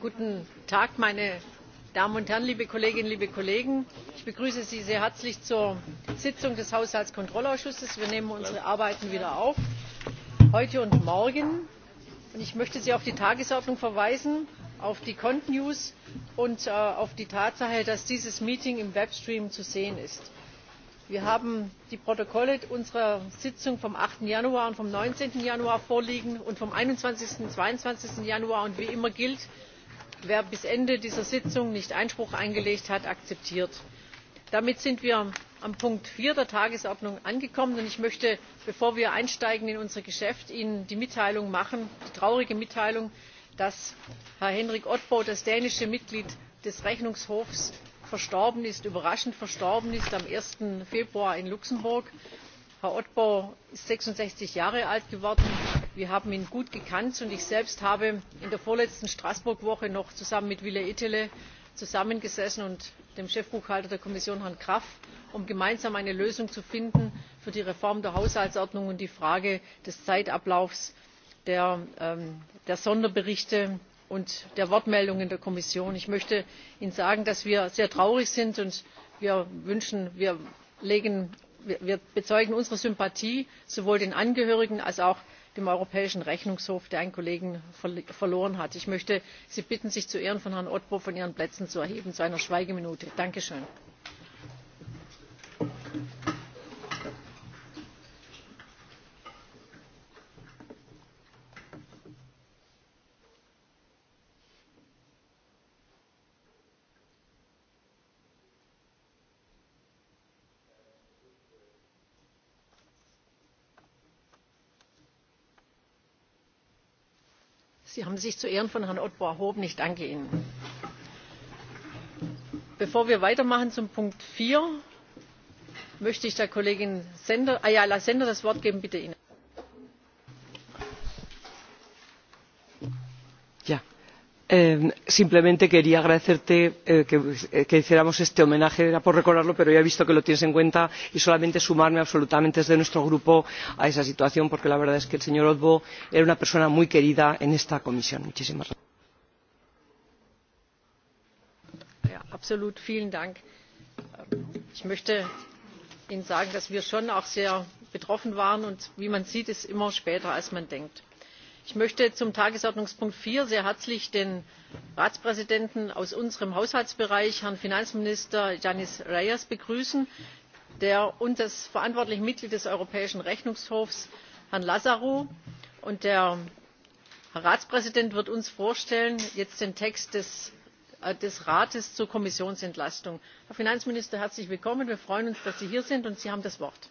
guten tag meine damen und herren liebe kolleginnen liebe kollegen! ich begrüße sie sehr herzlich zur sitzung des haushaltskontrollausschusses. wir nehmen unsere arbeiten wieder auf heute und morgen. ich möchte sie auf die tagesordnung verweisen auf die cont news und äh, auf die tatsache dass dieses meeting im webstream zu sehen ist. wir haben die protokolle unserer sitzung vom. acht januar und vom. neunzehn januar vorliegen und vom. einundzwanzig und. zweiundzwanzig januar und wie immer gilt wer bis ende dieser sitzung nicht einspruch eingelegt hat akzeptiert. damit sind wir am punkt vier der tagesordnung angekommen und ich möchte bevor wir in unser geschäft einsteigen ihnen die traurige mitteilung machen dass herr henrik odbo das dänische mitglied des rechnungshofs verstorben ist überraschend verstorben ist am. eins februar in luxemburg. herr odbo ist sechsundsechzig jahre alt geworden wir haben ihn gut gekannt und ich selbst habe in der vorletzten straßburg woche noch zusammen mit wille itälä zusammengesessen und dem chefbuchhalter der kommission herrn graf um gemeinsam eine lösung zu finden für die reform der haushaltsordnung und die frage des zeitablaufs ähm, der sonderberichte und der wortmeldungen der kommission. ich möchte ihnen sagen dass wir sehr traurig sind und wir bezeugen unsere sympathie sowohl den angehörigen als auch dem europäischen rechnungshof der einen kollegen verloren hat. ich möchte sie bitten sich zu ehren von herrn odbrov von ihren plätzen zu erheben zu einer schweigeminute. danke schön! haben sich zu ehren von herrn otto erhoben nicht angehen. bevor wir weitermachen zum punkt vier möchte ich der kollegin ayala sender das wort geben. simplemente quería agradecerte eh, eh, que, hiciéramos este homenaje era por recordarlo pero ya he visto que lo tienes en cuenta y solamente sumarme absolutamente desde nuestro grupo a esa situación porque la verdad es que el señor odbo era una persona muy querida en esta comisión. muchísimas gracias. Ich möchte Ihnen sagen, dass wir schon auch sehr betroffen waren und wie man sieht, ist immer später, als man denkt ich möchte zum tagesordnungspunkt vier sehr herzlich den ratspräsidenten aus unserem haushaltsbereich herrn finanzminister Janis reyes begrüßen der und das verantwortliche mitglied des europäischen rechnungshofs herrn lazarou und der herr ratspräsident wird uns vorstellen jetzt den text des, äh, rates zur kommissionsentlastung. herr finanzminister herzlich willkommen wir freuen uns dass sie hier sind und sie haben das wort.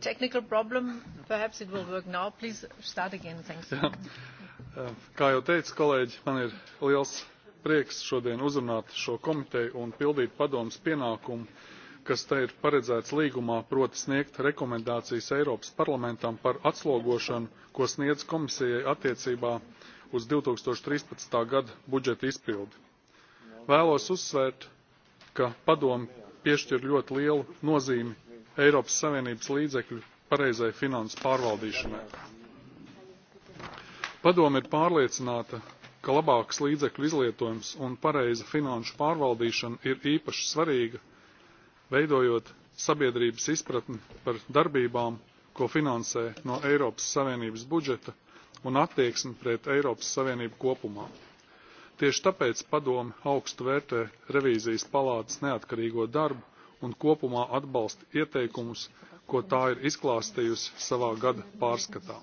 technical problem. Perhaps it will work now. Please start again. Thanks. Eh, kā jau teicu, kolēģi, man ir liels prieks šodien uzrunāt šo komiteju un pildīt padomas pienākumu, kas te ir paredzēts līgumā, proti sniegt rekomendācijas Eiropas parlamentam par atslogošanu, ko sniedz komisijai attiecībā uz 2013. gada budžeta izpildi. Vēlos uzsvērt, ka padome piešķir ļoti lielu nozīmi Eiropas Savienības līdzekļu pareizai finansu pārvaldīšanai. Padoma ir pārliecināta, ka labāks līdzekļu izlietojums un pareiza finanšu pārvaldīšana ir īpaši svarīga, veidojot sabiedrības izpratni par darbībām, ko finansē no Eiropas Savienības budžeta un attieksmi pret Eiropas Savienību kopumā. Tieši tāpēc padome augstu vērtē revīzijas palātas neatkarīgo darbu un kopumā atbalsta ieteikumus, ko tā ir izklāstījusi savā gada pārskatā.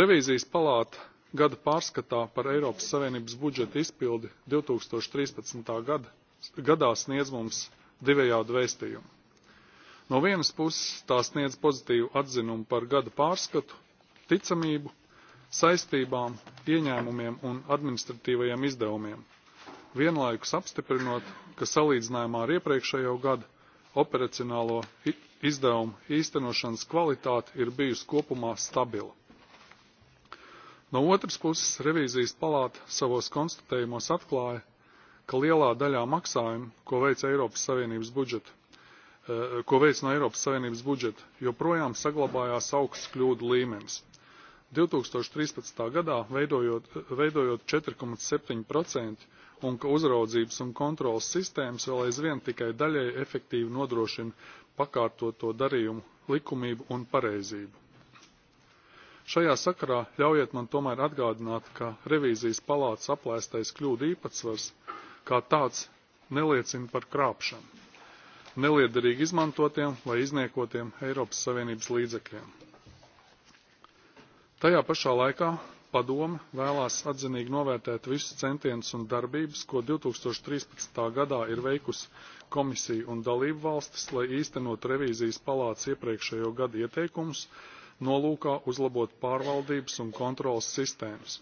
Revīzijas palāta gada pārskatā par Eiropas Savienības budžeta izpildi 2013. Gada, gadā sniedz mums divējādu vēstījumu. No vienas puses tā sniedz pozitīvu atzinumu par gada pārskatu, ticamību saistībām, ieņēmumiem un administratīvajiem izdevumiem, vienlaikus apstiprinot, ka salīdzinājumā ar iepriekšējo gadu operacionālo izdevumu īstenošanas kvalitāte ir bijusi kopumā stabila. No otras puses, revīzijas palāta savos konstatējumos atklāja, ka lielā daļā maksājumu, ko veic, Eiropas Savienības budžeta, eh, ko veic no Eiropas Savienības budžeta, joprojām saglabājās augsts kļūdu līmenis. 2013. gadā veidojot, veidojot 4,7% un ka uzraudzības un kontrolas sistēmas vēl aizvien tikai daļai efektīvi nodrošina pakārtoto darījumu likumību un pareizību. Šajā sakarā ļaujiet man tomēr atgādināt, ka revīzijas palātas aplēstais kļūda īpatsvars kā tāds neliecina par krāpšanu, neliederīgi izmantotiem vai izniekotiem Eiropas Savienības līdzekļiem tajā pašā laikā padome vēlās atzinīgi novērtēt visus centienus un darbības ko 2013. gadā ir veikusi komisija un dalību valstis lai īstenot revīzijas palāts iepriekšējo gadu ieteikumus nolūkā uzlabot pārvaldības un kontrolas sistēmas.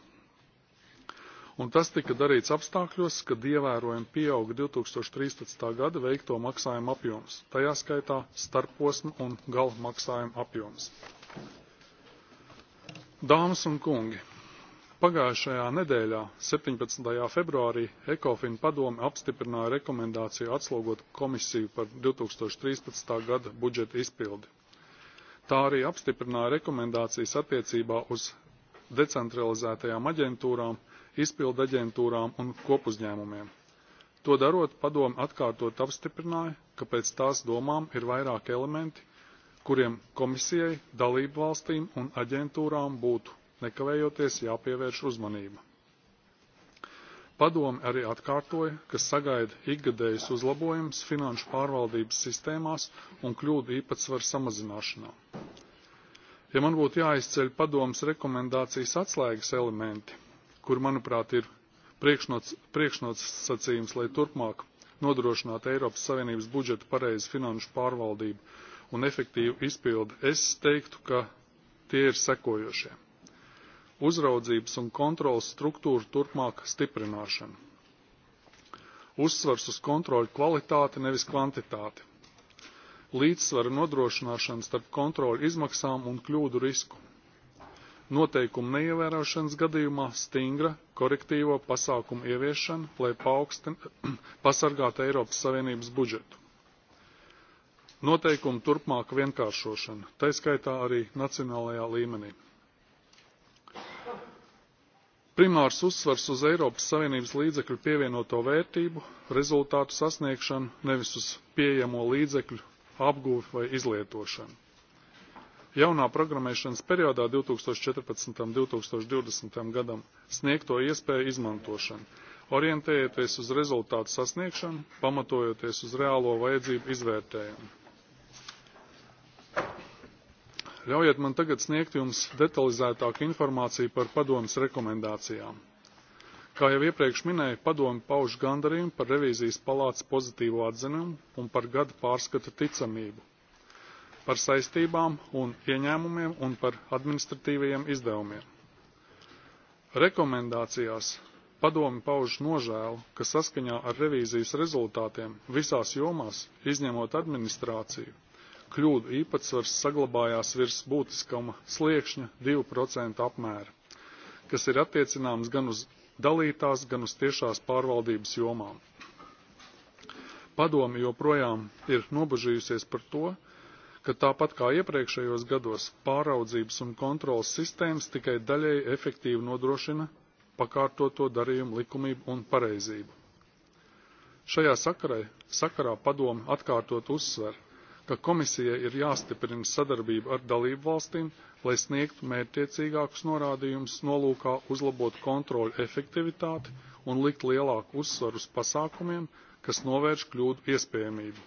Un tas tika darīts apstākļos, kad ievērojami pieauga 2013. gada veikto maksājumu apjoms, tajā skaitā starposmu un galmaksājumu apjoms. Dāmas un kungi, pagājušajā nedēļā, 17. februārī, ECOFIN padome apstiprināja rekomendāciju atslogot komisiju par 2013. gada budžeta izpildi. Tā arī apstiprināja rekomendācijas attiecībā uz decentralizētajām aģentūrām, izpildu aģentūrām un kopuzņēmumiem. To darot, padome atkārtot apstiprināja, ka pēc tās domām ir vairāki elementi, kuriem komisijai, dalību valstīm un aģentūrām būtu nekavējoties jāpievērš uzmanība. Padomi arī atkārtoja, ka sagaida ikgadējas uzlabojumus finanšu pārvaldības sistēmās un kļūdu īpatsvaru samazināšanā. Ja man būtu jāizceļ padomas rekomendācijas atslēgas elementi, kur, manuprāt, ir priekšnosacījums, lai turpmāk nodrošinātu Eiropas Savienības budžeta pareizi finanšu pārvaldību, un efektīvu izpildi, es teiktu, ka tie ir sekojošie. Uzraudzības un kontrolas struktūra turpmāk stiprināšana. Uzsvars uz kontroļu kvalitāti, nevis kvantitāti. Līdzsvara nodrošināšana starp kontroļu izmaksām un kļūdu risku. Noteikumu neievērošanas gadījumā stingra korektīvo pasākumu ieviešana, lai paaugstinātu pasargātu Eiropas Savienības budžetu noteikumu turpmāku vienkāršošanu tai skaitā arī nacionālajā līmenī. Primārs uzsvars uz Eiropas Savienības līdzekļu pievienoto vērtību, rezultātu sasniegšanu, nevis uz pieejamo līdzekļu apguvi vai izlietošanu. Jaunā programmēšanas periodā 2014. un 2020. gadam sniegto iespēju izmantošanu, orientējoties uz rezultātu sasniegšanu, pamatojoties uz reālo vajadzību izvērtējumu. Ļaujiet man tagad sniegt jums detalizētāku informāciju par padomas rekomendācijām. Kā jau iepriekš minēju, padomi pauž gandarījumu par revīzijas palātas pozitīvo atzinumu un par gada pārskata ticamību, par saistībām un ieņēmumiem un par administratīvajiem izdevumiem. Rekomendācijās padomi pauž nožēlu, ka saskaņā ar revīzijas rezultātiem visās jomās, izņemot administrāciju, kļūdu īpatsvars saglabājās virs būtiskam sliekšņa 2% apmēra, kas ir attiecināms gan uz dalītās, gan uz tiešās pārvaldības jomām. Padomi joprojām ir nobažījusies par to, ka tāpat kā iepriekšējos gados pāraudzības un kontrolas sistēmas tikai daļēji efektīvi nodrošina pakārtoto darījumu likumību un pareizību. Šajā sakarai sakarā padomi atkārtot uzsver, ka komisijai ir jāstiprina sadarbība ar dalību valstīm, lai sniegtu mērķtiecīgākus norādījumus nolūkā uzlabot kontroļu efektivitāti un likt lielāku uzsvaru uz pasākumiem, kas novērš kļūdu iespējamību.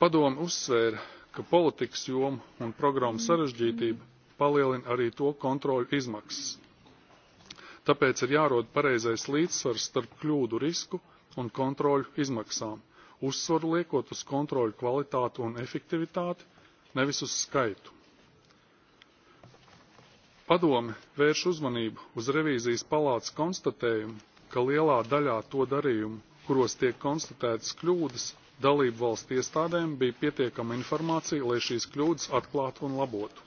Padomi uzsvēra, ka politikas jomu un programmu sarežģītība palielina arī to kontroļu izmaksas. Tāpēc ir jārod pareizais līdzsvars starp kļūdu risku un kontroļu izmaksām – uzsvaru liekot uz kontroļu kvalitāti un efektivitāti, nevis uz skaitu. Padome vērš uzmanību uz revīzijas palātas konstatējumu, ka lielā daļā to darījumu, kuros tiek konstatētas kļūdas, dalību valsts iestādēm bija pietiekama informācija, lai šīs kļūdas atklātu un labotu.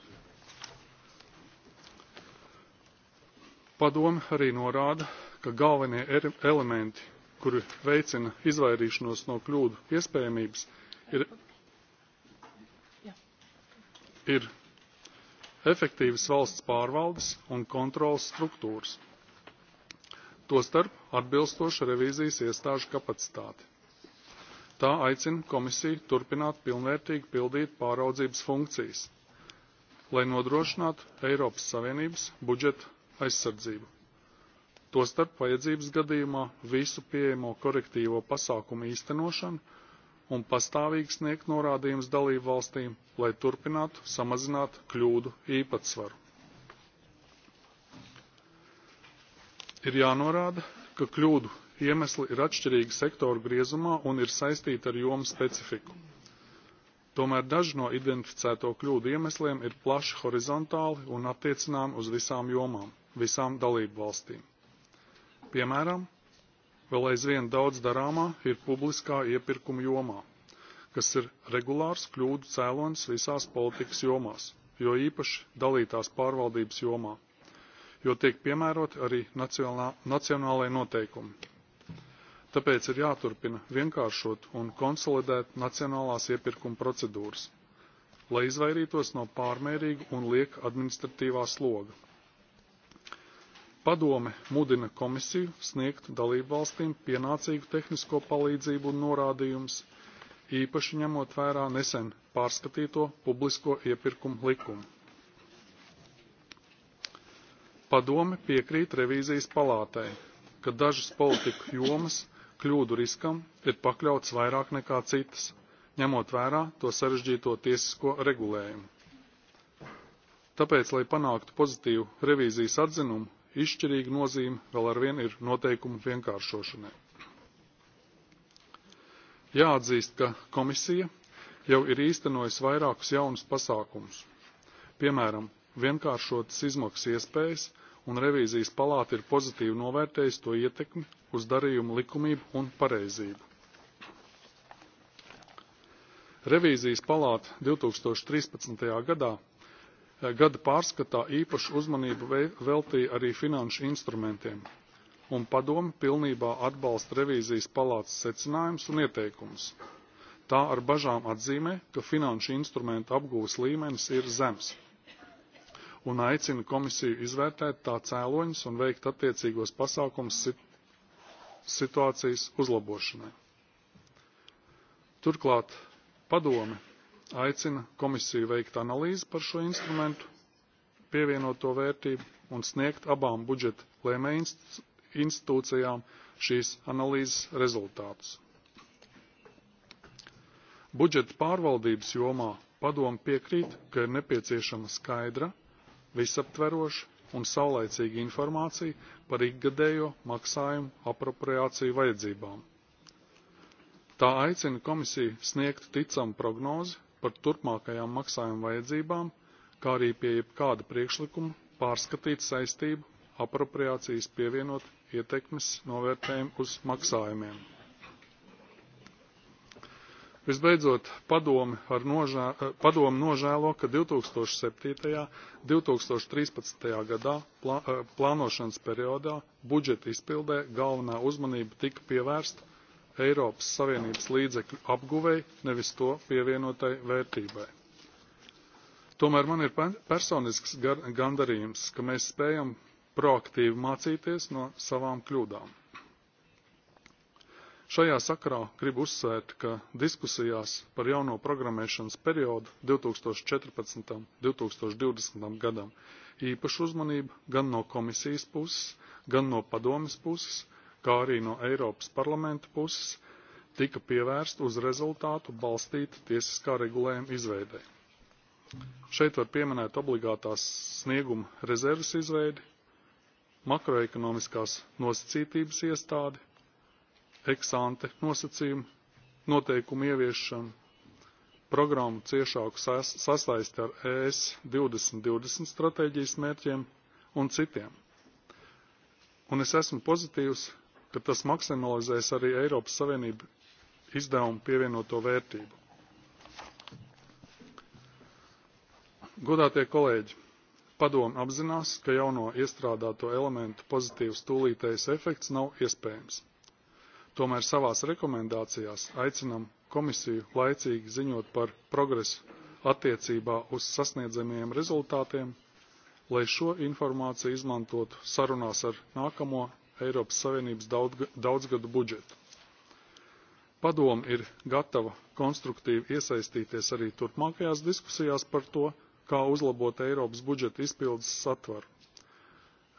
Padome arī norāda, ka galvenie er- elementi kuri veicina izvairīšanos no kļūdu iespējamības, ir, ir efektīvas valsts pārvaldes un kontrolas struktūras, tostarp atbilstoša revīzijas iestāžu kapacitāti. Tā aicina komisiju turpināt pilnvērtīgi pildīt pāraudzības funkcijas, lai nodrošinātu Eiropas Savienības budžeta aizsardzību tostarp vajadzības gadījumā visu pieejamo korektīvo pasākumu īstenošanu un pastāvīgi sniegt norādījumus dalību valstīm, lai turpinātu samazināt kļūdu īpatsvaru. Ir jānorāda, ka kļūdu iemesli ir atšķirīgi sektoru griezumā un ir saistīti ar jomu specifiku. Tomēr daži no identificēto kļūdu iemesliem ir plaši horizontāli un attiecināmi uz visām jomām, visām dalību valstīm. Piemēram, vēl aizvien daudz darāmā ir publiskā iepirkuma jomā, kas ir regulārs kļūdu cēlonis visās politikas jomās, jo īpaši dalītās pārvaldības jomā, jo tiek piemēroti arī nacionālajie noteikumi. Tāpēc ir jāturpina vienkāršot un konsolidēt nacionālās iepirkuma procedūras, lai izvairītos no pārmērīga un lieka administratīvā sloga. Padome mudina komisiju sniegt dalībvalstīm pienācīgu tehnisko palīdzību un norādījumus, īpaši ņemot vērā nesen pārskatīto publisko iepirkumu likumu. Padome piekrīt revīzijas palātei, ka dažas politiku jomas kļūdu riskam ir pakļauts vairāk nekā citas, ņemot vērā to sarežģīto tiesisko regulējumu. Tāpēc, lai panāktu pozitīvu revīzijas atzinumu, izšķirīga nozīme vēl ar vienu ir noteikumu vienkāršošanai. Jāatzīst, ka komisija jau ir īstenojusi vairākus jaunus pasākumus, piemēram, vienkāršotas izmaksas iespējas, un revīzijas palāta ir pozitīvi novērtējusi to ietekmi uz darījumu likumību un pareizību. Revīzijas palāta 2013. gadā Eh, gada pārskatā īpašu uzmanību veltīja arī finanšu instrumentiem, un padomi pilnībā atbalsta revīzijas palātas secinājumus un ieteikumus. Tā ar bažām atzīmē, ka finanšu instrumentu apgūves līmenis ir zems un aicina komisiju izvērtēt tā cēloņus un veikt attiecīgos pasākumus situācijas uzlabošanai. Turklāt padome aicina komisiju veikt analīzi par šo instrumentu, pievienoto vērtību un sniegt abām budžeta institūcijām šīs analīzes rezultātus. Budžeta pārvaldības jomā padoma piekrīt, ka ir nepieciešama skaidra, visaptveroša un saulaicīga informācija par ikgadējo maksājumu apropriāciju vajadzībām. Tā aicina komisiju sniegt ticamu prognozi par turpmākajām maksājuma vajadzībām, kā arī pie jebkāda priekšlikuma pārskatīt saistību apropriācijas pievienot ietekmes novērtējumu uz maksājumiem. Visbeidzot, padomi, ar nožā, nožēlo, ka 2007. 2013. gadā eh, plānošanas periodā budžeta izpildē galvenā uzmanība tika pievērsta Eiropas Savienības līdzekļu apguvei, nevis to pievienotai vērtībai. Tomēr man ir personisks gandarījums, ka mēs spējam proaktīvi mācīties no savām kļūdām. Šajā sakarā gribu uzsvērt, ka diskusijās par jauno programmēšanas periodu 2014. un 2020. gadam īpašu uzmanību gan no komisijas puses, gan no padomes puses kā arī no Eiropas parlamenta puses tika pievērsta uz rezultātu balstīta tiesiskā regulējuma izveidē. Šeit var pieminēt obligātās snieguma rezerves izveidi, makroekonomiskās nosacītības iestādi, eksante nosacījumu, noteikumu ieviešanu, programmu ciešāku sasaisti ar e ES 2020 stratēģijas mērķiem un citiem. Un es esmu pozitīvs, ka tas maksimalizēs arī Eiropas Savienību izdevumu pievienoto vērtību. Godātie kolēģi, padomu apzinās, ka jauno iestrādāto elementu pozitīvs tūlītējs efekts nav iespējams. Tomēr savās rekomendācijās aicinam komisiju laicīgi ziņot par progresu attiecībā uz sasniedzamajiem rezultātiem, lai šo informāciju izmantotu sarunās ar nākamo Eiropas Savienības daudzgadu budžetu. Padoma ir gatava konstruktīvi iesaistīties arī turpmākajās diskusijās par to, kā uzlabot Eiropas budžeta izpildes satvaru.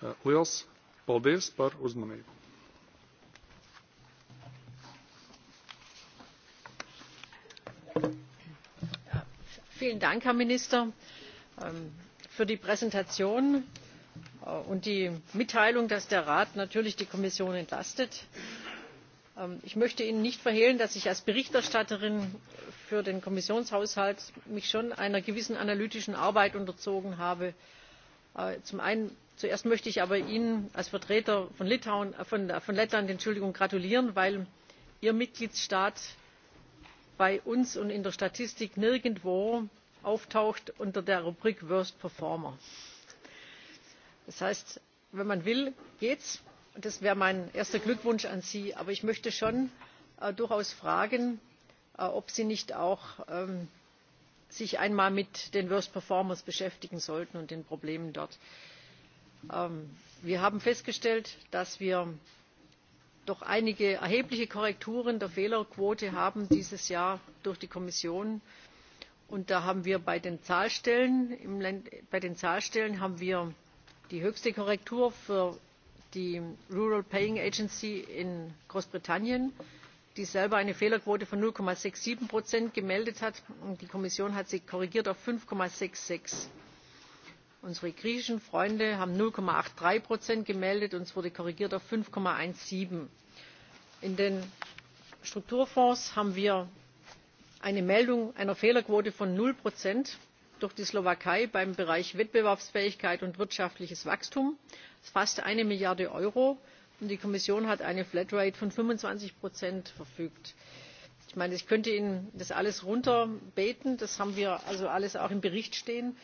Eh, liels paldies par uzmanību! Vielen Dank, Herr Minister, ähm, für die Präsentation. Äh, und die mitteilung dass der rat natürlich die kommission entlastet. Ähm, ich möchte ihnen nicht verhehlen dass ich mich als berichterstatterin für den kommissionshaushalt schon einer gewissen analytischen arbeit unterzogen habe. Äh, einen, zuerst möchte ich aber ihnen als vertreter von äh, lettland gratulieren weil ihr mitgliedstaat bei uns und in der statistik nirgendwo auftaucht unter der rubrik worst performer das heißt wenn man will geht es. das wäre mein erster glückwunsch an sie. aber ich möchte schon äh, durchaus fragen äh, ob sie sich nicht auch ähm, einmal mit den worst performers beschäftigen sollten und den problemen dort. Ähm, wir haben festgestellt dass wir doch einige erhebliche korrekturen der fehlerquote haben dieses jahr durch die kommission und da haben wir bei den zahlstellen, bei den zahlstellen die höchste korrektur für die rural paying agency in großbritannien die selber eine fehlerquote von null siebenundsechzig gemeldet hat und die kommission hat sie korrigiert auf. fünf sechsundsechzig unsere griechischen freunde haben null dreiundachtzig gemeldet und es wurde korrigiert auf. fünf siebzehn in den strukturfonds haben wir eine meldung einer fehlerquote von null prozent durch die slowakei beim bereich wettbewerbsfähigkeit und wirtschaftliches wachstum fast eine milliarde euro und die kommission hat eine flatrate von fünfundzwanzig verfügt. ich meine ich könnte ihnen das alles runterbeten das haben wir also alles auch im bericht stehen.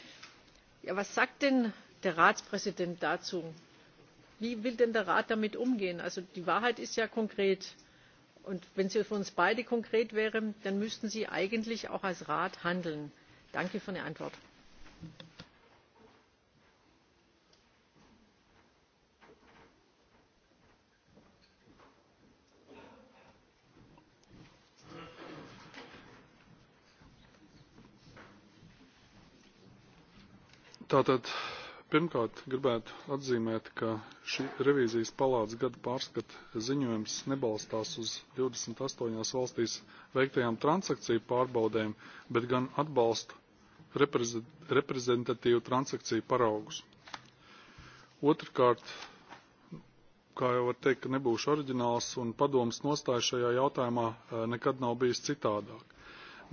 Ja, was sagt denn der ratspräsident dazu? wie will denn der rat damit umgehen? also die wahrheit ist ja konkret und wenn sie für uns beide konkret wäre dann müssten sie eigentlich auch als rat handeln danke für eine antwort. Tātad pirmkārt gribētu atzīmēt, ka šī revīzijas palādes gada pārskata ziņojums nebalstās uz 28 valstīs veiktajām transakciju pārbaudēm, bet gan atbalstu reprezentatīvu transakciju paraugus. Otrkārt, kā jau var teikt, ka nebūšu oriģināls un padomas nostāja šajā jautājumā eh, nekad nav bijis citādāk.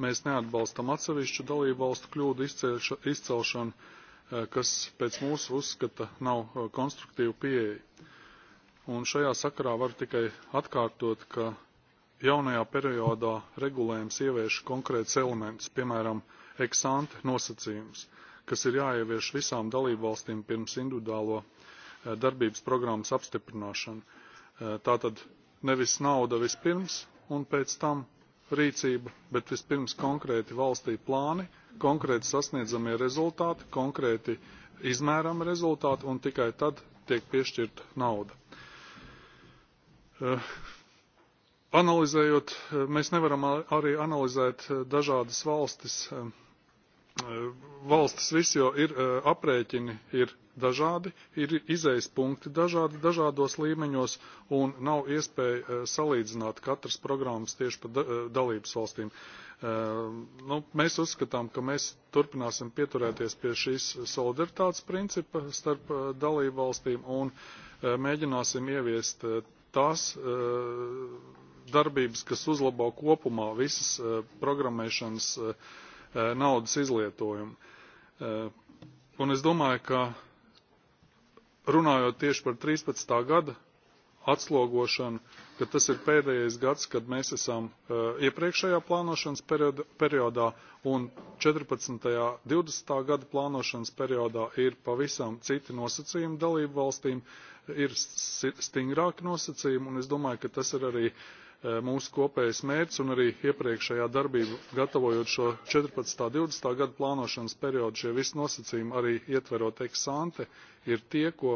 Mēs neatbalstam atsevišķu dalību valstu kļūdu izcelšanu, eh, kas pēc mūsu uzskata nav eh, konstruktīva pieeja. Un šajā sakarā var tikai atkārtot, ka jaunajā periodā regulējums ievieš konkrēts elements, piemēram, eksante nosacījums, kas ir jāievieš visām dalībvalstīm pirms individuālo eh, darbības programmas apstiprināšanu. Eh, tātad nevis nauda vispirms un pēc tam rīcība, bet vispirms konkrēti valstī plāni, konkrēti sasniedzamie rezultāti, konkrēti izmērami rezultāti un tikai tad tiek piešķirta nauda. Eh, analizējot, mēs nevaram arī analizēt dažādas valstis valstis viss jau ir e, aprēķini ir dažādi, ir izējas punkti dažādi dažādos līmeņos un nav iespēja e, salīdzināt katras programmas tieši par e, dalības valstīm. Nu, mēs uzskatām, ka mēs turpināsim pieturēties pie šīs solidaritātes principa starp dalību valstīm un mēģināsim ieviest tās darbības, kas uzlabo kopumā visas programmēšanas E, naudas izlietojumu. E, un es domāju, ka runājot tieši par 13. gada atslogošanu, ka tas ir pēdējais gads, kad mēs esam e, iepriekšējā plānošanas periodā un 14. 20. gada plānošanas periodā ir pavisam citi nosacījumi dalību valstīm, ir stingrāki nosacījumi, un es domāju, ka tas ir arī Eh, mūsu kopējais mērķis un arī iepriekšējā darbība gatavojot šo 14. 20. gadu plānošanas periodu šie visi nosacījumi arī ietverot eksante ir tie, ko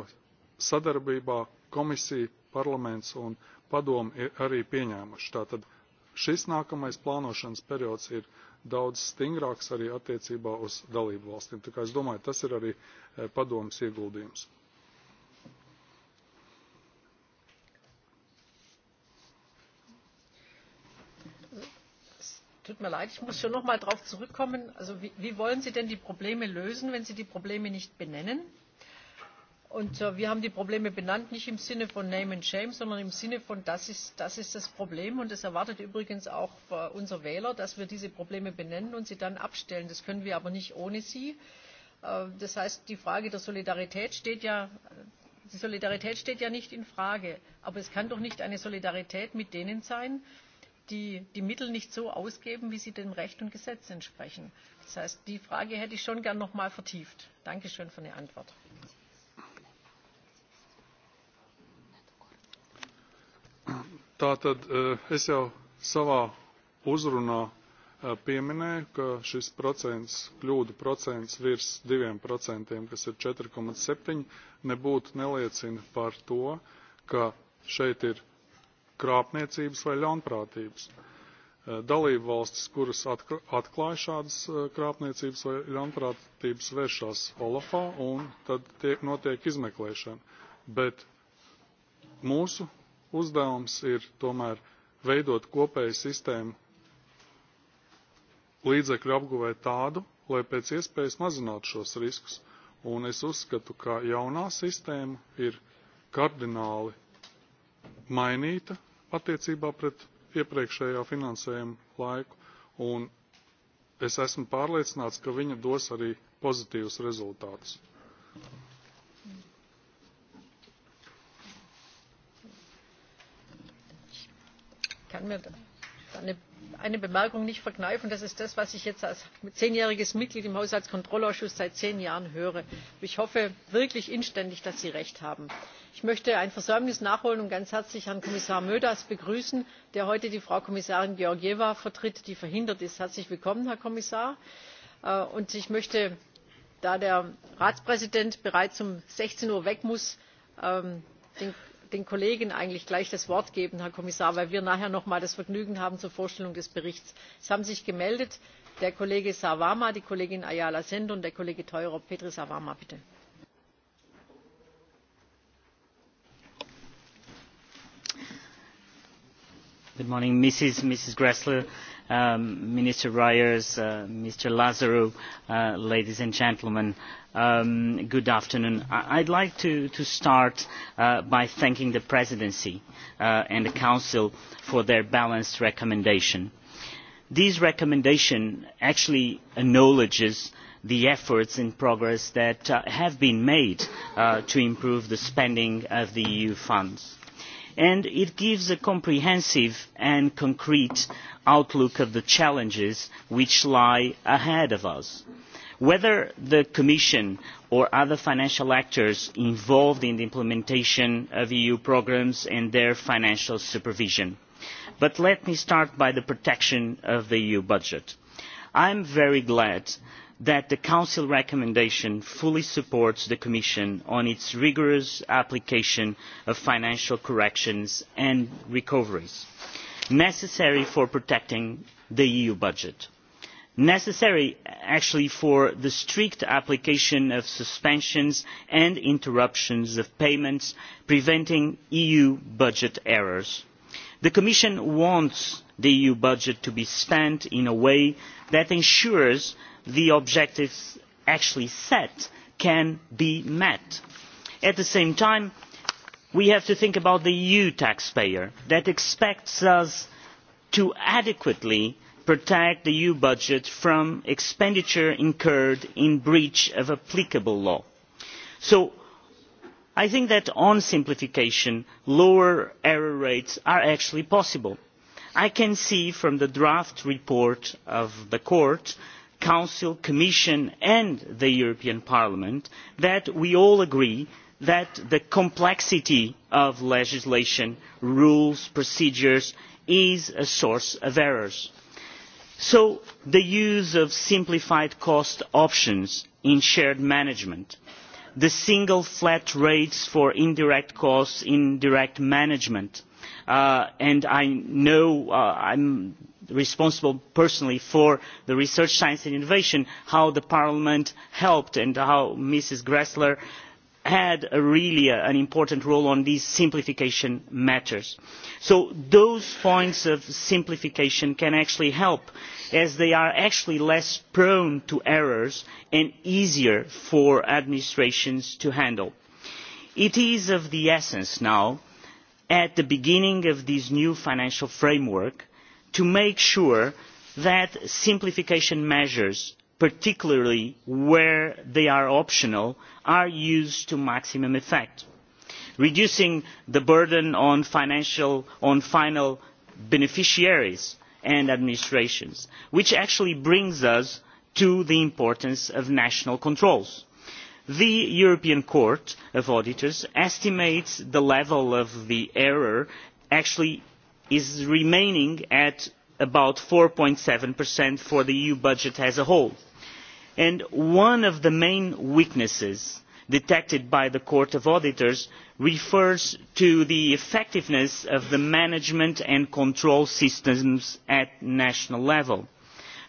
sadarbībā komisija, parlaments un padomi ir arī pieņēmuši. Tātad šis nākamais plānošanas periods ir daudz stingrāks arī attiecībā uz dalību valstīm. Tā kā es domāju, tas ir arī eh, padomas ieguldījums. tut mir leid, ich muss schon noch mal darauf zurückkommen. Also wie, wie wollen Sie denn die Probleme lösen, wenn Sie die Probleme nicht benennen? Und äh, wir haben die Probleme benannt, nicht im Sinne von Name and Shame, sondern im Sinne von, das ist das, ist das Problem. Und das erwartet übrigens auch äh, unser Wähler, dass wir diese Probleme benennen und sie dann abstellen. Das können wir aber nicht ohne sie. Äh, das heißt, die Frage der Solidarität steht ja die Solidarität steht ja nicht in Frage. Aber es kann doch nicht eine Solidarität mit denen sein, die die mittel nicht so ausgeben wie sie dem recht und gesetz entsprechen. das heißt die frage hätte ich schon gern noch mal vertieft. danke schön für die antwort. Äh, Tātad es jau savā uzrunā äh, pieminēju, ka šis procents, kļūdu procents virs 2%, kas ir 4,7, nebūtu neliecina par to, ka šeit ir krāpniecības vai ļaunprātības. Dalību valstis, kuras atklāja šādas krāpniecības vai ļaunprātības, vēršās Olafā un tad tiek, notiek izmeklēšana. Bet mūsu uzdevums ir tomēr veidot kopēju sistēmu līdzekļu apguvē tādu, lai pēc iespējas mazinātu šos riskus. Un es uzskatu, ka jaunā sistēma ir kardināli mainīta attiecībā pret iepriekšējā finansējuma laiku, un es esmu pārliecināts, ka viņa dos arī pozitīvus rezultātus. kann mir eine bemerkung nicht verkneifen das ist das was ich jetzt als zehnjähriges mitglied im haushaltskontrollausschuss seit zehn jahren höre. ich hoffe wirklich inständig dass sie recht haben ich möchte ein versäumnis nachholen und ganz herzlich herrn kommissar moedas begrüßen der heute die frau kommissarin georgieva vertritt die verhindert ist. herzlich willkommen herr kommissar! Äh, und ich möchte da der ratspräsident bereits um sechzehn uhr weg muss ähm, den kollegen eigentlich gleich das wort geben herr kommissar weil wir nachher noch einmal das vergnügen haben zur vorstellung des berichts. es haben sich gemeldet der kollege sarvamaa die kollegin ayala sender und der kollege theurer. petri sarvamaa bitte. good morning Mrs. grle Gressler, um, Minister Ryers, uh, Mr. Lazarou, uh, ladies and gentlemen. Um, good afternoon. I would like to, start uh, by thanking the Presidency and the Council for their balanced recommendation. This recommendation actually acknowledges the efforts and progress that have been made to improve the spending of the EU funds and it gives a comprehensive and concrete outlook of the challenges which lie ahead of us. Whether the Commission or other financial actors involved in the implementation of EU programmes and their financial supervision. But let me start by the protection of the EU budget. I am very glad that that the council recommendation fully supports the commission on its rigorous application of financial corrections and recoveries necessary for protecting the eu budget necessary actually for the strict application of suspensions and interruptions of payments preventing eu budget errors. the commission wants the eu budget to be spent in a way that ensures that the objectives actually set can be met. at the same time we have to think about the eu taxpayer that expects us to adequately protect the eu budget from expenditure incurred in breach of applicable law. so i think that on simplification lower error rates are actually possible. i can see from the draft report of the court that council commission and the european parliament that we all agree that the complexity of legislation rules and procedures is a source of errors. so the use of simplified cost options in shared management the single flat rates for indirect costs in direct management Uh, and i know uh, i am responsible personally for the research science and innovation how parliament helped and how Ms grle had a really uh, an important role on these simplification matters. so those points of simplification can actually help as they are actually less prone to errors and easier for administrations to handle. it is of the essence now at the beginning of this new financial framework to make sure that simplification measures particularly where they are optional are used to maximum effect reducing the burden on, financial, final beneficiaries and administrations which actually brings us to the importance of national controls the european court of auditors estimates the level of the error actually is remaining at about. four seven for the eu budget as a whole and one of the main weaknesses detected by the court of auditors refers to the effectiveness of the management and control systems at national level.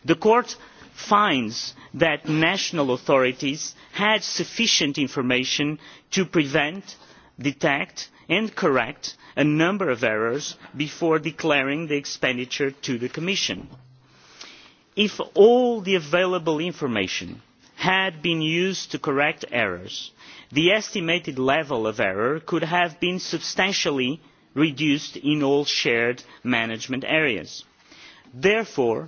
the court finds that national authorities had sufficient information to prevent detect and correct a number of errors before declaring the expenditure to the commission. if all the available information had been used to correct errors the estimated level of error could have been substantially reduced in all shared management areas. therefore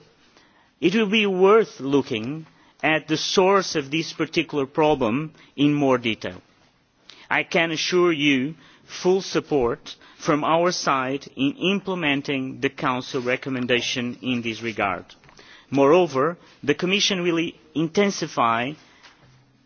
it will be worth looking at the source of this particular problem in more detail. i can assure you full support from our side in implementing the council recommendation in this regard. moreover the commission will intensify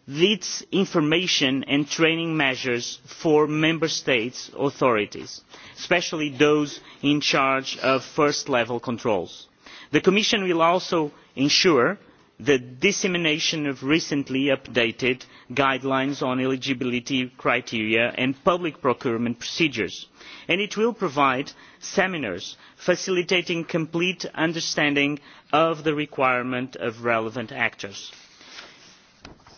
its information and training measures for member states' authorities especially those in charge of first level controls the commission will also ensure the dissemination of recently updated guidelines on eligibility criteria and public procurement procedures and it will provide seminars facilitating complete understanding of the requirements of relevant actors.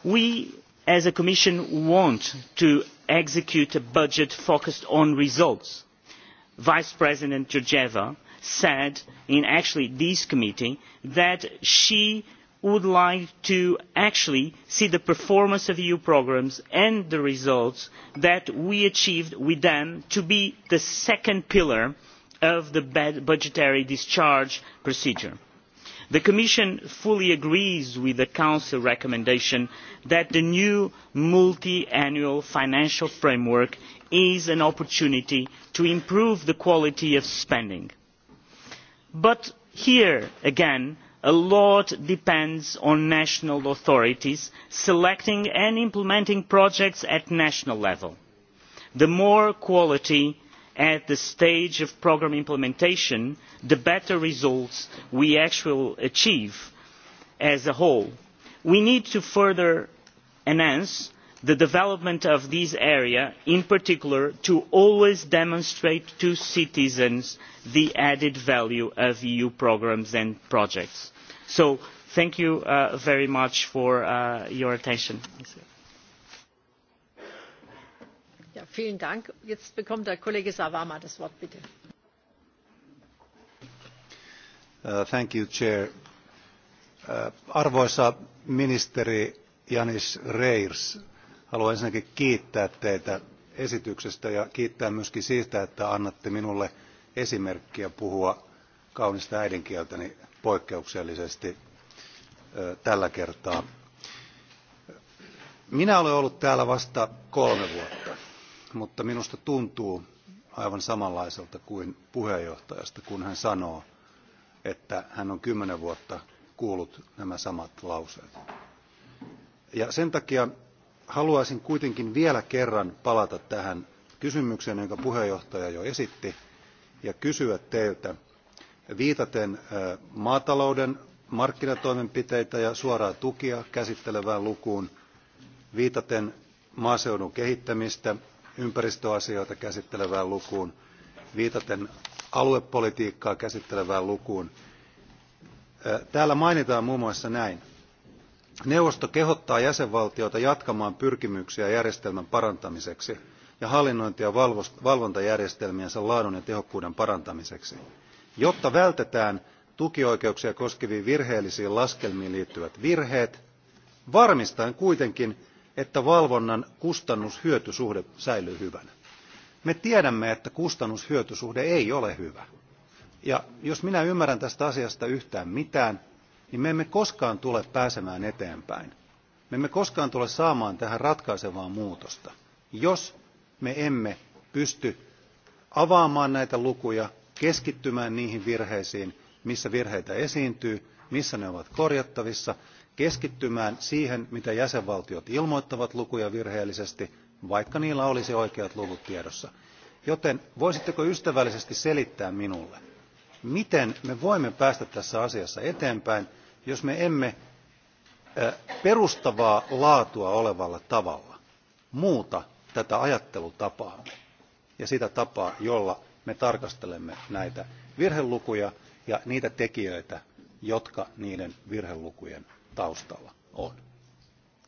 we as a commission want to execute a budget focused on results. vice president georgieva said in actually this committee that she would like to actually see the performance of eu programmes and the results that we achieved with them to be the second pillar of the budgetary discharge procedure. the commission fully agrees with the council recommendation that the new multiannual financial framework is an opportunity to improve the quality of spending but here again a lot depends on national authorities selecting and implementing projects at national level. the more quality at the stage of programme implementation the better results we actually achieve as a whole. we need to further enhance the development of this area in particular to always demonstrate to citizens the added value of eu programmes and projects. so thank you uh, very much for uh, your attention. Uh, arvoisa ministeri Janis Reyers, haluan ensinnäkin kiittää teitä esityksestä ja kiittää myöskin siitä että annatte minulle esimerkkiä puhua kaunista äidinkieltäni poikkeuksellisesti tällä kertaa. minä olen ollut täällä vasta kolme vuotta mutta minusta tuntuu aivan samanlaiselta kuin puheenjohtajasta kun hän sanoo että hän on kymmenen vuotta kuullut nämä samat lauseet. Ja sen takia haluaisin kuitenkin vielä kerran palata tähän kysymykseen jonka puheenjohtaja jo esitti ja kysyä teiltä viitaten äh, maatalouden markkinatoimenpiteitä ja suoraa tukia käsittelevään lukuun viitaten maaseudun kehittämistä ympäristöasioita käsittelevään lukuun viitaten aluepolitiikkaa käsittelevään lukuun. Äh, täällä mainitaan muun muassa näin neuvosto kehottaa jäsenvaltioita jatkamaan pyrkimyksiä järjestelmän parantamiseksi ja hallinnointi ja valvontajärjestelmiensä laadun ja tehokkuuden parantamiseksi jotta vältetään tukioikeuksia koskeviin virheellisiin laskelmiin liittyvät virheet varmistaen kuitenkin että valvonnan kustannus säilyy hyvänä. me tiedämme että kustannus ei ole hyvä ja jos minä ymmärrän tästä asiasta yhtään mitään niin me emme koskaan tule pääsemään eteenpäin. Me emme koskaan tule saamaan tähän ratkaisevaa muutosta, jos me emme pysty avaamaan näitä lukuja, keskittymään niihin virheisiin, missä virheitä esiintyy, missä ne ovat korjattavissa, keskittymään siihen, mitä jäsenvaltiot ilmoittavat lukuja virheellisesti, vaikka niillä olisi oikeat luvut tiedossa. Joten voisitteko ystävällisesti selittää minulle, miten me voimme päästä tässä asiassa eteenpäin jos me emme perustavaa laatua olevalla tavalla muuta tätä ajattelutapaamme ja sitä tapaa jolla me tarkastelemme näitä virhelukuja ja niitä tekijöitä jotka niiden virhelukujen taustalla on.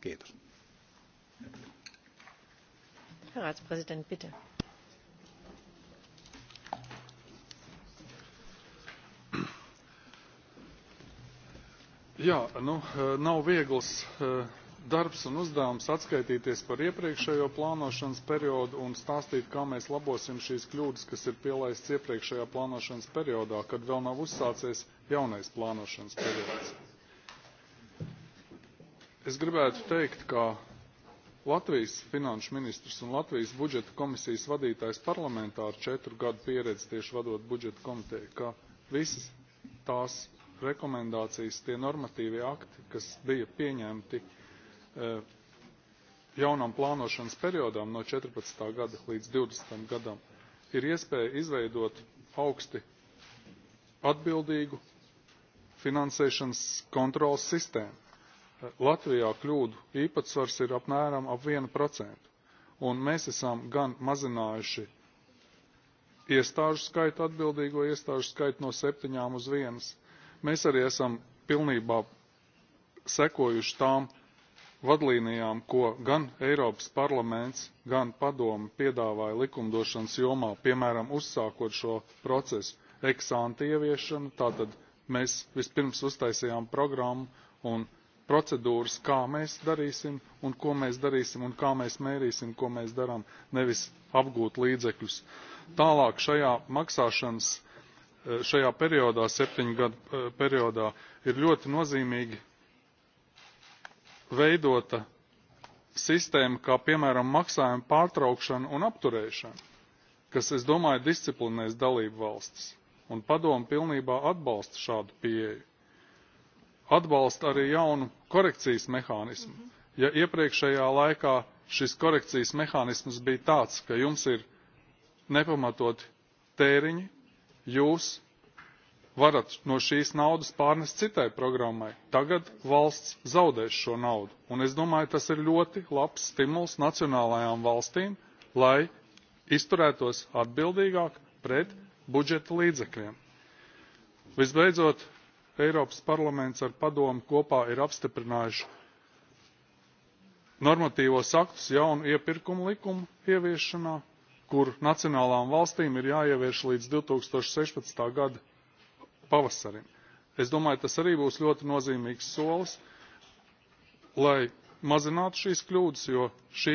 Kiitos. Herr Ratspräsident, bitte. Jā, nu, e, nav viegls e, darbs un uzdevums atskaitīties par iepriekšējo plānošanas periodu un stāstīt, kā mēs labosim šīs kļūdas, kas ir pielaistas iepriekšējā plānošanas periodā, kad vēl nav uzsācies jaunais plānošanas periods. Es gribētu teikt, ka Latvijas finanšu ministrs un Latvijas budžeta komisijas vadītājs parlamentā ar četru gadu pieredzi tieši vadot budžeta komiteju, ka visas tās rekomendācijas, tie normatīvi akti, kas bija pieņemti e, jaunam plānošanas periodam no 14. gada līdz 20. gadam, ir iespēja izveidot augsti atbildīgu finansēšanas kontrolas sistēmu. E, Latvijā kļūdu īpatsvars ir apmēram ap 1%, un mēs esam gan mazinājuši iestāžu skaitu, atbildīgo iestāžu skaitu no septiņām uz vienas, Mēs arī esam pilnībā sekojuši tām vadlīnijām, ko gan Eiropas parlaments, gan padomi piedāvāja likumdošanas jomā, piemēram, uzsākot šo procesu eksānti ieviešanu. Tātad mēs vispirms uztaisījām programmu un procedūras, kā mēs darīsim un ko mēs darīsim un kā mēs mērīsim, ko mēs darām, nevis apgūt līdzekļus. Tālāk šajā maksāšanas šajā periodā, septiņu gadu eh, periodā, ir ļoti nozīmīgi veidota sistēma, kā piemēram maksājuma pārtraukšana un apturēšana, kas, es domāju, disciplinēs dalību valstis. Un padomu pilnībā atbalsta šādu pieeju. Atbalsta arī jaunu korekcijas mehānismu. Mhm. Ja iepriekšējā laikā šis korekcijas mehānisms bija tāds, ka jums ir nepamatoti tēriņi, jūs varat no šīs naudas pārnest citai programmai. Tagad valsts zaudēs šo naudu. Un es domāju, tas ir ļoti labs stimuls nacionālajām valstīm, lai izturētos atbildīgāk pret budžeta līdzekļiem. Visbeidzot, Eiropas parlaments ar padomu kopā ir apstiprinājuši normatīvos aktus jaunu iepirkumu likumu ieviešanā, kur nacionālām valstīm ir jāievieš līdz 2016. gada pavasarim. Es domāju, tas arī būs ļoti nozīmīgs solis, lai mazinātu šīs kļūdas, jo šī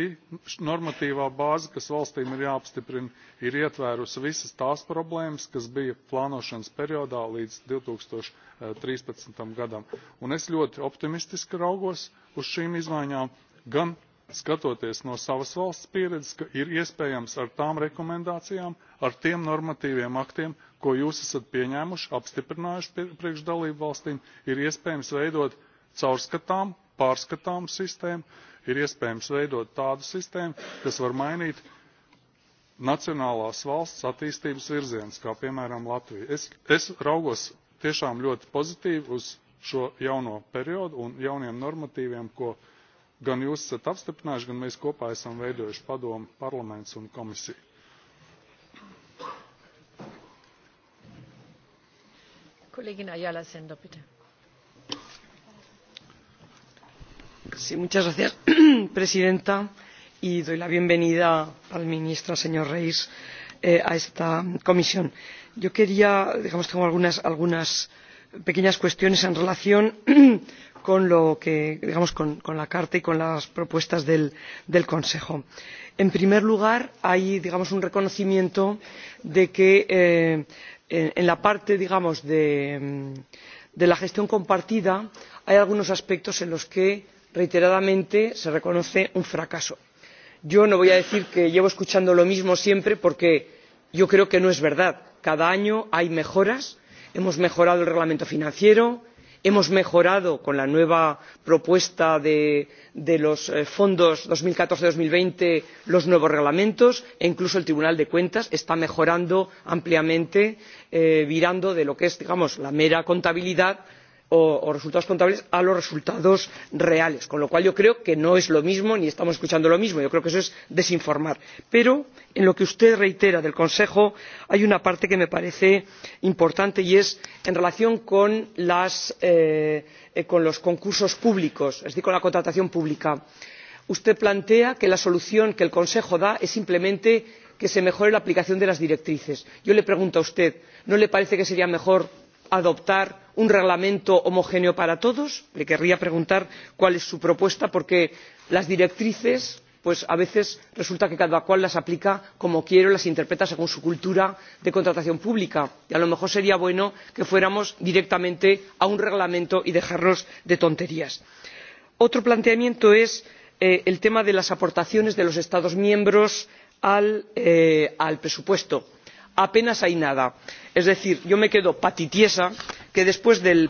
normatīvā bāze, kas valstīm ir jāapstiprina, ir ietvērusi visas tās problēmas, kas bija plānošanas periodā līdz 2013. gadam. Un es ļoti optimistiski raugos uz šīm izmaiņām gan skatoties no savas valsts pieredzes, ka ir iespējams ar tām rekomendācijām, ar tiem normatīviem aktiem, ko jūs esat pieņēmuši, apstiprinājuši priekš dalību valstīm, ir iespējams veidot caurskatām, pārskatām sistēmu, ir iespējams veidot tādu sistēmu, kas var mainīt nacionālās valsts attīstības virzienus kā piemēram Latvija. Es, es raugos tiešām ļoti pozitīvi uz šo jauno periodu un jauniem normatīviem, ko gan jūs esat apstiprinājuši, gan mēs kopā esam veidojuši padomu, parlaments un komisiju. Kollegin Ayala Sender, bitte. Sí, muchas gracias, presidenta, y doy la bienvenida al ministro, señor Reis, eh, a esta comisión. Yo quería, digamos, tengo algunas, algunas pequeñas cuestiones en relación con, lo que, digamos, con, con la carta y con las propuestas del, del consejo. en primer lugar hay digamos, un reconocimiento de que eh, en, en la parte digamos, de, de la gestión compartida hay algunos aspectos en los que reiteradamente se reconoce un fracaso. yo no voy a decir que llevo escuchando lo mismo siempre porque yo creo que no es verdad. cada año hay mejoras hemos mejorado el reglamento financiero hemos mejorado con la nueva propuesta de, los eh, fondos dos mil catorce dos mil veinte los nuevos reglamentos e incluso el tribunal de cuentas está mejorando ampliamente eh, virando de lo que es digamos la mera contabilidad a o, resultados contables a los resultados reales con lo cual yo creo que no es lo mismo ni estamos escuchando lo mismo yo creo que eso es desinformar. pero en lo que usted reitera del consejo hay una parte que me parece importante y es en relación con eh, eh, los concursos públicos es decir con la contratación pública. usted plantea que la solución que el consejo da es simplemente que se mejore la aplicación de las directrices. yo le pregunto a usted no le parece que sería mejor adoptar un reglamento homogéneo para todos? le querría preguntar cuál es su propuesta porque las directrices a veces resulta que cada cual las aplica como quiere o las interpreta según su cultura de contratación pública y a lo mejor sería bueno que fuéramos directamente a un reglamento y dejarnos de tonterías. otro planteamiento es eh, el tema de las aportaciones de los estados miembros al eh, presupuesto apenas hay nada. es decir yo me quedo patitiesa que después eh,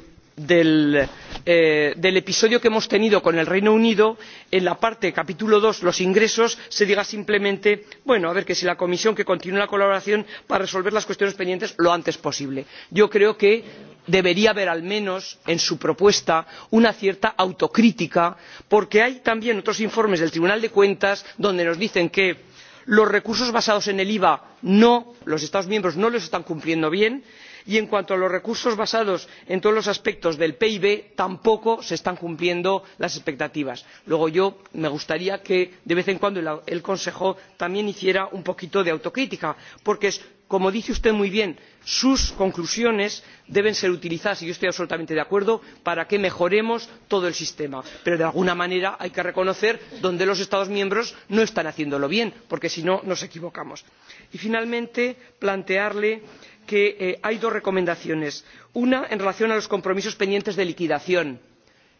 del, episodio que hemos tenido con el reino unido en la parte capítulo dos los ingresos se diga simplemente bueno a ver que si la comisión que continúe la colaboración para resolver las cuestiones pendientes lo antes posible. yo creo que debería haber al menos en su propuesta una cierta autocrítica porque hay también otros informes del tribunal de cuentas donde nos dicen que los recursos basados en el iva no, los estados miembros no los están cumpliendo bien y en cuanto a los recursos basados en todos los aspectos del pib tampoco se están cumpliendo las expectativas. luego yo me gustaría que de vez en cuando el consejo también hiciera un poquito de autocrítica porque es como dice usted muy bien sus conclusiones deben ser utilizadas y yo estoy absolutamente de acuerdo para que mejoremos todo el sistema pero de alguna manera hay que reconocer dónde los estados miembros no están haciéndolo bien porque si no nos equivocamos. y finalmente plantearle que eh, hay dos recomendaciones una en relación con los compromisos pendientes de liquidación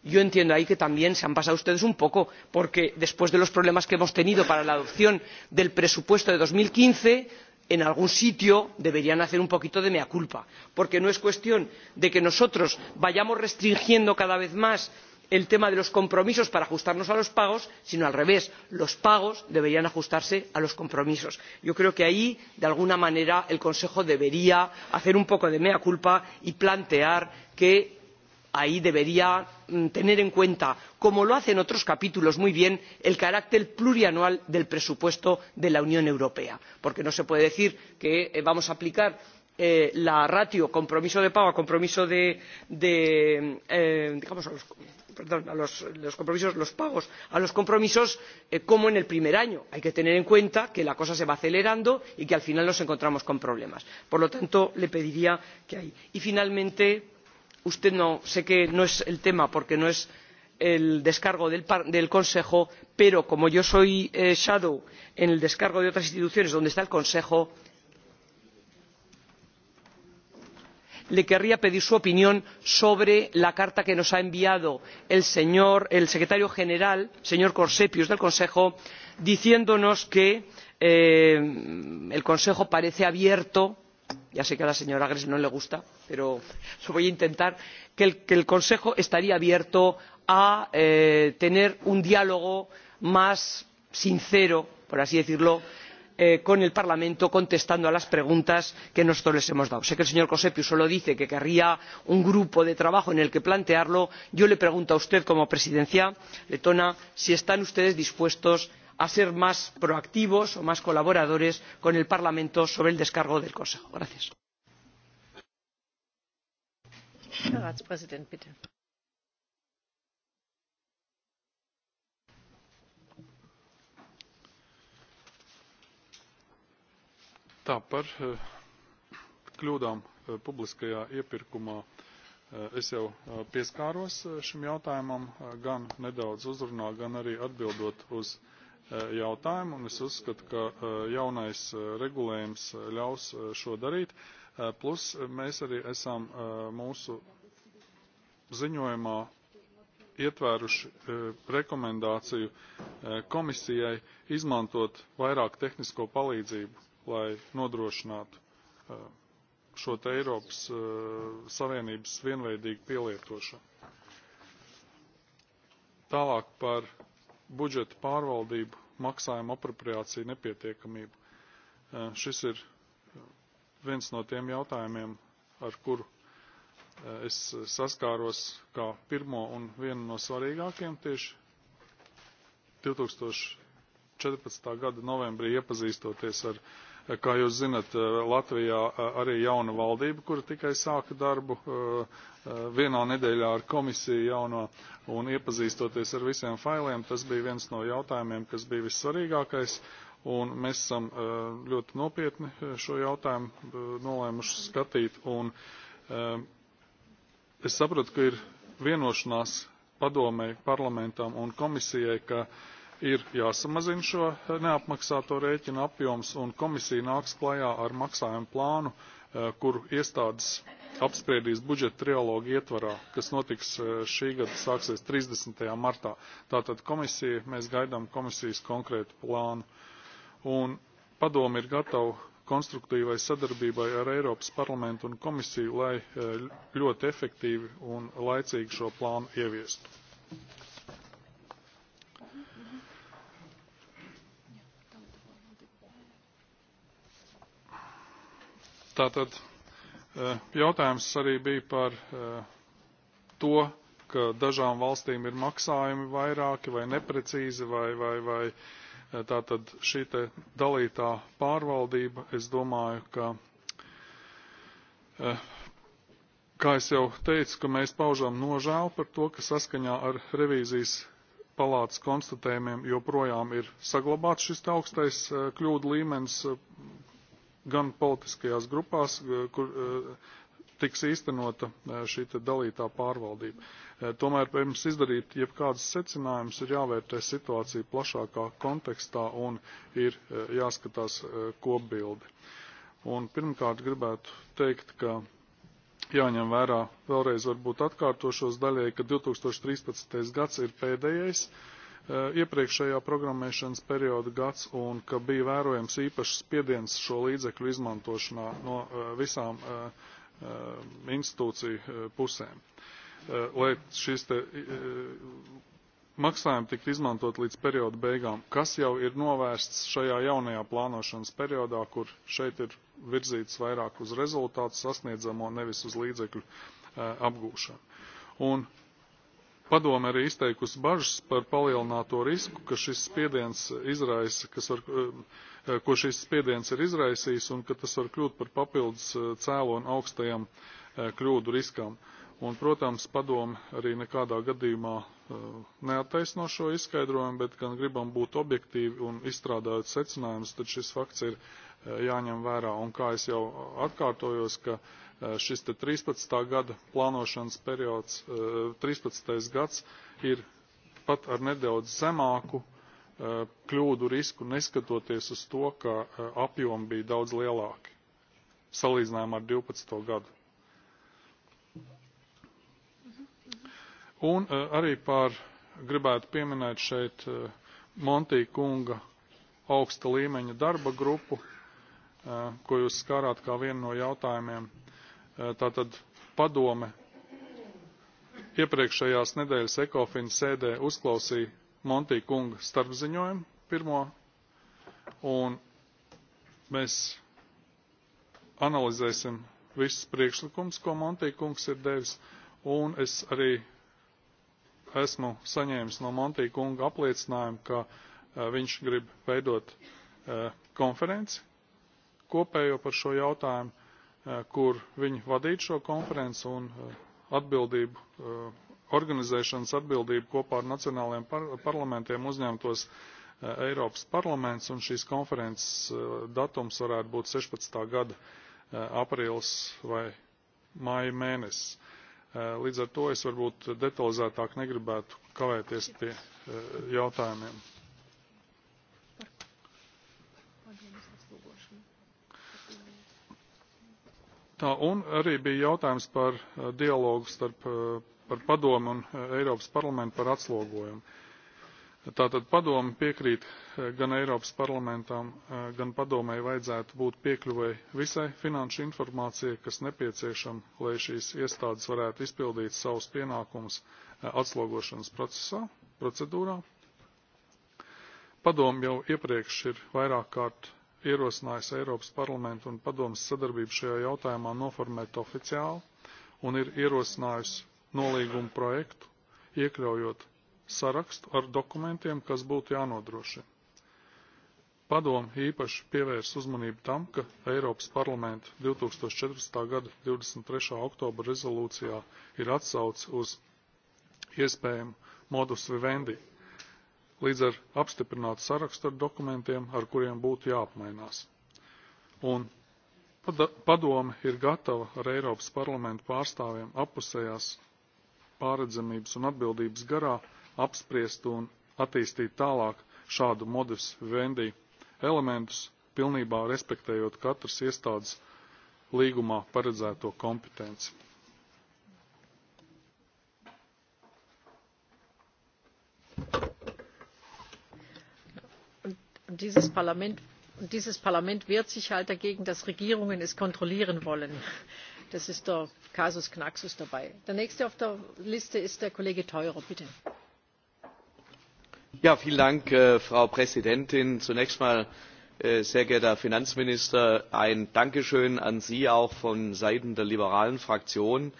yo entiendo ahí que también se han pasado ustedes un poco porque después de los problemas que hemos tenido para la adopción del presupuesto de dos mil quince en algún sitio deberían hacer un poquito de mea culpa porque no es cuestión de que nosotros vayamos restringiendo cada vez más el tema de los compromisos para ajustarnos a los pagos sino al revés los pagos deberían ajustarse a los compromisos. yo creo que ahí de alguna manera el consejo debería hacer un poco de mea culpa y plantear que ahí debería mm, tener en cuenta como lo hace en otros capítulos muy bien el carácter plurianual del presupuesto de la unión europea porque no se puede decir que eh, vamos a aplicar eh, la ratio compromiso de pago a compromiso de, eh, a los, compromisos, pagos a los compromisos como en el primer año. hay que tener en cuenta que la cosa se va acelerando y que al final nos encontramos con problemas. por lo tanto le pediría que ahí. y finalmente usted no, sé que no es el tema porque no es el descargo del, consejo pero como yo soy ponente eh, en el descargo de otras instituciones donde está el consejo le querría pedir su opinión sobre la carta que nos ha enviado el, secretario general señor corsepios del consejo diciéndonos que eh, el consejo parece abierto ya sé que a la señora grle no le gusta pero lo voy a intentar que el, consejo estaría abierto a eh, tener un diálogo más sincero por así decirlo eh, con el parlamento contestando a las preguntas que nosotros les hemos dado. sé que el señor cosepiu solo dice que querría un grupo de trabajo en el que plantearlo. yo le pregunto a usted como presidencia letona si están ustedes dispuestos a a ser más proactivos o más colaboradores con el parlamento sobre el descargo del consejo. Eh, eh, eh, es jau pieskāros šim jautājumam, gan nedaudz uzrunā, gan arī atbildot uz Eh, jautājumu, un es uzskatu, ka eh, jaunais eh, regulējums ļaus šo darīt. Plus mēs arī esam mūsu ziņojumā ietvēruši rekomendāciju komisijai izmantot vairāk tehnisko palīdzību, lai nodrošinātu šo te Eiropas Savienības vienveidīgu pielietošanu. Tālāk par budžeta pārvaldību, maksājumu apropriāciju nepietiekamību. E, šis ir viens no tiem jautājumiem, ar kuru e, es saskāros kā pirmo un vienu no svarīgākiem tieši 2014. gada novembrī iepazīstoties ar Kā jūs zinat, e, Latvijā e, arī jauna valdība, kura tikai sāka darbu e, vienā nedēļā ar komisiju jauno un iepazīstoties ar visiem failiem, tas bija viens no jautājumiem, kas bija vissvarīgākais. Un mēs esam ļoti nopietni šo jautājumu nolēmuši skatīt. Un es saprotu, ka ir vienošanās padomē, parlamentam un komisijai, ka uh, ir jāsamazina šo neapmaksāto rēķinu apjoms, un komisija nāks klajā ar maksājumu plānu, e, kuru iestādes apspriedīs budžeta trialogu ietvarā, kas notiks e, šī gada sāksies 30. martā. Tātad komisija, mēs gaidām komisijas konkrētu plānu. Un padomi ir gatava konstruktīvai sadarbībai ar Eiropas parlamentu un komisiju, lai e, ļoti efektīvi un laicīgi šo plānu ieviestu. Tātad eh, jautājums arī bija par eh, to, ka dažām valstīm ir maksājumi vairāki vai neprecīzi vai, vai, vai eh, tātad šī te dalītā pārvaldība, es domāju, ka kā es jau teicu, ka mēs paužām nožēlu par to, ka saskaņā ar revīzijas palātas konstatējumiem joprojām ir saglabāts šis augstais kļūdu līmenis gan politiskajās grupās, eh, kur eh, tiks īstenota eh, šī dalītā pārvaldība. Tomēr pirms izdarīt jebkādas secinājumus ir jāvērtē situācija plašākā kontekstā un ir jāskatās kopbildi. Un pirmkārt gribētu teikt, ka jāņem vērā, vēlreiz varbūt atkārtošos daļai, ka 2013. gads ir pēdējais, Eh, iepriekšējā programmēšanas perioda gads un ka bija vērojams īpašs spiediens šo līdzekļu izmantošanā no eh, visām eh, institūciju pusēm. Lai šis te maksājumi tika izmantot līdz perioda beigām, kas jau ir novērsts šajā jaunajā plānošanas periodā, kur šeit ir virzīts vairāk uz rezultātu sasniedzamo, nevis uz līdzekļu apgūšanu. Un Padome arī izteikusi bažas par palielināto risku, ka šis spiediens izraisa, kas var, eh, eh, ko šis spiediens ir izraisījis un ka tas var kļūt par papildus eh, un augstajam kļūdu riskam. Un, protams, padomi arī nekādā gadījumā neattaisno šo izskaidrojumu, bet gan gribam būt objektīvi un izstrādājot secinājumus, tad šis fakts ir jāņem vērā. Un kā es jau atkārtojos, ka uh, šis te 13. gada plānošanas periods, 13. E, gads, ir pat ar nedaudz zemāku e, kļūdu risku, neskatoties uz to, ka e, apjomi bija daudz lielāki salīdzinājumā ar 12. gadu. Un arī par gribētu pieminēt šeit Montī kunga augsta līmeņa darba grupu, ko jūs skārāt kā vienu no jautājumiem – Eh, tātad padome iepriekšējās nedēļas ECOFIN sēdē uzklausīja Montī kunga starpziņojumu pirmo, un mēs analizēsim visus priekšlikumus, ko Montī kungs ir devis, un es arī esmu saņēmis no Montī kunga apliecinājumu, ka eh, viņš grib veidot eh, konferenci kopējo par šo jautājumu, Eh, kur viņi vadīt šo konferenci un eh, atbildību, eh, organizēšanas atbildību kopā ar nacionālajiem par parlamentiem uzņemtos Eiropas parlaments, un šīs konferences datums varētu būt 16. gada aprīlis vai māja mēnesis. Līdz ar to es varbūt detalizētāk negribētu kavēties pie jautājumiem. Tā, un arī bija jautājums par eh, dialogu starp eh, par padomu un eh, Eiropas parlamentu par atslogojumu. Tātad padomu piekrīt gan Eiropas parlamentam, gan padomai vajadzētu būt piekļuvai visai finanšu informācijai, kas nepieciešama, lai šīs iestādes varētu izpildīt savus pienākumus atslogošanas procesā, procedūrā. Padomu jau iepriekš ir vairāk kārt ierosinājis Eiropas parlamentu un padomas sadarbību šajā jautājumā noformēt oficiāli un ir ierosinājis nolīgumu projektu, iekļaujot sarakstu ar dokumentiem, kas būtu jānodrošina. Padom īpaši pievērs uzmanību tam, ka Eiropas parlamenta 2014. gada 23. oktobra rezolūcijā ir atsauc uz iespējumu modus vivendi līdz ar apstiprinātu sarakstu ar dokumentiem, ar kuriem būtu jāapmainās. Un padome ir gatava ar Eiropas parlamentu pārstāvjiem apusējās pāredzamības un atbildības garā apspriest un attīstīt tālāk šādu modus vendī elementus, pilnībā respektējot katras iestādes līgumā paredzēto kompetenci. und dieses parlament, wehrt sich halt dagegen dass regierungen es kontrollieren wollen. das ist der kasus knaxus dabei. der nächste auf der liste ist der kollege theurer bitte. Äh, frau präsidentin! zunächst einmal äh, sehr geehrter herr finanzminister ein dankeschön an sie auch von seiten der liberalen fraktion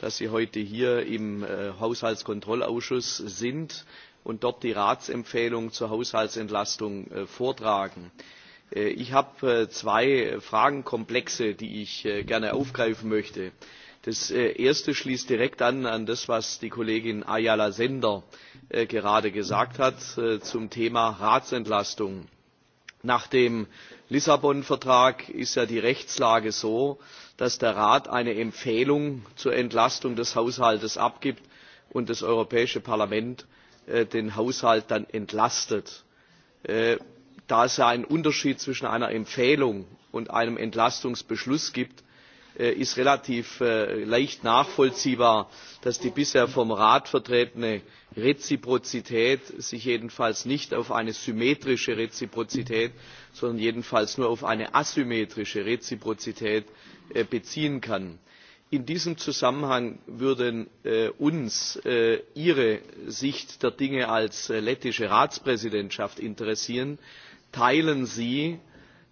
dass sie heute hier im äh, haushaltskontrollausschuss sind und dort die Ratsempfehlung zur Haushaltsentlastung äh, vortragen. Äh, ich habe äh, zwei Fragenkomplexe, die ich gerne aufgreifen möchte. Das erste schließt direkt an an das, was die Kollegin Ayala Sender gerade gesagt hat zum Thema Ratsentlastung. Nach dem Lissabon-Vertrag ist ja die Rechtslage so, dass der Rat eine Empfehlung zur Entlastung des Haushalts abgibt und das Europäische Parlament Äh, den Haushalt dann entlastet. Äh, da es ja einen Unterschied zwischen einer Empfehlung und einem Entlastungsbeschluss gibt, äh, ist relativ leicht nachvollziehbar, dass die bisher vom Rat vertretene Reziprozität sich jedenfalls nicht auf eine symmetrische Reziprozität, sondern jedenfalls nur auf eine asymmetrische Reziprozität beziehen kann in diesem zusammenhang würde äh, uns äh, ihre sicht der dinge als äh, lettische ratspräsidentschaft interessieren teilen sie,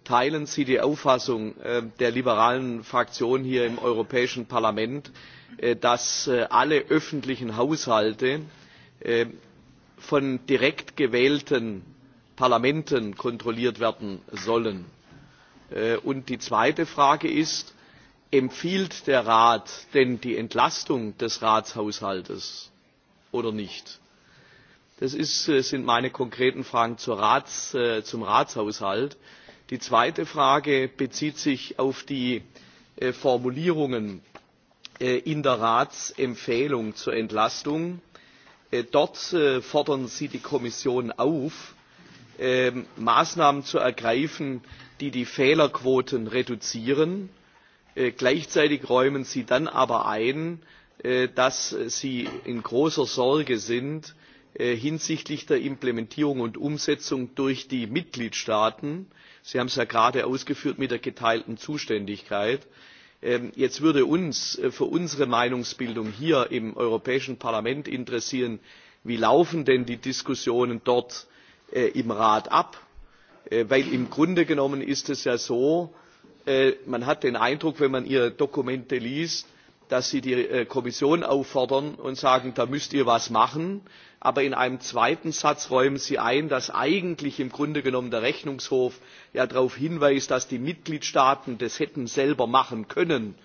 teilen sie die auffassung der liberalen fraktion hier im europäischen parlament dass alle öffentlichen haushalte von direkt gewählten parlamenten kontrolliert werden sollen? und die zweite frage ist empfiehlt der rat denn die entlastung des Ratshaushalts oder nicht? das äh, sind meine konkreten fragen äh, zum ratshaushalt. die zweite frage bezieht sich auf die äh, formulierungen in der ratsempfehlung zur entlastung. dort fordern sie die kommission auf ähm, maßnahmen zu ergreifen die die fehlerquoten reduzieren Äh, gleichzeitig räumen sie dann aber ein äh, dass sie in großer sorge sind äh, hinsichtlich der implementierung und umsetzung durch die mitgliedstaaten sie haben es ja gerade ausgeführt mit der geteilten zuständigkeit. Ähm, jetzt würde uns für unsere meinungsbildung hier im europäischen parlament interessieren wie laufen denn die diskussionen dort im rat ab? denn im grunde genommen ist es ja so Äh, man hat den eindruck wenn man ihre dokumente liest dass sie die äh, kommission auffordern und sagen da müsst ihr was machen aber in einem zweiten satz räumen sie ein dass eigentlich im grunde genommen der rechnungshof ja darauf hinweist dass die mitgliedstaaten das hätten selber machen können.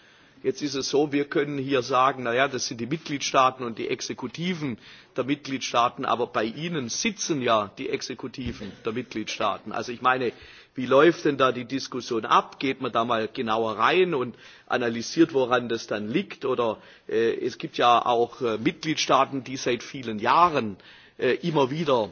jetzt ist es so wir können hier sagen na ja das sind die mitgliedstaaten und die exekutiven der mitgliedstaaten aber bei ihnen sitzen ja die exekutiven der mitgliedstaaten. also ich meine wie läuft denn da die Diskussion ab? Geht man da mal genauer rein und analysiert, woran das dann liegt? Oder äh, es gibt ja auch äh, Mitgliedstaaten, die seit vielen Jahren äh, immer wieder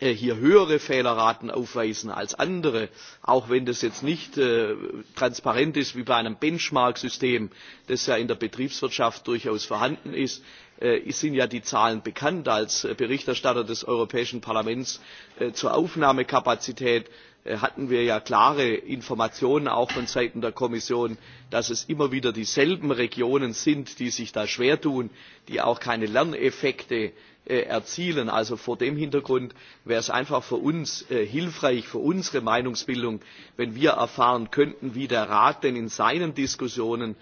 äh, hier höhere Fehlerraten aufweisen als andere, auch wenn das jetzt nicht äh, transparent ist wie bei einem Benchmark-System, das ja in der Betriebswirtschaft durchaus vorhanden ist, äh, sind ja die Zahlen bekannt. Als Berichterstatter des Europäischen Parlaments äh, zur Aufnahmekapazität Äh, hatten wir ja klare informationen auch von seiten der kommission dass es immer wieder dieselben regionen sind die sich da schwer tun die auch keine lerneffekte äh, erzielen. also vor dem hintergrund wäre es einfach für uns äh, hilfreich für unsere meinungsbildung wenn wir erfahren könnten wie der rat denn in seinen diskussionen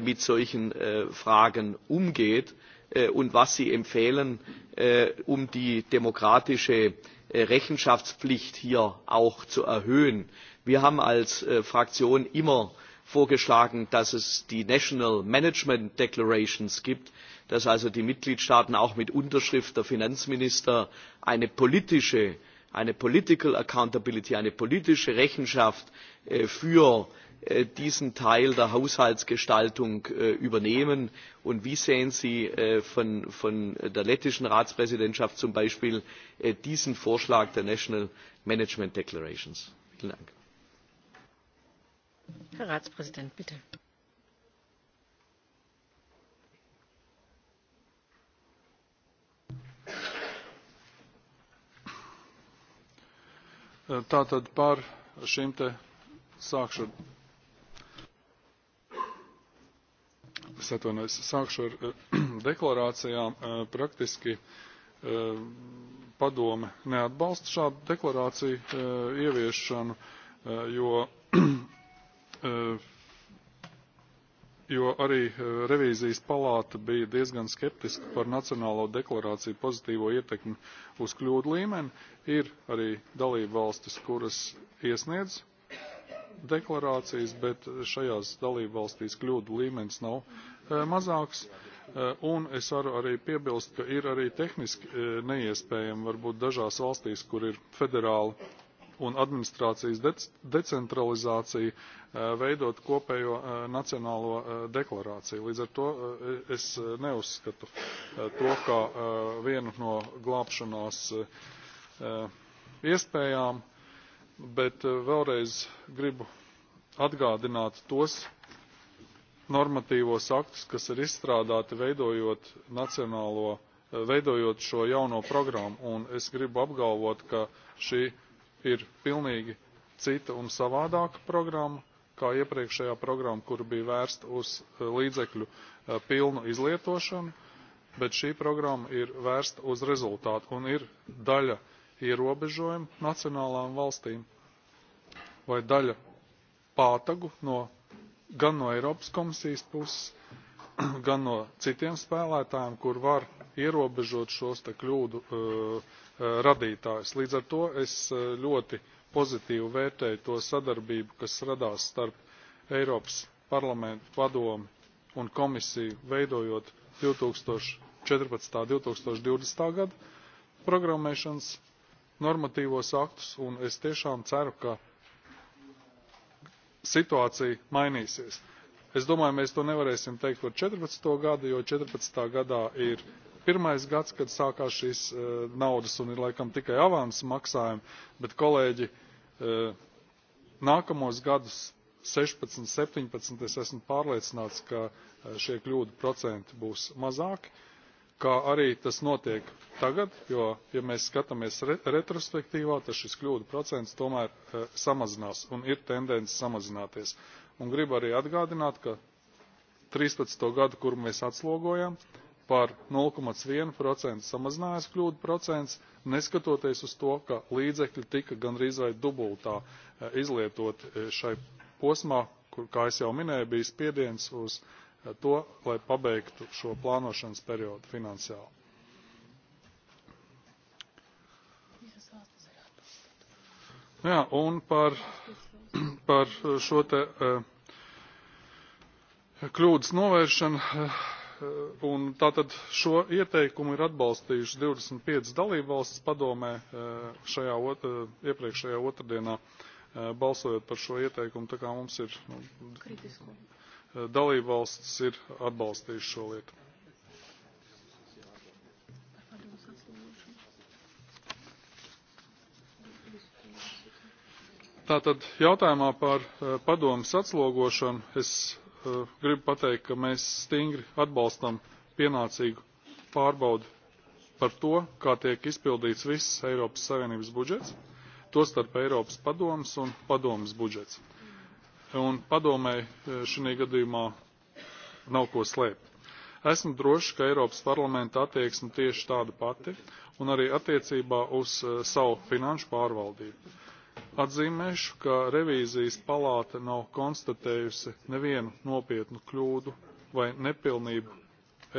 mit solchen fragen umgeht und was sie empfehlen um die demokratische Äh, Rechenschaftspflicht hier auch zu erhöhen. Wir haben als äh, Fraktion immer vorgeschlagen, dass es die National Management Declarations gibt, dass also die Mitgliedstaaten auch mit Unterschrift der Finanzminister eine politische, eine political accountability, eine politische Rechenschaft äh, für Äh, diesen Teil der Haushaltsgestaltung äh, übernehmen? Und wie sehen Sie äh, von, von der lettischen Ratspräsidentschaft zum Beispiel diesen Vorschlag der National Management Declarations? Vielen Dank. Herr Ratspräsident, bitte. Tātad par šīm te sākšu es eh, atvainojos, sākšu ar deklarācijām. Eh, Praktiski eh, padome neatbalsta šādu deklarāciju ieviešanu, jo, jo arī revīzijas palāta bija diezgan skeptiska par nacionālo deklarāciju pozitīvo ietekmi uz kļūdu līmeni. Ir arī dalību valstis, kuras iesniedz deklarācijas, bet šajās dalībvalstīs kļūdu līmenis nav eh, mazāks. Eh, un es varu arī piebilst, ka ir arī tehniski eh, neiespējami varbūt dažās valstīs, kur ir federāla un administrācijas dec decentralizācija, veidot kopējo nacionālo deklarāciju. Līdz ar to es neuzskatu to kā vienu no glābšanās iespējām bet eh, vēlreiz gribu atgādināt tos normatīvos aktus, kas ir izstrādāti veidojot, nacionālo, eh, veidojot šo jauno programmu, un es gribu apgalvot, ka šī ir pilnīgi cita un savādāka programma, kā iepriekšējā programma, kur bija vērsta uz eh, līdzekļu pilnu izlietošanu, bet šī programma ir vērsta uz rezultātu un ir daļa ierobežojumu nacionālām valstīm vai daļa pātagu no, gan no Eiropas komisijas puses, gan no citiem spēlētājiem, kur var ierobežot šos te kļūdu uh, radītājus. Līdz ar to es e, ļoti pozitīvi vērtēju to sadarbību, kas radās starp Eiropas parlamentu padomi un komisiju veidojot 2014. 2020. gadu programmēšanas normatīvos aktus, un es tiešām ceru, ka situācija mainīsies. Es domāju, mēs to nevarēsim teikt par 14. gadu, jo 14. gadā ir pirmais gads, kad sākās šīs uh, naudas un ir laikam tikai avans maksājumi, bet kolēģi uh, nākamos gadus 16, 17 es esmu pārliecināts, ka eh, šie kļūdu procenti būs mazāki kā arī tas notiek tagad, jo, ja mēs skatāmies re retrospektīvā, tad šis kļūdu procents tomēr e, samazinās un ir tendence samazināties. Un gribu arī atgādināt, ka 13. gadu, kur mēs atslogojam, par 0,1% samazinājās kļūdu procents, neskatoties uz to, ka līdzekļi tika gandrīz vai dubultā e, izlietot e, šai posmā, kur, kā es jau minēju, bija spiediens uz uh, to, lai pabeigtu šo plānošanas periodu finansiāli. Jā, un par, par šo te eh, kļūdas novēršanu eh, un tātad šo ieteikumu ir atbalstījuši 25 valsts padomē eh, šajā ot, iepriekšējā otrdienā balsojot par šo ieteikumu, tā kā mums ir nu, dalībvalstis ir atbalstījušas šo lietu. Tātad jautājumā par e, padomas atslogošanu es e, gribu pateikt, ka mēs stingri atbalstam pienācīgu pārbaudu par to, kā tiek izpildīts viss Eiropas Savienības budžets, tostarp Eiropas padomas un padomas budžets un padomē e, šajā gadījumā nav ko slēpt. Esmu drošs, ka Eiropas parlamenta attieksme tieši tāda pati un arī attiecībā uz e, savu finanšu pārvaldību. Atzīmēšu, ka revīzijas palāta nav konstatējusi nevienu nopietnu kļūdu vai nepilnību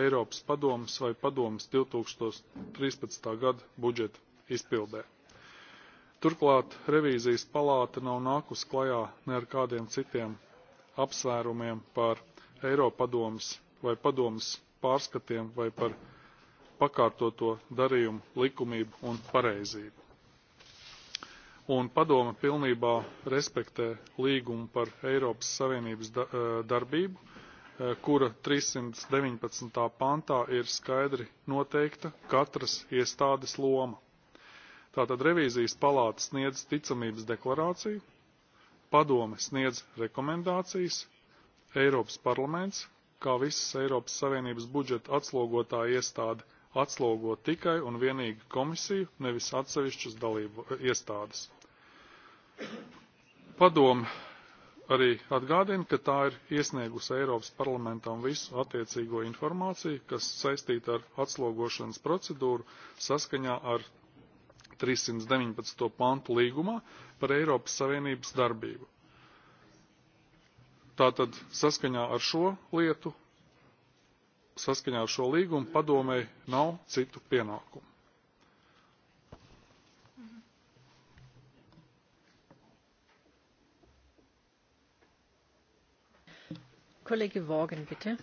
Eiropas padomas vai padomas 2013. gada budžeta izpildē. Turklāt revīzijas palāta nav nākus klajā ne ar kādiem citiem apsvērumiem par Eiropadomas vai padomas pārskatiem vai par pakārtoto darījumu likumību un pareizību. Un padoma pilnībā respektē līgumu par Eiropas Savienības e, darbību, e, kura 319. pantā ir skaidri noteikta katras iestādes loma. Tātad revīzijas palāta sniedz ticamības deklarāciju, padome sniedz rekomendācijas, Eiropas parlaments, kā visas Eiropas Savienības budžeta atslogotā iestāde, atslogo tikai un vienīgi komisiju, nevis atsevišķas dalību eh, iestādes. Padome arī atgādina, ka tā ir iesniegusi Eiropas parlamentam visu attiecīgo informāciju, kas saistīta ar atslogošanas procedūru saskaņā ar 319. pantu līgumā par Eiropas Savienības darbību. Tātad saskaņā ar šo lietu, saskaņā ar šo līgumu padomē nav citu pienākumu. Kolēģi Vorgen, bitte.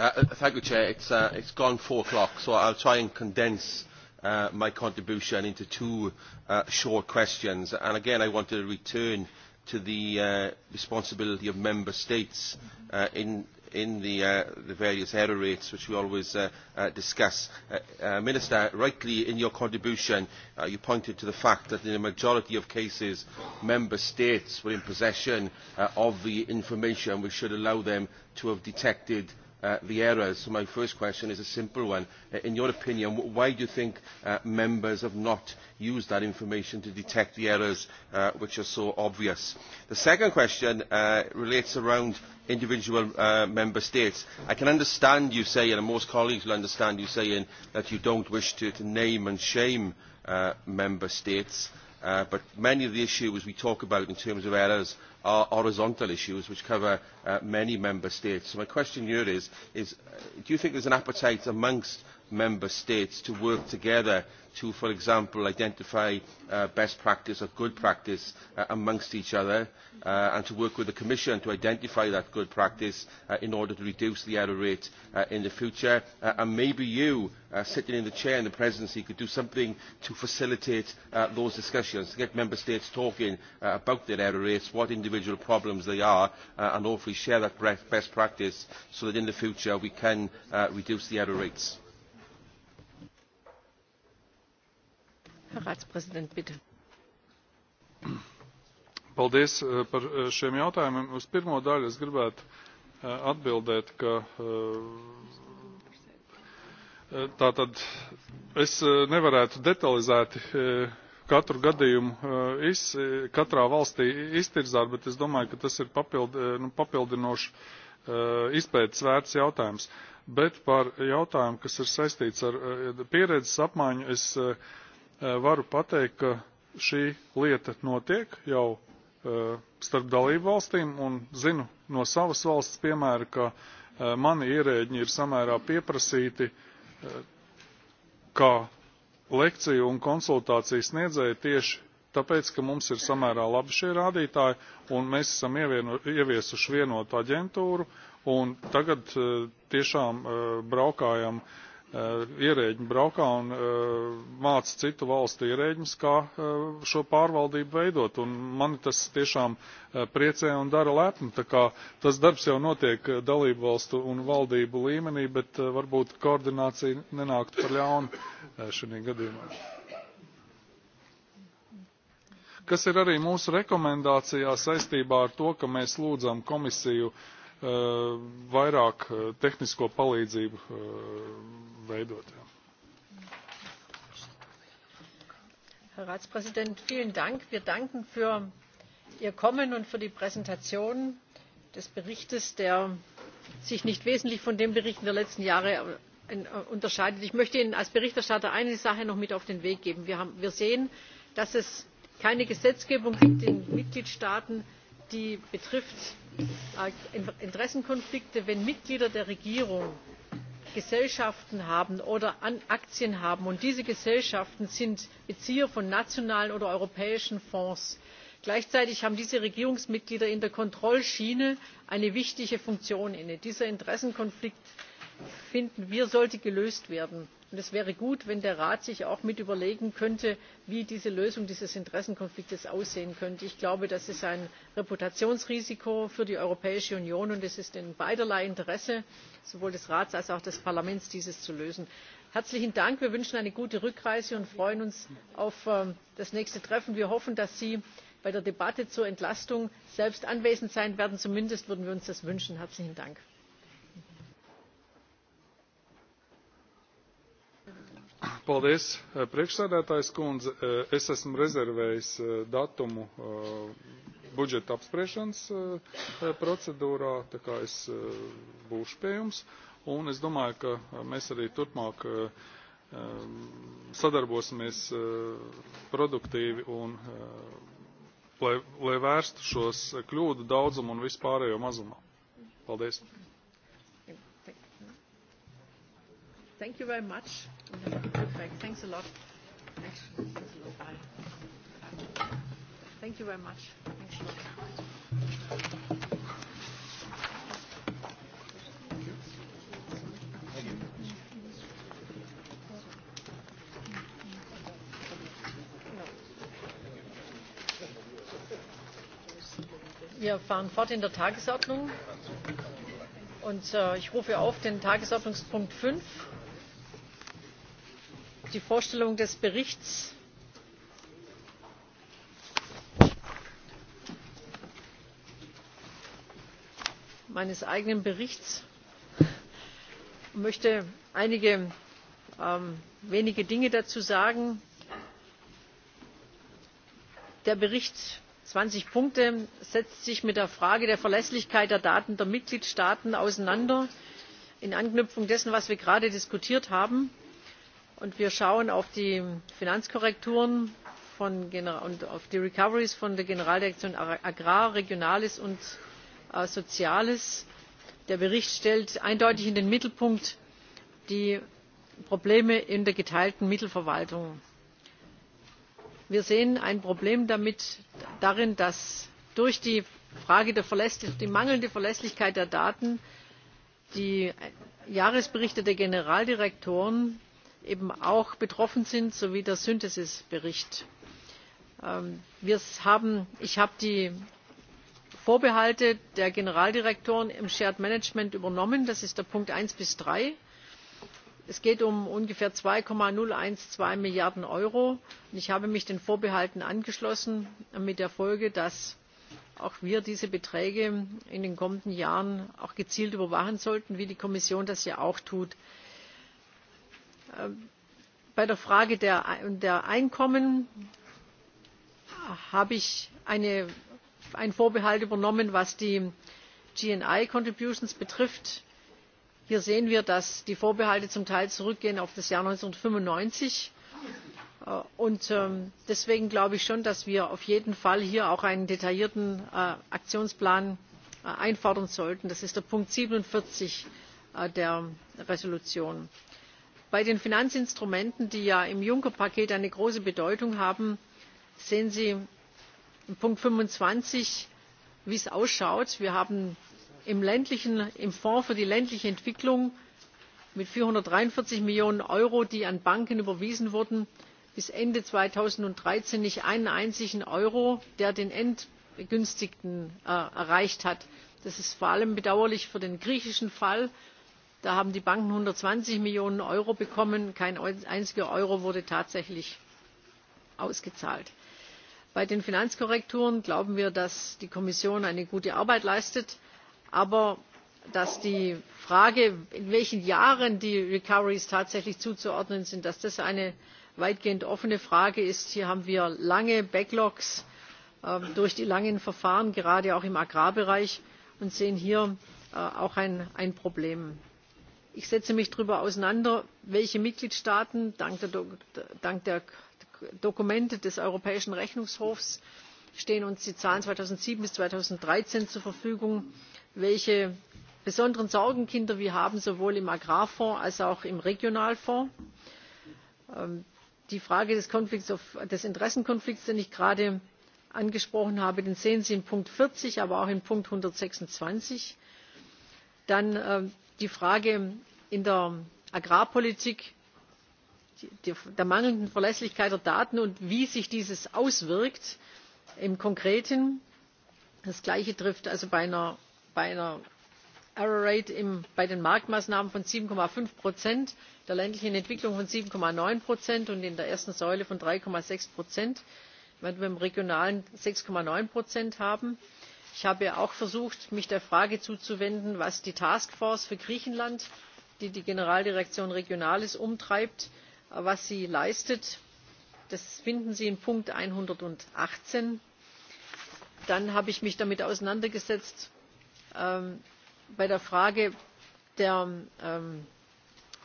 Uh, uh, thank you, Chair. It's, uh, it's gone four o'clock, so I'll try and condense uh, my contribution into two uh, short questions. And again, I want to return to the uh, responsibility of member states uh, in, in the, uh, the various error rates which we always uh, uh, discuss. Uh, uh, Minister, rightly in your contribution uh, you pointed to the fact that in a majority of cases member states were in possession uh, of the information which should allow them to have detected uh, the errors. So my first question is a simple one. Uh, in your opinion, why do you think uh, members have not used that information to detect the errors uh, which are so obvious? The second question uh, relates around individual uh, member states. I can understand you saying, and most colleagues will understand you saying, that you don't wish to, to name and shame uh, member states. Uh, but many of the issues we talk about in terms of errors are horizontal issues which cover uh, many member states. so my question here is, is uh, do you think there is an appetite amongst member states to work together to, for example, identify uh, best practice or good practice uh, amongst each other uh, and to work with the Commission to identify that good practice uh, in order to reduce the error rate uh, in the future. Uh, and maybe you, uh, sitting in the chair in the presidency, could do something to facilitate uh, those discussions, to get member states talking uh, about their error rates, what individual problems they are, uh, and hopefully share that best practice so that in the future we can uh, reduce the error rates. Herr Ratspräsident, bitte. Paldies eh, par eh, šiem jautājumiem. Uz pirmo daļu es gribētu eh, atbildēt, ka tātad es nevarētu detalizēti katru gadījumu iz, katrā valstī iztirzāt, bet es domāju, ka tas ir papildi, nu, papildinoši izpētes vērts jautājums. Bet par jautājumu, kas ir saistīts ar pieredzes apmaiņu, es Eh, varu pateikt, ka šī lieta notiek jau eh, starp dalību valstīm, un zinu no savas valsts piemēra, ka eh, mani ierēģi ir samērā pieprasīti kā lekciju un konsultāciju sniedzēja tieši tāpēc, ka mums ir samērā labi šie rādītāji, un mēs esam ievienu, ieviesuši vienotu aģentūru, un tagad tiešām braukājam Eh, ierēģi braukā un eh, māca citu valstu ierēģus, kā eh, šo pārvaldību veidot. Un mani tas tiešām priecē un dara lepni. Tā kā tas darbs jau notiek dalību valstu un valdību līmenī, bet varbūt koordinācija nenāktu par ļaunu šajā gadījumā. Kas ir arī mūsu rekomendācijā saistībā ar to, ka mēs lūdzam komisiju uh, Eh, vairāk eh, tehnisko palīdzību eh, veidot. Herr Ratspräsident, vielen Dank. Wir danken für Ihr Kommen und für die Präsentation des Berichtes, der sich nicht wesentlich von den Berichten der letzten Jahre äh, äh, unterscheidet. Ich möchte Ihnen als Berichterstatter eine Sache noch mit auf den Weg geben. Wir, haben, wir sehen, dass es keine Gesetzgebung gibt in den Mitgliedstaaten, die betrifft äh, interessenkonflikte wenn mitglieder der regierung gesellschaften haben oder aktien haben und diese gesellschaften sind bezieher von nationalen oder europäischen fonds. gleichzeitig haben diese regierungsmitglieder in der kontrollschiene eine wichtige funktion inne. dieser interessenkonflikt finden wir sollte gelöst werden und es wäre gut wenn der rat sich auch mit überlegen könnte wie diese lösung dieses interessenkonflikts aussehen könnte. ich glaube das ist ein reputationsrisiko für die europäische union und es ist in beiderlei interesse sowohl des rates als auch des parlaments dies zu lösen. herzlichen dank! wir wünschen eine gute rückreise und freuen uns auf ähm, das nächste treffen. wir hoffen dass sie bei der debatte zur entlastung selbst anwesend sein werden zumindest würden wir uns das wünschen. herzlichen dank! Paldies, eh, priekšsēdētājs kundze. Eh, es esmu rezervējis eh, datumu budžeta apspriešanas procedūrā, tā kā es būšu pie jums. Un es domāju, ka mēs arī turpmāk sadarbosimies produktīvi un lai, lai vērstu šos kļūdu daudzumu un vispārējo mazumā. Paldies! Thank you very much. Thanks a lot. Thanks, a lot. Bye. Thank you very much. Thanks a lot. Wir fahren fort in der Tagesordnung und äh, ich rufe auf den Tagesordnungspunkt 5 die vorstellung des berichts meines eigenen berichts und möchte einige ähm, wenige dinge dazu sagen. der bericht zwanzig punkte setzt sich mit der frage der verlässlichkeit der daten der mitgliedstaaten auseinander in anknüpfung an das was wir gerade diskutiert haben und wir schauen auf die finanzkorrekturen und auf die recoveries von der generaldirektion agrar regionales und äh, soziales. der bericht stellt eindeutig in den mittelpunkt die probleme in der geteilten mittelverwaltung. wir sehen ein problem damit, darin dass durch die, Frage der die mangelnde verlässlichkeit der daten die jahresberichte der generaldirektoren eben auch betroffen sind sowie der synthesis bericht. Ähm, ich habe die vorbehalte der generaldirektoren im shared management übernommen das ist der punkt eins bis drei es geht um ungefähr zwei zweihundertzwölf milliarden euro und ich habe mich den vorbehalten angeschlossen mit der folge dass auch wir diese beträge in den kommenden jahren auch gezielt überwachen sollten wie die kommission das ja auch tut bei der frage der, einkommen habe ich einen vorbehalt übernommen was die gni contributions betrifft. hier sehen wir dass die vorbehalte zum teil zurückgehen auf das jahr eintausendneunhundertfünfundneunzig äh, und ähm, deswegen glaube ich schon dass wir auf jeden fall hier auch einen detaillierten äh, aktionsplan äh, einfordern sollten. das ist der punkt siebenundvierzig der entschließung bei den finanzinstrumenten die ja im juncker paket eine große bedeutung haben sehen sie in ziffer fünfundzwanzig wie es ausschaut wir haben im fonds für die ländliche entwicklung mit vierhundertdreiundvierzig millionen euro die an banken überwiesen wurden bis ende zweitausenddreizehn nicht einen einzigen euro der den endbegünstigten äh, erreicht hat. das ist vor allem bedauerlich für den griechischen fall da haben die banken einhundertzwanzig millionen euro bekommen kein einziger euro wurde tatsächlich ausgezahlt. bei den finanzkorrekturen glauben wir dass die kommission eine gute arbeit leistet aber dass die frage in welchen jahren die recoveries tatsächlich zuzuordnen sind eine weitgehend offene frage ist. hier haben wir lange backlogs ähm, durch die langen verfahren gerade auch im agrarbereich und sehen hier äh, auch ein problem ich setze mich darüber auseinander welche mitgliedstaaten dank der, dokumente des europäischen rechnungshofs stehen uns die zahlen zweitausendsieben bis zweitausenddreizehn zur verfügung welche besonderen sorgenkinder wir haben sowohl im agrarfonds als auch im regionalfonds. Ähm, die frage des, interessenkonflikts den ich gerade angesprochen habe den sehen sie in punkt vierzig aber auch in punkt einhundertsechsundzwanzig dann ähm, die frage in der agrarpolitik der mangelnden verlässlichkeit der daten und wie sich dies auswirkt im konkreten das gleiche trifft also bei einer, error rate bei den marktmaßnahmen von sieben fünf der ländlichen entwicklung von sieben neun und in der ersten säule von drei sechs während wir im regionalen sechs neun haben ich habe auch versucht mich der frage zuzuwenden was die taskforce für griechenland die die generaldirektion regionales umtreibt leistet. das finden sie in punkt. einhundertachtzehn dann habe ich mich damit auseinandergesetzt ähm, bei der frage der ähm,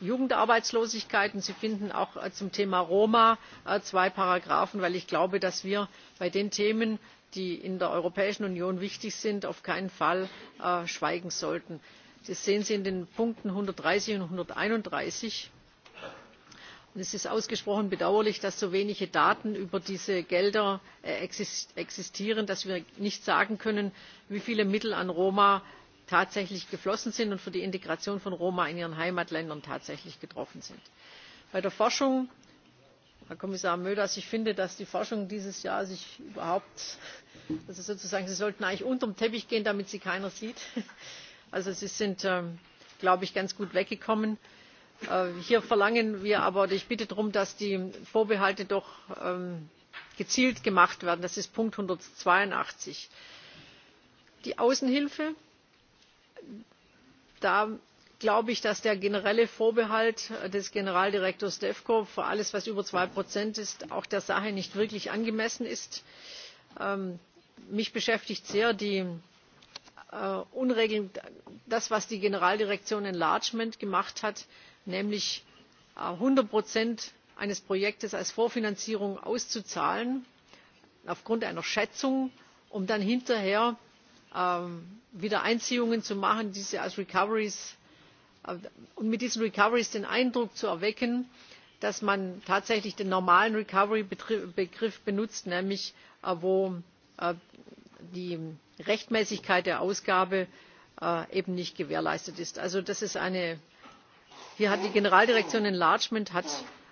jugendarbeitslosigkeit und sie finden auch äh, zum thema roma äh, zwei paragraphen weil ich glaube dass wir bei den themen die in der europäischen union wichtig sind auf keinen fall äh, schweigen sollten. das sehen sie in den punkten einhundertdreißig und. einhunderteinunddreißig es ist ausgesprochen bedauerlich dass so wenige daten über diese gelder äh, existieren dass wir nicht sagen können wie viele mittel an roma tatsächlich geflossen sind und für die integration von roma in ihren heimatländern tatsächlich getroffen sind. bei der forschung herr kommissar moedas ich finde dass die forschung dieses jahr sich überhaupt also sozusagen sie sollten eigentlich unter den teppich gehen damit sie keiner sieht. also sie sind ähm, glaube ich ganz gut weggekommen. Äh, hier verlangen wir aber ich bitte darum dass die vorbehalte doch ähm, gezielt gemacht werden das ist punkt. einhundertzweiundachtzig die außenhilfe da glaube ich dass der generelle vorbehalt äh, des generaldirektors devco für alles was über zwei ist auch der sache nicht wirklich angemessen ist. Ähm, mich beschäftigt sehr äh, das was die generaldirektion enlargement gemacht hat nämlich einhundert äh, eines projektes als vorfinanzierung auszuzahlen aufgrund einer schätzung um dann hinterher ähm, wieder einziehungen zu machen die sie als recoveries Äh, und mit diesen recoveries den eindruck zu erwecken dass man tatsächlich den normalen recovery begriff benutzt nämlich äh, wo äh, die rechtmäßigkeit der ausgabe eben nicht gewährleistet ist. also das ist eine hier hat die generaldirektion enlargement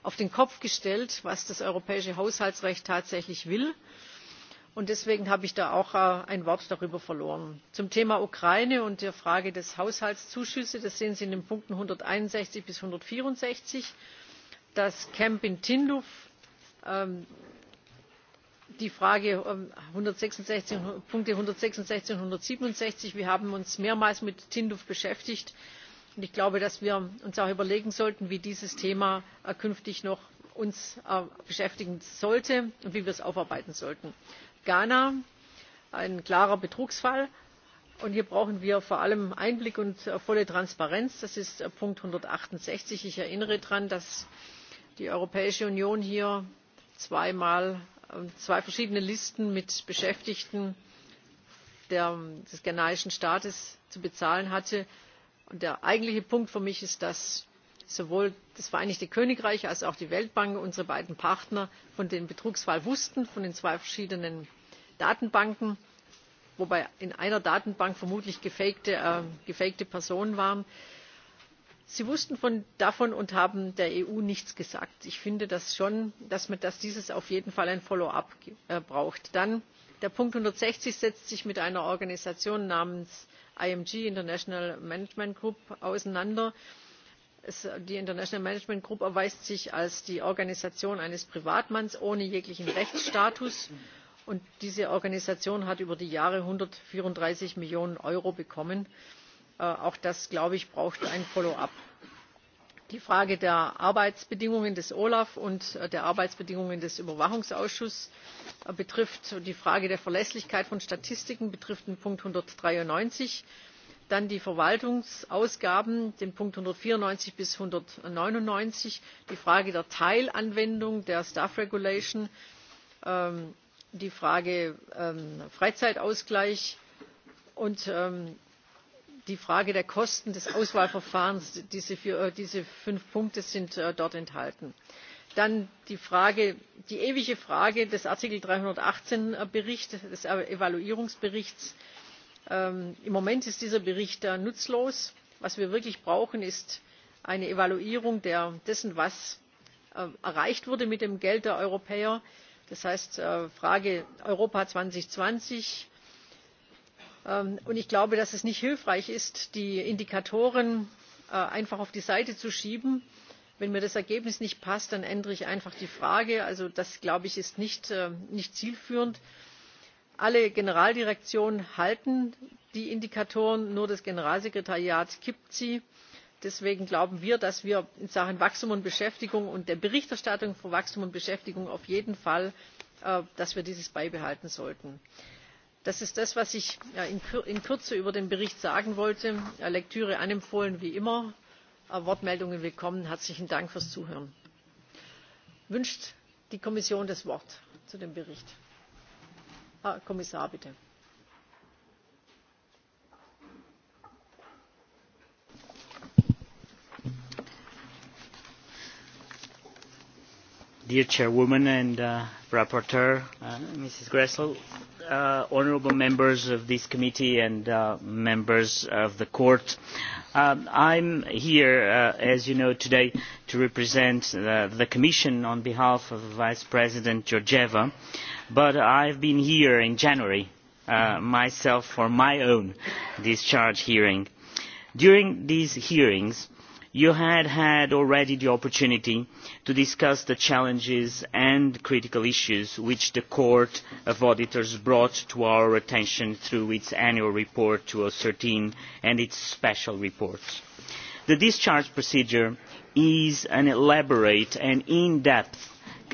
auf den kopf gestellt was das europäische haushaltsrecht tatsächlich will und deswegen habe ich da auch äh, ein wort darüber verloren. zum thema ukraine und der frage des haushaltszuschüsse das sehen sie in den punkten einhunderteinundsechzig bis einhundertvierundsechzig das camp in tindouf ähm, die frage ähm, punkte einhundertsechsundsechzig und einhundertsiebenundsechzig wir haben uns mehrmals mit tindouf beschäftigt und ich glaube dass wir uns auch überlegen sollten wie dieses thema äh, künftig noch äh, beschäftigen sollte und wie wir es aufarbeiten sollten ghana ein klarer betrugsfall und hier brauchen wir vor allem einblick und äh, volle transparenz das ist äh, punkt. einhundertachtundsechzig ich erinnere daran dass die europäische union hier zweimal ähm, zwei verschiedene listen mit beschäftigten des ghanaischen staates zu bezahlen hatte. der eigentliche punkt für mich ist dass sowohl das vereinigte königreich als auch die weltbank unsere beiden partner von dem betrugsfall wussten von den zwei verschiedenen datenbanken wobei in einer datenbank vermutlich gefakte, äh, personen waren. sie wussten davon und haben der eu nichts gesagt. ich finde das schon dass, dies dieses auf jeden fall ein follow up äh, braucht. dann der punkt einhundertsechzig setzt sich mit einer organisation namens img international management group auseinander. die international management group erweist sich als die organisation eines privatmanns ohne jeglichen rechtsstatus und diese organisation hat über die jahre einhundertvierunddreißig millionen euro bekommen. Äh, auch das glaube ich braucht ein follow up. die frage der arbeitsbedingungen des olaf und äh, der arbeitsbedingungen des überwachungsausschusses äh, betrifft die frage der verlässlichkeit von statistiken betrifft den punkt einhundertdreiundneunzig dann die verwaltungsausgaben den punkt einhundertvierundneunzig bis einhundertneunundneunzig die frage der teilanwendung der staff regulation ähm, die frage des ähm, freizeitausgleich und ähm, die frage der kosten des auswahlverfahrens diese, äh, fünf punkte sind äh, dort enthalten. dann die, ewige frage des artikel dreihundertachtzehn äh, berichts des evaluierungsberichts ähm, im moment ist dieser bericht nutzlos. was wir wirklich brauchen ist eine evaluierung dessen was erreicht wurde mit dem geld der europäer das heißt äh, frage europa zweitausendzwanzig ähm, und ich glaube dass es nicht hilfreich ist die indikatoren äh, einfach auf die seite zu schieben wenn mir das ergebnis nicht passt dann ändere ich einfach die frage. also das glaube ich ist nicht, äh, nicht zielführend. alle generaldirektionen halten die indikatoren nur das generalsekretariat kippt sie deswegen glauben wir dass wir in sachen wachstum und beschäftigung und der berichterstattung für wachstum und beschäftigung auf jeden fall äh, dieses beibehalten sollten. das ist das was ich in kürze über den bericht sagen wollte. lektüre anempfohlen wie immer äh, wortmeldungen willkommen. herzlichen dank fürs zuhören. wünscht die kommission das wort zu dem bericht? herr kommissar bitte. dear chairwoman and uh, rapporteur, uh, Mrs. Gressel, uh, honourable members of this committee and uh, members of the court. Um, I'm here, uh, as you know, today to represent uh, the Commission on behalf of Vice President Georgieva, but I've been here in January uh, myself for my own discharge hearing. During these hearings, you had had already the opportunity to discuss the challenges and critical issues which the court of auditors brought to our attention through its annual report two thousand oh and thirteen and its special reports. the discharge procedure is an elaborate and in depth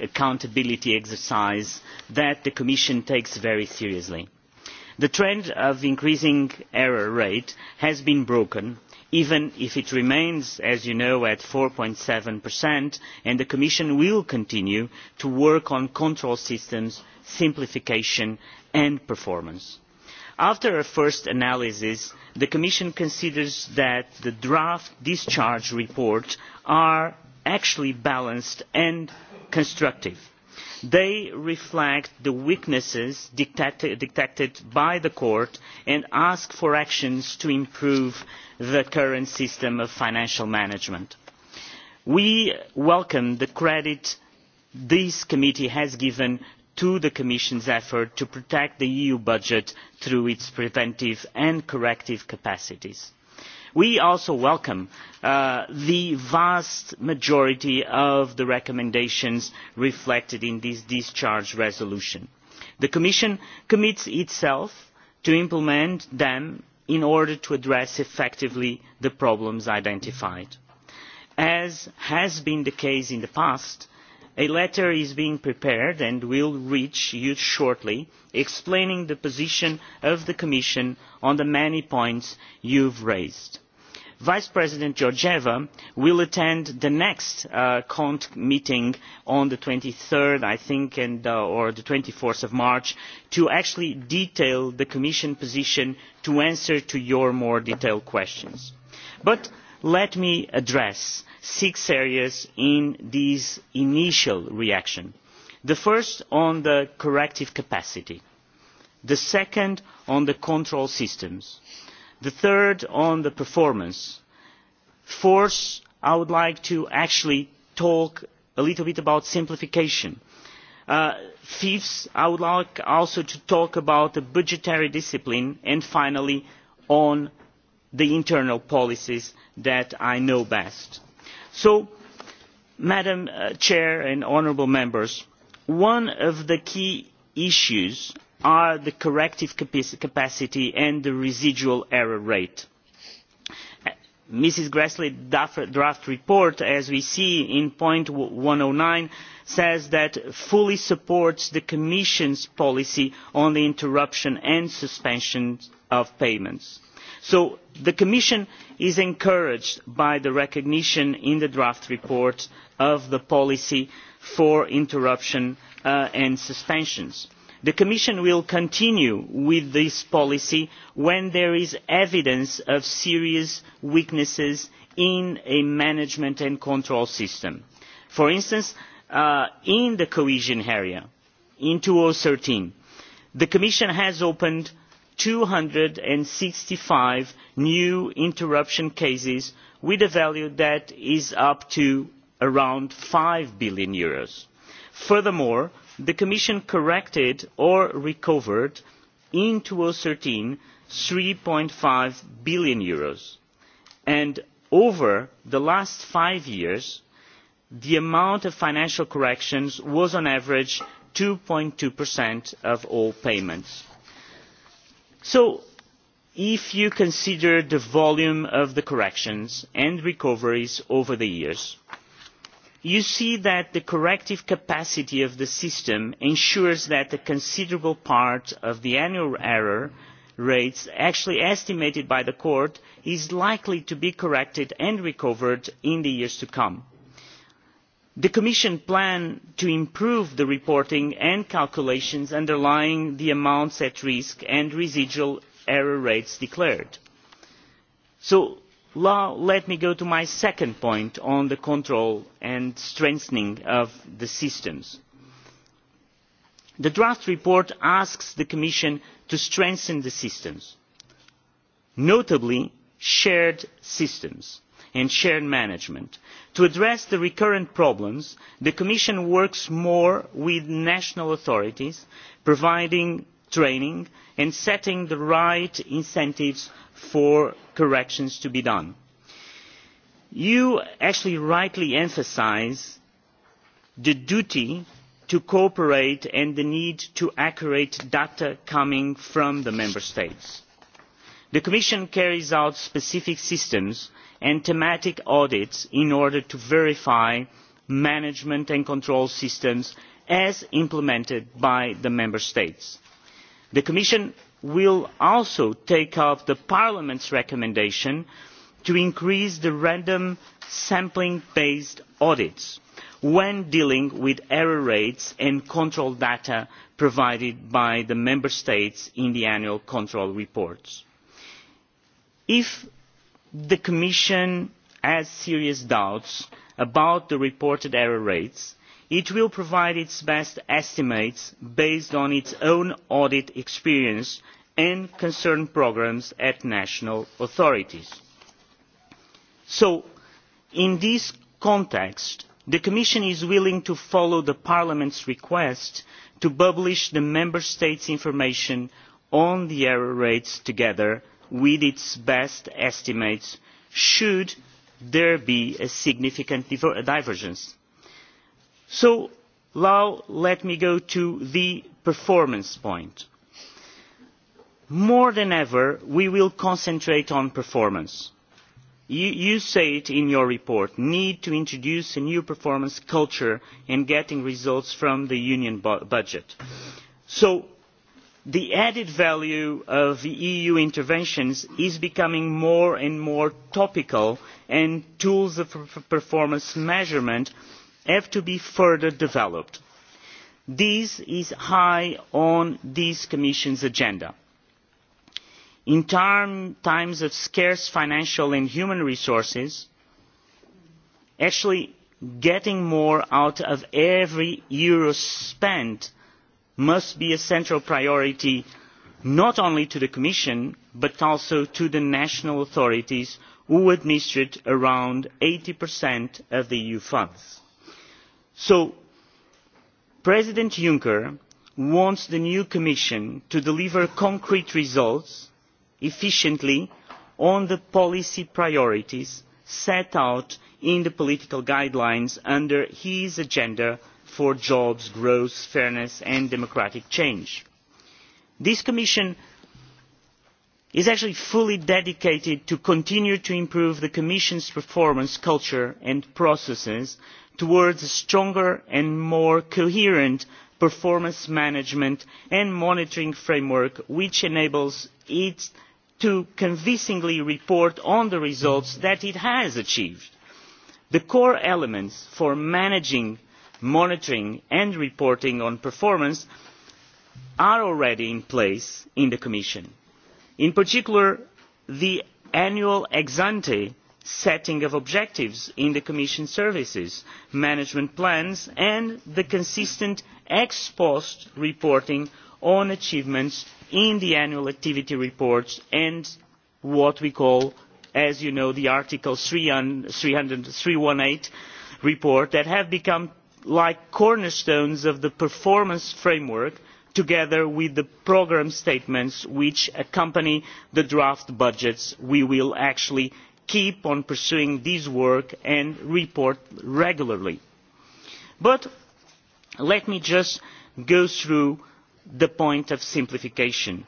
accountability exercise that the commission takes very seriously. the trend of increasing error rate has been broken even if it remains as you know at. four seven and the commission will continue to work on control systems simplification and performance. after a first analysis the commission considers that the draft discharge reports are actually balanced and constructive they reflect the weaknesses detected, by the court and ask for actions to improve the current system of financial management. we welcome the credit this committee has given to the commission's effort to protect the eu budget through its preventive and corrective capacities we also welcome uh, the vast majority of the recommendations reflected in this discharge resolution. the commission commits itself to implement them in order to address effectively the problems identified. as has been the case in the past a letter is being prepared and will reach you shortly explaining the position of the commission on the many points you have raised. vice president georgieva will attend the next uh, cont meeting on twenty three uh, or twenty four march to actually detail the commission position to answer to your more detailed questions. but let me address six areas in this initial reaction the first on the corrective capacity the second on the control systems the third on the performance fourth i would like to actually talk a little bit about simplification the uh, fifth i would like also to talk about the budgetary discipline and finally on the internal policies that i know best. so madam president uh, and honourable members one of the key issues is the corrective capacity and the residual error rate. Uh, mrs grle's draft report as we see in point one hundred oh and nine says that it fully supports the commission's policy on the interruption and suspension of payments so the commission is encouraged by the recognition in the draft report of the policy for interruption uh, and suspensions. the commission will continue with this policy when there is evidence of serious weaknesses in a management and control system for instance uh, in the cohesion area in two thousand and thirteen the commission has opened two hundred and sixty five new interruption cases with a value that is up to around eur five billion. Euros. furthermore the commission corrected or recovered in two thousand and thirteen eur. three five billion Euros. and over the last five years the amount of financial corrections was on average. two two of all payments so if you consider the volume of the corrections and recoveries over the years you see that the corrective capacity of the system ensures that a considerable part of the annual error rates actually estimated by the court is likely to be corrected and recovered in the years to come the commission plans to improve the reporting and calculations underlying the amounts at risk and residual error rates declared. so now let me go to my second point on the control and strengthening of the systems. the draft report asks the commission to strengthen the systems notably shared systems and shared management. to address the recurrent problems the commission works more with national authorities providing training and setting the right incentives for corrections to be done. you actually rightly emphasise the duty to cooperate and the need to accurate data coming from the member states. the commission carries out specific systems and thematic audits in order to verify management and control systems as implemented by the member states. the commission will also take up parliament's recommendation to increase the random sampling based audits when dealing with error rates and control data provided by the member states in the annual control reports. if the commission has serious doubts about the reported error rates it will provide its best estimates based on its own audit experience and concerned programmes at national authorities. so in this context the commission is willing to follow parliament's request to publish the member states' information on the error rates together with its best estimates should there be a significant divergence. so now let me go to the performance point. more than ever we will concentrate on performance. You, say it in your report need to introduce a new performance culture in getting results from the union budget. so the added value of eu e interventions is becoming more and more topical and tools of performance measurement have to be further developed. this is high on this commission's agenda. in times of scarce financial and human resources actually getting more out of every euro spent must be a central priority not only to the commission but also to the national authorities who administered around eighty of the eu funds. so president juncker wants the new commission to deliver concrete results efficiently on the policy priorities set out in the political guidelines under his agenda for jobs growth fairness and democratic change. this commission is actually fully dedicated to continuing to improve the commission's performance culture and processes towards a stronger and more coherent performance management and monitoring framework which enables it to convincingly report on the results that it has achieved. the core elements for managing monitoring and reporting on performance are already in place in the commission in particular the annual ex ante setting of objectives in the commission services management plans and the consistent ex post reporting on achievements in the annual activity reports and what we call as you know the article three hundred and eighteen report that have become like cornerstones of the performance framework together with the programme statements which accompany the draft budgets we will actually keep on pursuing this work and report regularly. but let me just go through the point of simplification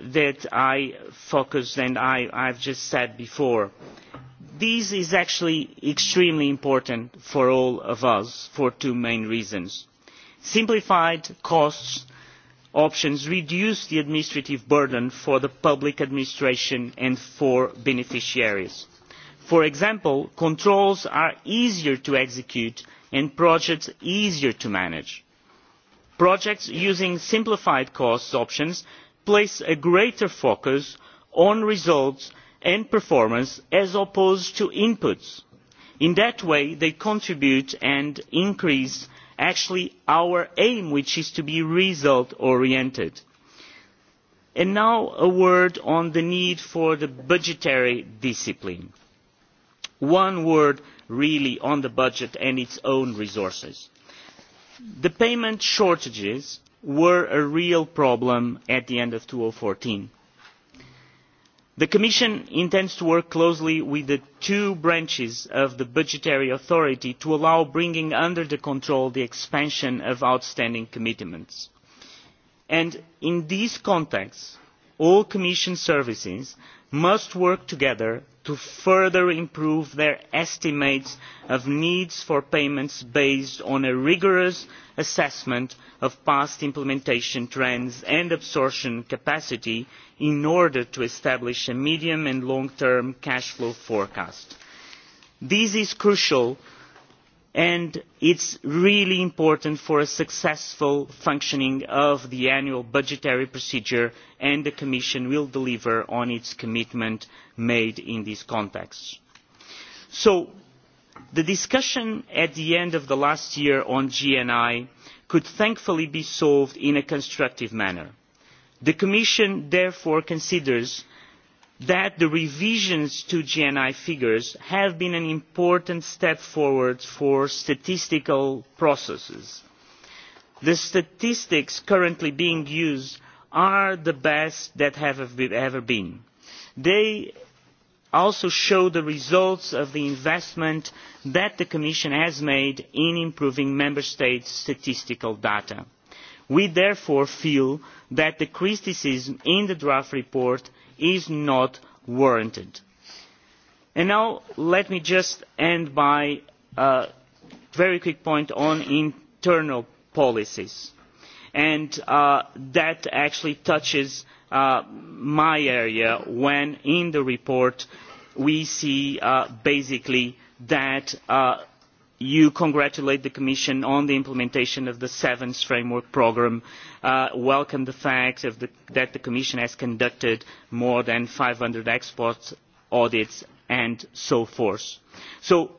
that i focused on and i have just said before this is actually extremely important for all of us for two main reasons simplified cost options reduce the administrative burden for the public administration and for beneficiaries. for example controls are easier to execute and projects easier to manage. projects using simplified cost options place a greater focus on results and performance as opposed to inputs. in that way they contribute and increase actually our aim which is to be result oriented. and now a word on the need for the budgetary discipline. one word really on the budget and its own resources. the payment shortages were a real problem at the end of two thousand and fourteen the commission intends to work closely with the two branches of the budgetary authority to allow bringing under control the expansion of outstanding commitments. And in this context all commission services must work together to further improve their estimates of needs for payments based on a rigorous assessment of past implementation trends and absorption capacity in order to establish a medium and long term cash flow forecast. this is crucial and it is really important for a successful functioning of the annual budgetary procedure and the commission will deliver on its commitment made in this context. so the discussion at the end of last year on gni could thankfully be solved in a constructive manner. the commission therefore considers that the revisions to gni figures have been an important step forward for statistical processes. the statistics currently being used are the best that have ever been. they also show the results of the investment that the commission has made in improving member states' statistical data. we therefore feel that the criticism in the draft report is not warranted. And now let me just end by a uh, very quick point on internal policies and uh, that actually touches uh, my area when in the report we see basically that you congratulate the commission on the implementation of the seventh framework programme and uh, welcome the fact that the commission has conducted more than five hundred export audits and so forth. so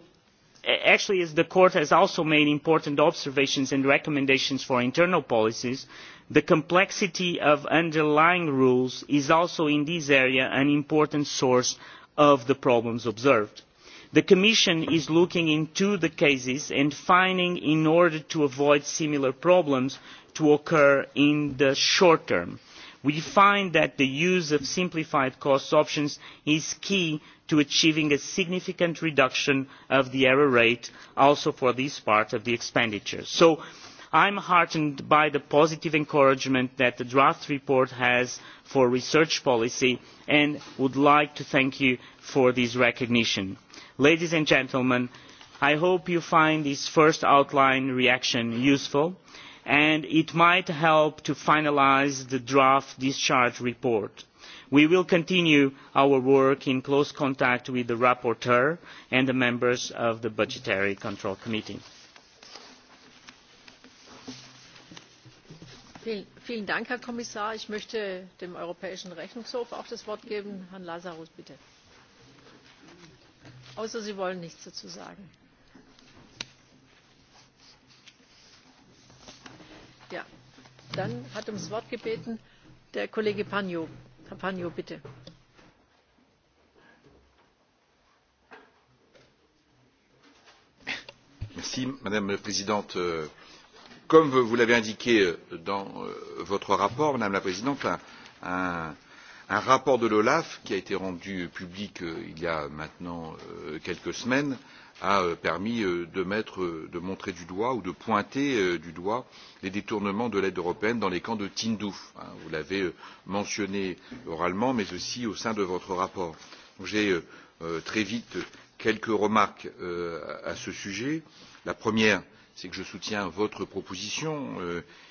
actually as the court has also made important observations and recommendations for internal policies the complexity of underlying rules is also in this area an important source of the problems observed the commission is looking into the cases and finding in order to avoid similar problems to occur in the short term. we find that the use of simplified cost options is key to achieving a significant reduction of the error rate also for this part of the expenditure. so i am heartened by the positive encouragement that the draft report has for research policy and would like to thank you for this recognition ladies and gentlemen i hope you find this first outline reaction useful and it might help to finalise the draft discharge report. we will continue our work in close contact with the rapporteur and the members of the budgetary control committee. Vielen Dank, Herr Kommissar. Ich möchte dem Europäischen Rechnungshof auch das Wort geben. Herrn Lazarus, bitte außer sie wollen nichts dazu sagen. Ja, dann hat ums Wort gebeten der Kollege Pagno. Herr Pagno, bitte. Merci, Madame la Présidente. Comme vous l'avez indiqué dans euh, votre rapport, Madame la Présidente, un, un un rapport de l'olaf qui a été rendu public euh, il y a maintenant euh, quelques semaines a euh, permis de, montrer du doigt ou de pointer du doigt les détournements de l'aide européenne dans les camps de tindouf vous l'avez mentionné oralement mais aussi au sein de votre rapport. j'ai très vite quelques remarques à ce sujet. la première c'est que je soutiens votre proposition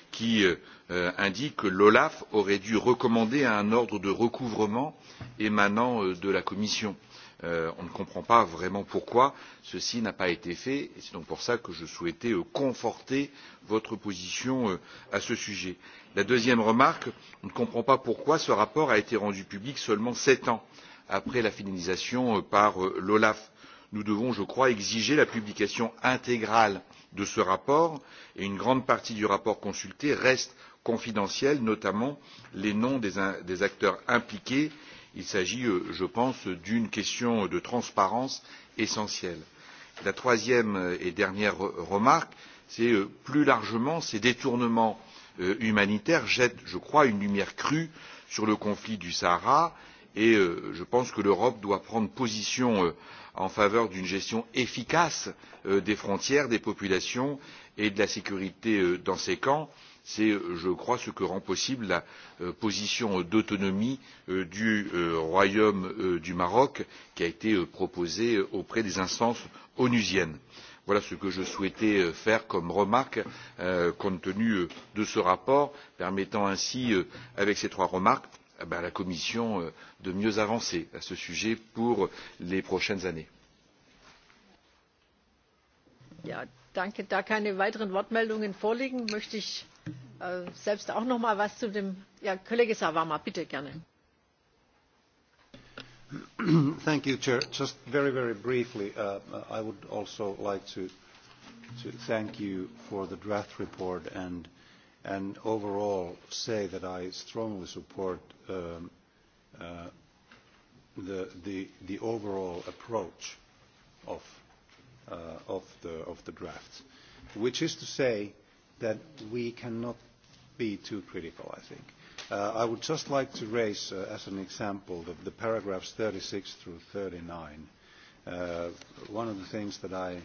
qui qui euh, indique que l'olaf aurait dû recommander un ordre de recouvrement émanant euh, de la commission. Euh, on ne comprend pas vraiment pourquoi ceci n'a pas été fait et c'est donc pour cela que je souhaitais conforter votre position à ce sujet. la deuxième remarque on ne comprend pas pourquoi ce rapport a été rendu public seulement sept ans après la finalisation par l'olaf nous devons je crois exiger la publication intégrale de ce rapport et une grande partie du rapport consulté reste confidentielle notamment les noms des acteurs impliqués. il s'agit euh, je pense d'une question de transparence essentielle. la troisième euh, et dernière remarque c'est euh, plus largement ces détournements humanitaires jettent je crois une lumière crue sur le conflit du sahara et euh, je pense que l'europe doit prendre position euh, en faveur d'une gestion efficace euh, des frontières des populations et de la sécurité dans ces camps. c'est je crois ce que rend possible la position d'autonomie du royaume du maroc qui a été proposée auprès des instances onusiennes. voilà ce que je souhaitais faire comme remarque compte tenu de ce rapport permettant ainsi avec ces trois remarques Eh à la Commission euh, de mieux avancer à ce sujet pour les prochaines années. Ja, danke. Da keine weiteren Wortmeldungen vorliegen, möchte ich äh, selbst auch noch mal was zu dem. Ja, Kollege Savama, bitte gerne. Thank you, Chair. Just very, very briefly, uh, I would also like to, to thank you for the draft report and and overall say that I strongly support um, uh, the, the, the overall approach of, uh, of, the, of the draft, which is to say that we cannot be too critical, I think. Uh, I would just like to raise uh, as an example the, the paragraphs 36 through 39. Uh, one of the things that, I,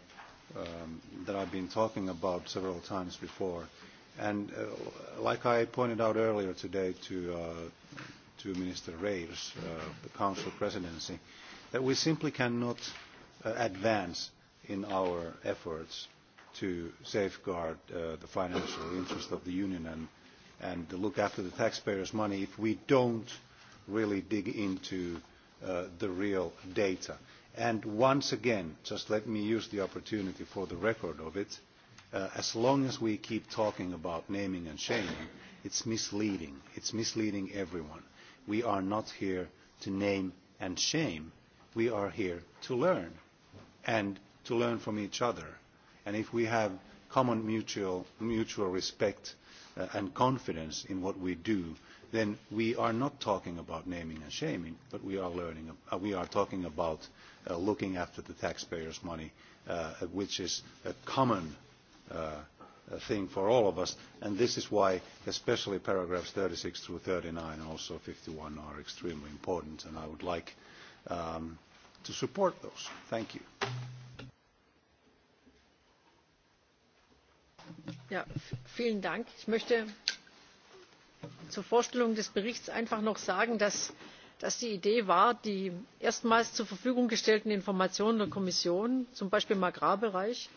um, that I've been talking about several times before And uh, like I pointed out earlier today to, uh, to Minister Reyes, uh, the Council presidency, that we simply cannot uh, advance in our efforts to safeguard uh, the financial interest of the Union and, and to look after the taxpayers' money if we don't really dig into uh, the real data. And once again, just let me use the opportunity for the record of it, uh, Uh, as long as we keep talking about naming and shaming, it's misleading. It's misleading everyone. We are not here to name and shame. We are here to learn and to learn from each other. And if we have common mutual, mutual respect uh, and confidence in what we do, then we are not talking about naming and shaming, but we are, learning, uh, we are talking about uh, looking after the taxpayers' money, uh, which is a common uh, thing for all of us, and this is why especially paragraphs thirty six through thirty nine and also fifty one are extremely important, and I would like um, to support those. Thank you. Ja, vielen Dank. Ich möchte zur Vorstellung des Berichts einfach noch sagen, dass dass die idee war die erstmals zur verfügung gestellten informationen der kommission zum beispiel im agrarbereich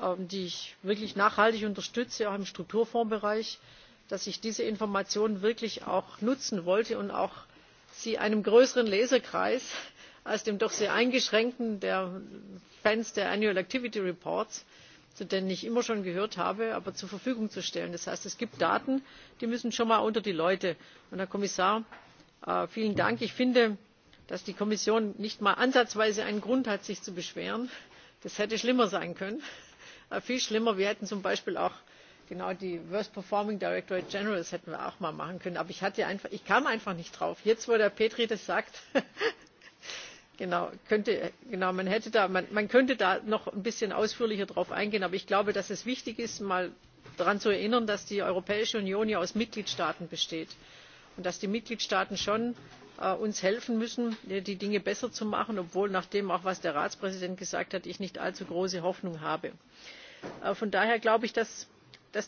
Ähm, die ich wirklich nachhaltig unterstütze auch im strukturfondsbereich dass ich diese informationen wirklich auch nutzen wollte und auch sie einem größeren leserkreis als dem doch sehr eingeschränkten der fans der annual activity reports zu denen ich immer schon gehört habe aber zur verfügung zu stellen. das heißt es gibt daten die müssen schon mal unter die leute. und herr kommissar äh, vielen dank. ich finde dass die kommission nicht mal ansatzweise einen grund hat sich zu beschweren. das hätte schlimmer sein können. Äh, viel schlimmer. wir hätten zum beispiel auch genau die worst performing directorate generals hätten wir auch mal machen können. aber ich, hatte einfach, ich kam einfach nicht drauf. jetzt wo der petri das sagt genau, könnte, genau man, hätte da, man, man könnte da noch ein bisschen ausführlicher darauf eingehen. aber ich glaube dass es wichtig ist mal daran zu erinnern dass die europäische union ja aus mitgliedstaaten besteht und dass die mitgliedstaaten schon äh, uns helfen müssen die dinge besser zu machen obwohl nach dem auch was der ratspräsident gesagt hat ich nicht allzu große hoffnung habe Äh, von daher glaube ich dass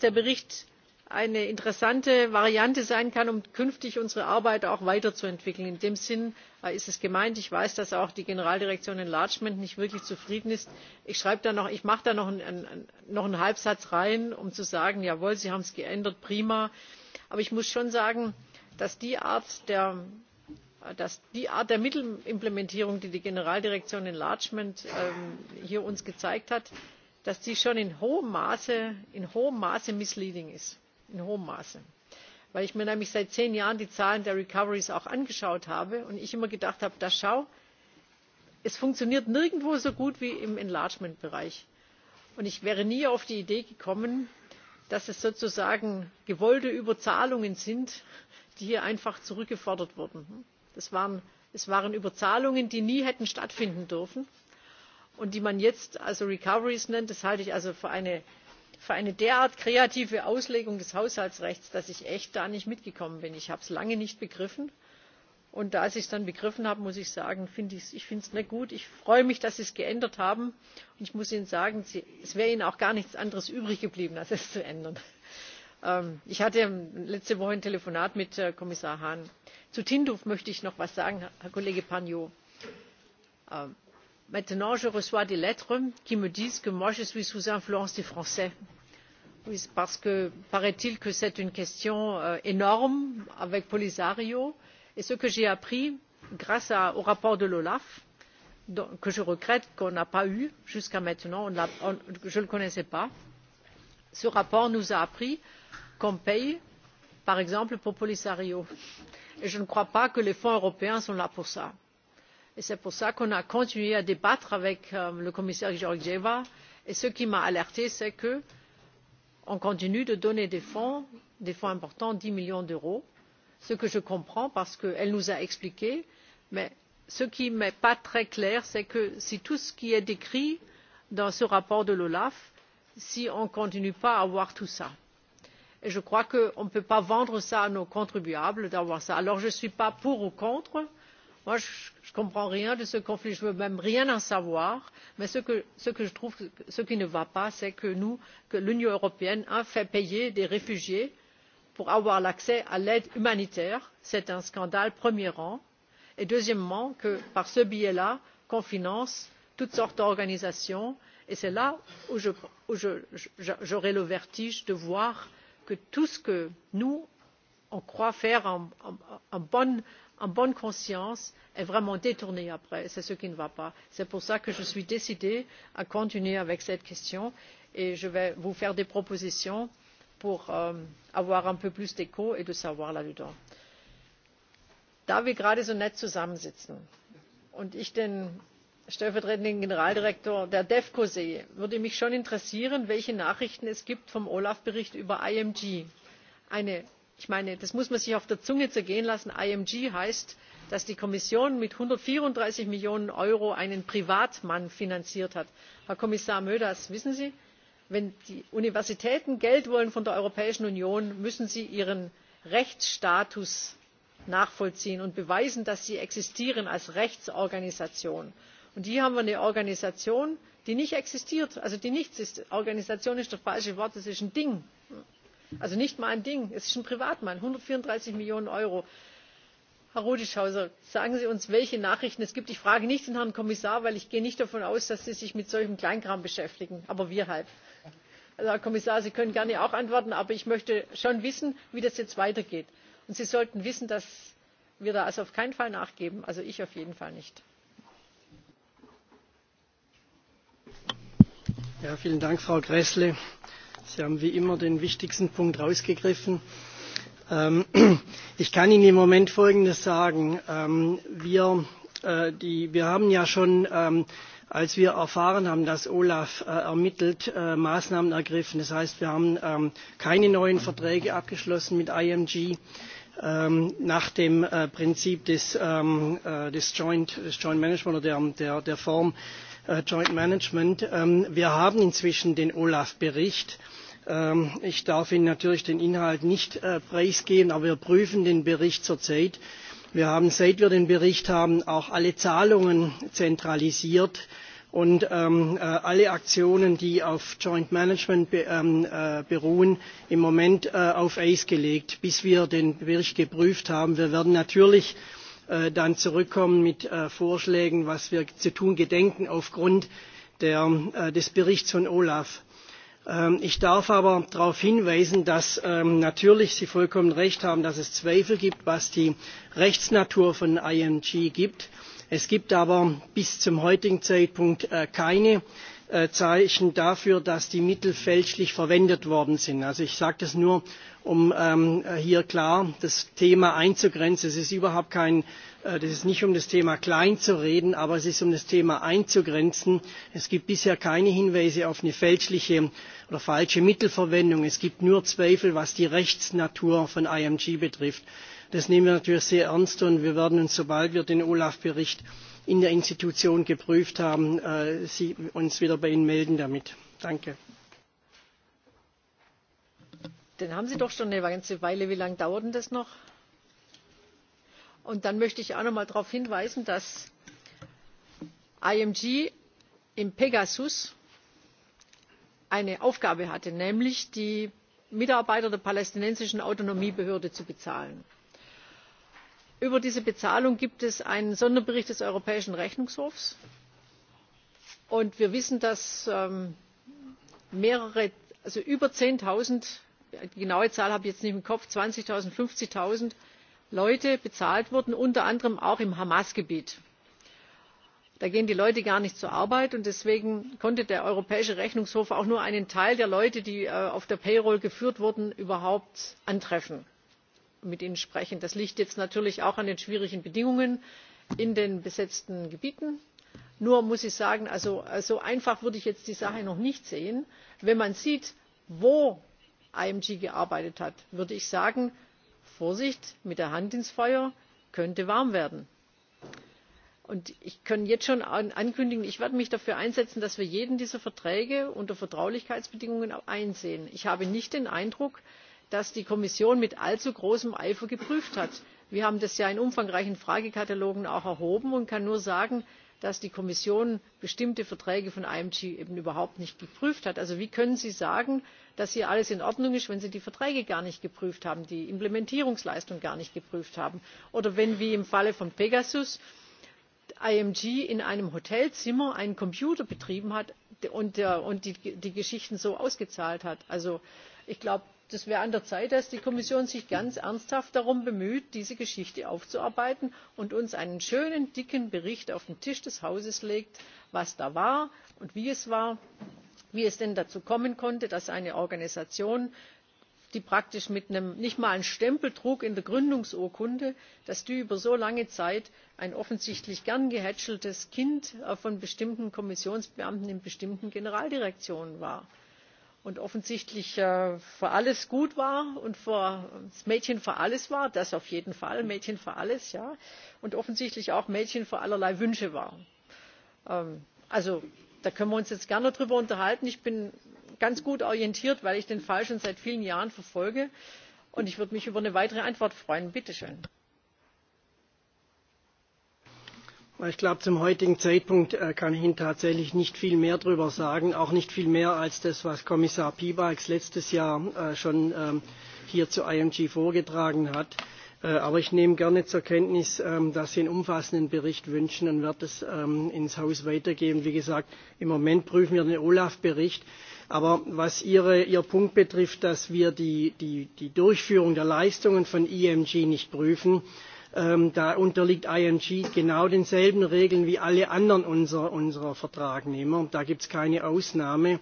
der bericht eine interessante variante sein kann um künftig unsere arbeit auch weiterzuentwickeln. in dem sinn äh, ist es gemeint. ich weiß dass auch die generaldirektion enlargement nicht wirklich zufrieden ist. ich mache da noch einen halbsatz rein um zu sagen jawohl sie haben es geändert prima. aber ich muss schon sagen dass die art der äh, mittelimplementierung die die generaldirektion enlargement ähm, hier uns gezeigt hat dass die schon in hohem maße, in hohem maße misleading ist in hohem maße weil ich mir nämlich seit zehn jahren die zahlen der recoveries auch angeschaut habe und ich immer gedacht habe da schau es funktioniert nirgendwo so gut wie im enlargement bereich und ich wäre nie auf die idee gekommen dass es sozusagen gewollte überzahlungen sind die hier einfach zurückgefordert wurden. es waren überzahlungen die nie hätten stattfinden dürfen und die man jetzt also recoveries nennt das halte ich also für eine, derart kreative auslegung des haushaltsrechts dass ich echt da nicht mitgekommen bin. ich habe es lange nicht begriffen und als ich es dann begriffen habe muss ich sagen ich finde es nicht gut. ich freue mich dass sie es geändert haben und ich muss ihnen sagen es wäre ihnen auch gar nichts anderes übrig geblieben als es zu ändern. Ähm, ich hatte letzte woche ein telefonat mit äh, kommissar hahn. zu tindouf möchte ich noch etwas sagen herr kollege pargneaux. Ähm, maintenant je reçois des lettres qui me disent que moi, je suis sous influence des français parce que paraît il que c'est une question euh, énorme avec polisario et ce que j'ai appris grâce au rapport de l'olaf que je regrette qu'on n'a pas eu jusqu'à maintenant je ne le connaissais pas ce rapport nous a appris qu'on paie par exemple pour polisario et je ne crois pas que les fonds européens sont là pour cela et c'est pour cela qu'on a continué à débattre avec euh, le commissaire georgieva et ce qui m'a alertée c'est que nous continue de donner des fonds des fonds importants dix millions d'euros ce que je comprends parce qu'elle nous a expliqué mais ce qui ne m'est pas très clair c'est que si tout ce qui est décrit dans ce rapport de l'olaf si on ne continue pas à avoir tout cela et je crois qu'on ne peut pas vendre cela à nos contribuables d'avoir cela. alors je ne suis pas pour ou contre Moi, je ne comprends rien de ce conflit, je ne veux même rien en savoir, mais ce que, je trouve, ce qui ne va pas, c'est que nous, que l'Union européenne a fait payer des réfugiés pour avoir l'accès à l'aide humanitaire. C'est un scandale premier rang. Et deuxièmement, que par ce biais-là, qu'on finance toutes sortes d'organisations. Et c'est là où j'aurai le vertige de voir que tout ce que nous, on croit faire en bonne en bonne conscience est vraiment détournée après. c'est ce qui ne va pas. c'est pour cela que je suis décidée à continuer avec cette question et je vais vous faire des propositions pour euh, avoir un peu plus d'écho et de savoir là dedans. da wir gerade so nett zusammensitzen und ich den stellvertretenden generaldirektor der devco sehe würde mich schon interessieren welche nachrichten es vom olaf bericht über img gibt ich meine das muss man sich auf der zunge zergehen lassen img heißt dass die kommission mit einhundertvierunddreißig millionen euro einen privatmann finanziert hat. herr kommissar moedas wissen sie wenn die universitäten geld wollen von der europäischen union müssen sie ihren rechtsstatus nachvollziehen und beweisen dass sie existieren als rechtsorganisation. und hier haben wir eine organisation die nicht existiert also die nichts ist. organisation ist das falsche wort es ist ein ding also nicht mein ding es ist ein privatmann einhundertvierunddreißig millionen euro. herr rudischhauser sagen sie uns welche nachrichten es gibt. ich frage nicht den herrn kommissar weil ich gehe nicht davon ausgehe dass sie sich mit solchem kleinkram beschäftigen aber wir halt. Also herr kommissar sie können gerne auch antworten aber ich möchte schon wissen wie das jetzt weitergeht. und sie sollten wissen dass wir da auf keinen fall nachgeben also ich auf jeden fall nicht. Ja, vielen Dank, Frau Gräßle. Sie haben wie immer den wichtigsten Punkt rausgegriffen. Ähm, ich kann Ihnen im Moment Folgendes sagen. Ähm, wir, äh, die, wir haben ja schon, ähm, als wir erfahren haben, dass Olaf äh, ermittelt, äh, Maßnahmen ergriffen. Das heißt, wir haben keine neuen Verträge abgeschlossen mit IMG nach dem Prinzip des, des, Joint, des Joint Management oder der, der, der Form Äh, Joint Management. Ähm, wir haben inzwischen den Olaf-Bericht. Ähm, ich darf Ihnen natürlich den Inhalt nicht äh, preisgeben, aber wir prüfen den Bericht zurzeit. Wir haben, seit wir den Bericht haben, auch alle Zahlungen zentralisiert und ähm, äh, alle Aktionen, die auf Joint Management beruhen, im Moment auf Eis gelegt, bis wir den Bericht geprüft haben. Wir werden natürlich Äh, dann zurückkommen mit äh, Vorschlägen, was wir zu tun gedenken aufgrund der, äh, des Berichts von Olaf. Ähm, ich darf aber darauf hinweisen, dass ähm, natürlich Sie vollkommen recht haben, dass es Zweifel gibt, was die Rechtsnatur von ING gibt. Es gibt aber bis zum heutigen Zeitpunkt keine Zeichen dafür, dass die Mittel fälschlich verwendet worden sind. Also ich sage das nur, um ähm, hier klar das Thema einzugrenzen. Es ist überhaupt kein äh, das ist nicht um das Thema klein zu reden, aber es ist um das Thema einzugrenzen. Es gibt bisher keine Hinweise auf eine fälschliche oder falsche Mittelverwendung. Es gibt nur Zweifel, was die Rechtsnatur von IMG betrifft. Das nehmen wir natürlich sehr ernst und wir werden uns, sobald wir den Olaf-Bericht in der Institution geprüft haben, äh, uns wieder bei Ihnen melden damit. Danke. Dann haben sie doch schon eine ganze weile. wie lange dauert denn das noch? und dann möchte ich auch noch mal darauf hinweisen dass img im pegasus eine aufgabe hatte nämlich die mitarbeiter der palästinensischen autonomiebehörde zu bezahlen. über diese bezahlung gibt es einen sonderbericht des europäischen rechnungshofs und wir wissen dass ähm, mehrere also über die genaue zahl habe ich jetzt nicht im kopf zwanzig null fünfzig null leute bezahlt wurden unter anderem auch im hamas gebiet. da gehen die leute gar nicht zur arbeit und deswegen konnte der europäische rechnungshof auch nur einen teil der leute die äh, auf der payroll geführt wurden überhaupt antreffen und mit ihnen sprechen. das liegt jetzt natürlich auch an den schwierigen bedingungen in den besetzten gebieten. nur muss ich sagen also, äh, so einfach würde ich jetzt die sache noch nicht sehen wenn man sieht wo img gearbeitet hat würde ich sagen vorsicht mit der hand ins feuer könnte warm werden. ich kann jetzt schon ankündigen ich werde mich dafür einsetzen dass wir jeden dieser verträge unter vertraulichkeitsbedingungen einsehen. ich habe nicht den eindruck dass die kommission mit allzu großem eifer geprüft hat. wir haben das ja in umfangreichen fragekatalogen auch erhoben und ich kann nur sagen dass die kommission bestimmte verträge von img eben überhaupt nicht geprüft hat. also wie können sie sagen dass hier alles in ordnung ist wenn sie die verträge gar nicht geprüft haben die implementierungsleistung gar nicht geprüft haben oder wenn wie im falle von pegasus img in einem hotelzimmer einen computer betrieben hat und äh, die geschichten so ausgezahlt hat? also ich es wäre an der zeit dass die kommission sich ganz ernsthaft darum bemüht diese geschichte aufzuarbeiten und uns einen schönen dicken bericht auf den tisch des hauses legt was da war und wie es war wie es denn dazu kommen konnte dass eine organisation die praktisch nicht einmal einen stempel trug in der gründungsurkunde über so lange zeit ein offensichtlich gern gehätscheltes kind äh, von bestimmten kommissionsbeamten in bestimmten generaldirektionen war und offensichtlich äh, für alles gut war und für das mädchen für alles war das auf jeden fall mädchen für alles ja und offensichtlich auch mädchen für allerlei wünsche war. Ähm, also da können wir uns jetzt gerne darüber unterhalten. ich bin ganz gut orientiert weil ich den fall schon seit vielen jahren verfolge und ich würde mich über eine weitere antwort freuen. bitte schön. Ich glaube, zum heutigen Zeitpunkt äh, kann ich Ihnen tatsächlich nicht viel mehr darüber sagen, auch nicht viel mehr als das, was Kommissar Piebalgs letztes Jahr äh, schon ähm, hier zu IMG vorgetragen hat. Äh, aber ich nehme gerne zur Kenntnis, ähm, dass Sie einen umfassenden Bericht wünschen und werde es ähm, ins Haus weitergeben. Wie gesagt, im Moment prüfen wir den Olaf-Bericht. Aber was Ihre, Ihr Punkt betrifft, dass wir die, die, die Durchführung der Leistungen von IMG nicht prüfen, Ähm, da unterliegt ING genau denselben Regeln wie alle anderen unserer, unserer Vertragnehmer. Da gibt es keine Ausnahme.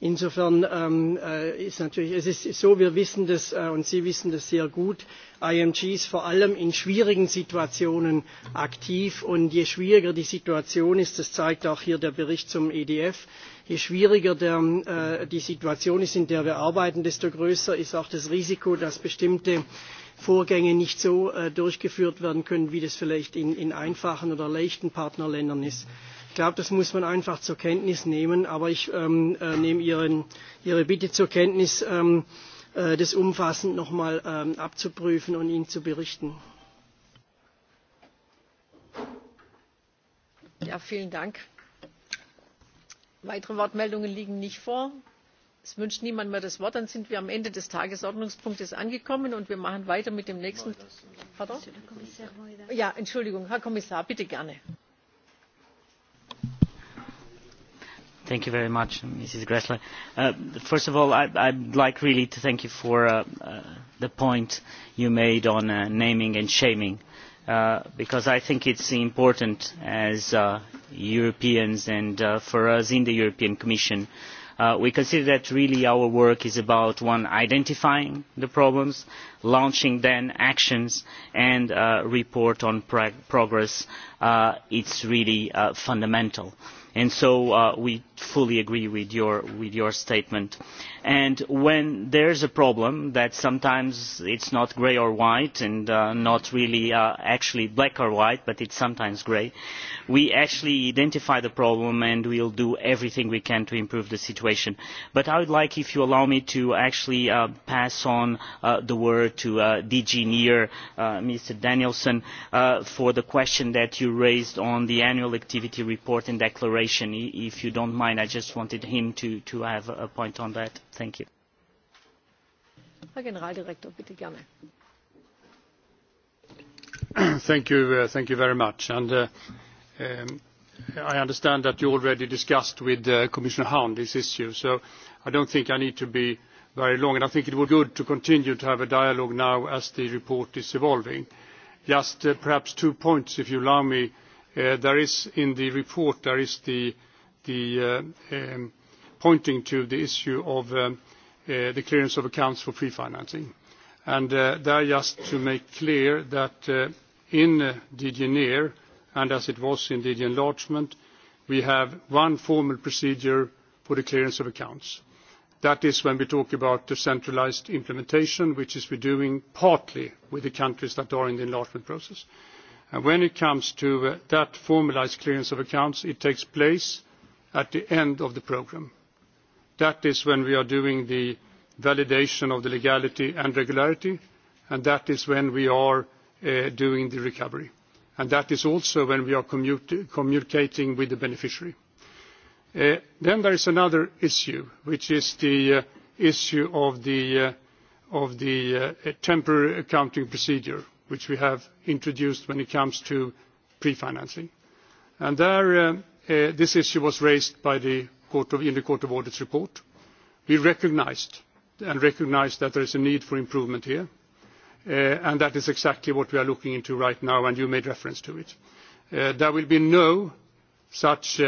Insofern ähm, äh, ist natürlich, es ist so, wir wissen das äh, und Sie wissen das sehr gut. IMG ist vor allem in schwierigen Situationen aktiv und je schwieriger die Situation ist, das zeigt auch hier der Bericht zum EDF, je schwieriger der, äh, die Situation ist, in der wir arbeiten, desto größer ist auch das Risiko, dass bestimmte Vorgänge nicht so äh, durchgeführt werden können, wie das vielleicht in, in einfachen oder leichten Partnerländern ist. Ich glaube, das muss man einfach zur Kenntnis nehmen, aber ich ähm, äh, nehme Ihren, Ihre Bitte zur Kenntnis, ähm, äh, das umfassend noch ähm, abzuprüfen und Ihnen zu berichten. Ja, vielen Dank. Weitere Wortmeldungen liegen nicht vor es wünscht niemand mehr das wort dann sind wir am ende des tagesordnungspunktes angekommen und wir machen weiter mit dem nächsten ja entschuldigung herr kommissar bitte gerne. Thank you very much, Mrs. Gressler. Uh, first of all, I, I'd like really to thank you for uh, uh, the point you made on uh, naming and shaming, uh, because I think it's important as uh, Europeans and uh, for us in the European Commission uh, Uh, we consider that really our work is about one identifying the problems launching then actions and a uh, report on progress uh, is really fundamental and so we fully agree with your, with your statement. And when there is a problem that sometimes is not grey or white and uh, not really uh, actually black or white, but is sometimes grey, we actually identify the problem and we will do everything we can to improve the situation. But I would like, if you allow me, to actually uh, pass on the word to DG NEAR, Mr. Danielson, for the question that you raised on the annual activity report and declaration, if you do not mind. I just wanted him to, to have a point on that. Thank you. Herr Generaldirektor, bitte gerne. thank, you, uh, thank you very much. And, uh, um, I understand that you already discussed with uh, Commissioner Hahn this issue, so I don't think I need to be very long. And I think it would be good to continue to have a dialogue now as the report is evolving. Just uh, perhaps two points, if you allow me. Uh, there is in the report, there is the the, uh, um, pointing to the issue of um, uh, the clearance of accounts for pre-financing. Uh, there, just to make clear that in DG NEAR, and as it was in DG Enlargement, we have one formal procedure for the clearance of accounts. That is when we talk about the centralised implementation, which is we're doing partly with the countries that are in the enlargement process. when it comes to that formalised clearance of accounts, it takes place at the end of the programme. That is when we are doing the validation of the legality and regularity, and that is when we are uh, doing the recovery. And That is also when we are communicating with the beneficiary. Uh, then There is another issue, which is the uh, issue of the, of the temporary accounting procedure, which we have introduced when it comes to pre-financing. There, um, Uh, this issue was raised in the Court of Audit's report. We recognised and recognise that there is a need for improvement here, uh, and that is exactly what we are looking into right now, and you made reference to it. Uh, there will be no such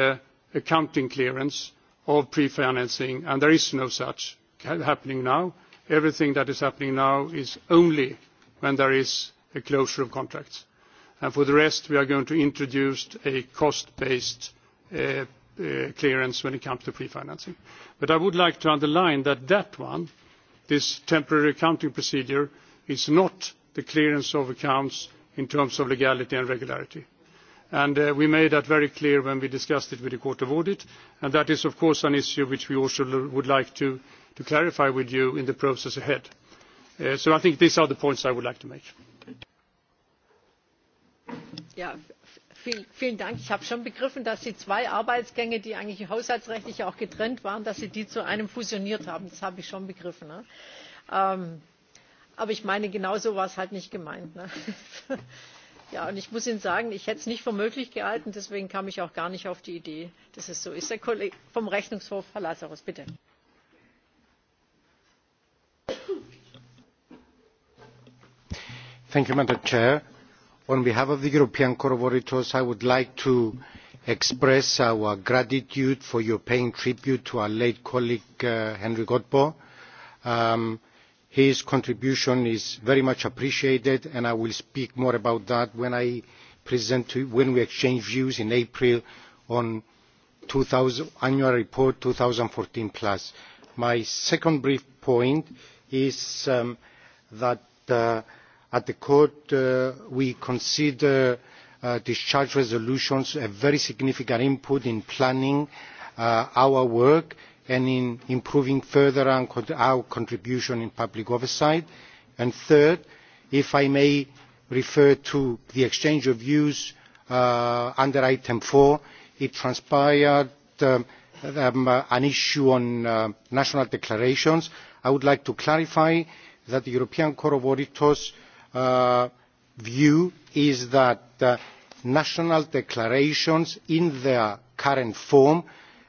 accounting clearance of pre-financing, and there is no such happening now. Everything that is happening now is only when there is a closure of contracts. for the rest, we are going to introduce a cost-based Uh, uh, clearance when it comes to pre-financing. But I would like to underline that that one, this temporary accounting procedure, is not the clearance of accounts in terms of legality and regularity. And uh, We made that very clear when we discussed it with the Court of Audit, and that is, of course, an issue which we also would like to, clarify with you in the process ahead. So I think these are the points I would like to make. Yeah, ich habe schon begriffen dass sie zwei arbeitsgänge die eigentlich haushaltsrechtlich auch getrennt waren zu einem fusioniert haben. das habe ich schon begriffen. Ähm, aber ich meine genau so war es halt nicht gemeint. und ich muss Ihnen sagen, ich hätte es nicht für möglich gehalten, deswegen kam ich auch gar nicht auf die Idee, dass es so ist. Herr Kollege vom Rechnungshof, Herr lazarou bitte on behalf of the European Court of Auditors, I would like to express our gratitude for your paying tribute to our late colleague uh, Henry Godbo. Um, his contribution is very much appreciated, and I will speak more about that when I present to, when we exchange views in April on the annual report fourteen plus. My second brief point is um, that. Uh, at the court uh, we consider uh, discharge resolutions a very significant input in planning uh, our work and in improving further our contribution in public oversight. And third, if I may refer to the exchange of views uh, under item four, it transpired um, um, an issue on national declarations. I would like to clarify that the European Court of Auditors Uh, view is that uh, national declarations in their current form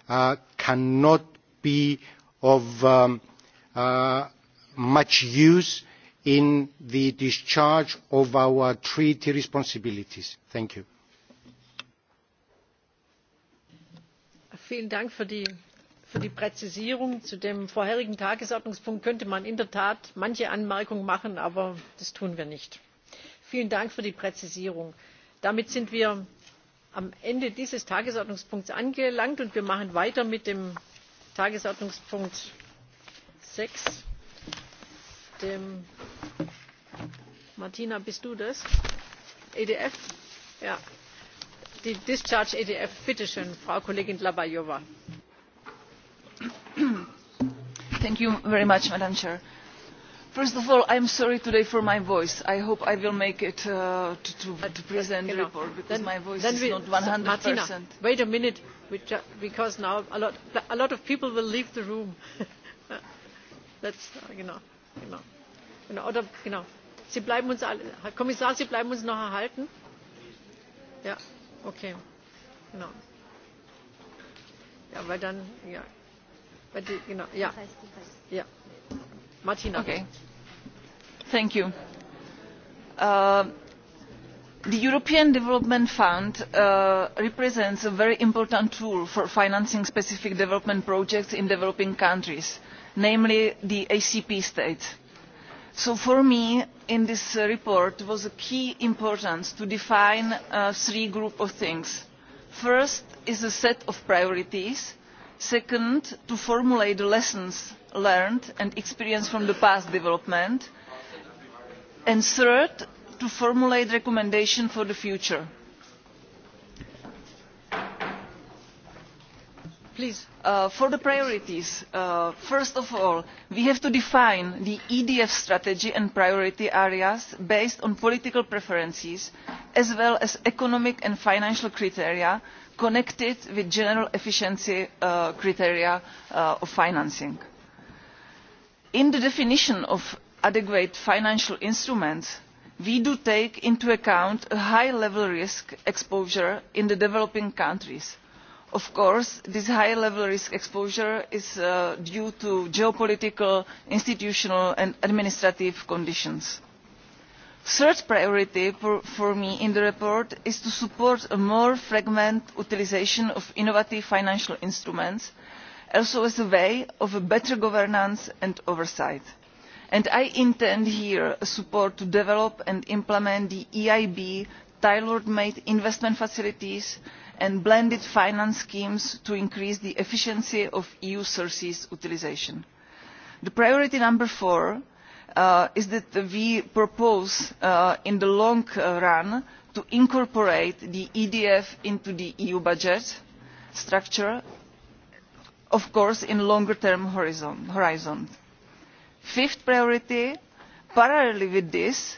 uh, cannot be of um, uh, much use in the discharge of our treaty responsibilities. Thank you. Vielen Dank für die für die präzisierung zu dem vorherigen tagesordnungspunkt könnte man in der tat manche anmerkung machen aber das tun wir nicht. vielen dank für die präzisierung. damit sind wir am ende dieses tagesordnungspunkts angelangt und wir machen weiter mit dem tagesordnungspunkt sechs martina bist du das? edf? ja die discharge edf. bitte schön frau kollegin dlabajov. Thank you very much, Chair. First of all, I'm sorry today for my voice. I hope I will make it uh, to, present the report because my voice is not one hundred Martina, wait a minute, uh, because now a lot, a lot of people will leave the room. That's, genau, uh, you know oder, genau. Sie bleiben uns, Herr Kommissar, Sie bleiben uns noch erhalten? Ja, okay. Genau. Ja, weil dann, ja. Martina. Uh, the european development fund uh, represents a very important tool for financing specific development projects in developing countries namely the acp states. so for me in this report was of key importance to define uh, three groups of things. first is a set of priorities second to formulate the lessons learned and experience from the past development and third to formulate recommendations for the future. Uh, for the priorities uh, first of all we have to define the edf strategy and priority areas based on political preferences as well as economic and financial criteria connected with general efficiency uh, criteria uh, of financing. in the definition of adequate financial instruments we do take into account a high level risk exposure in the developing countries. of course this high level risk exposure is uh, due to geopolitical institutional and administrative conditions third priority for, me in the report is to support a more fragmented utilisation of innovative financial instruments also as a way of better governance and oversight and i intend here support to develop and implement the eib tailor made investment facilities and blended finance schemes to increase the efficiency of eu sources utilisation. priority number four Uh, is that we propose uh, in the long run to incorporate the edf into the eu budget structure of course in a longer term horizon. fifth priority parallelly with this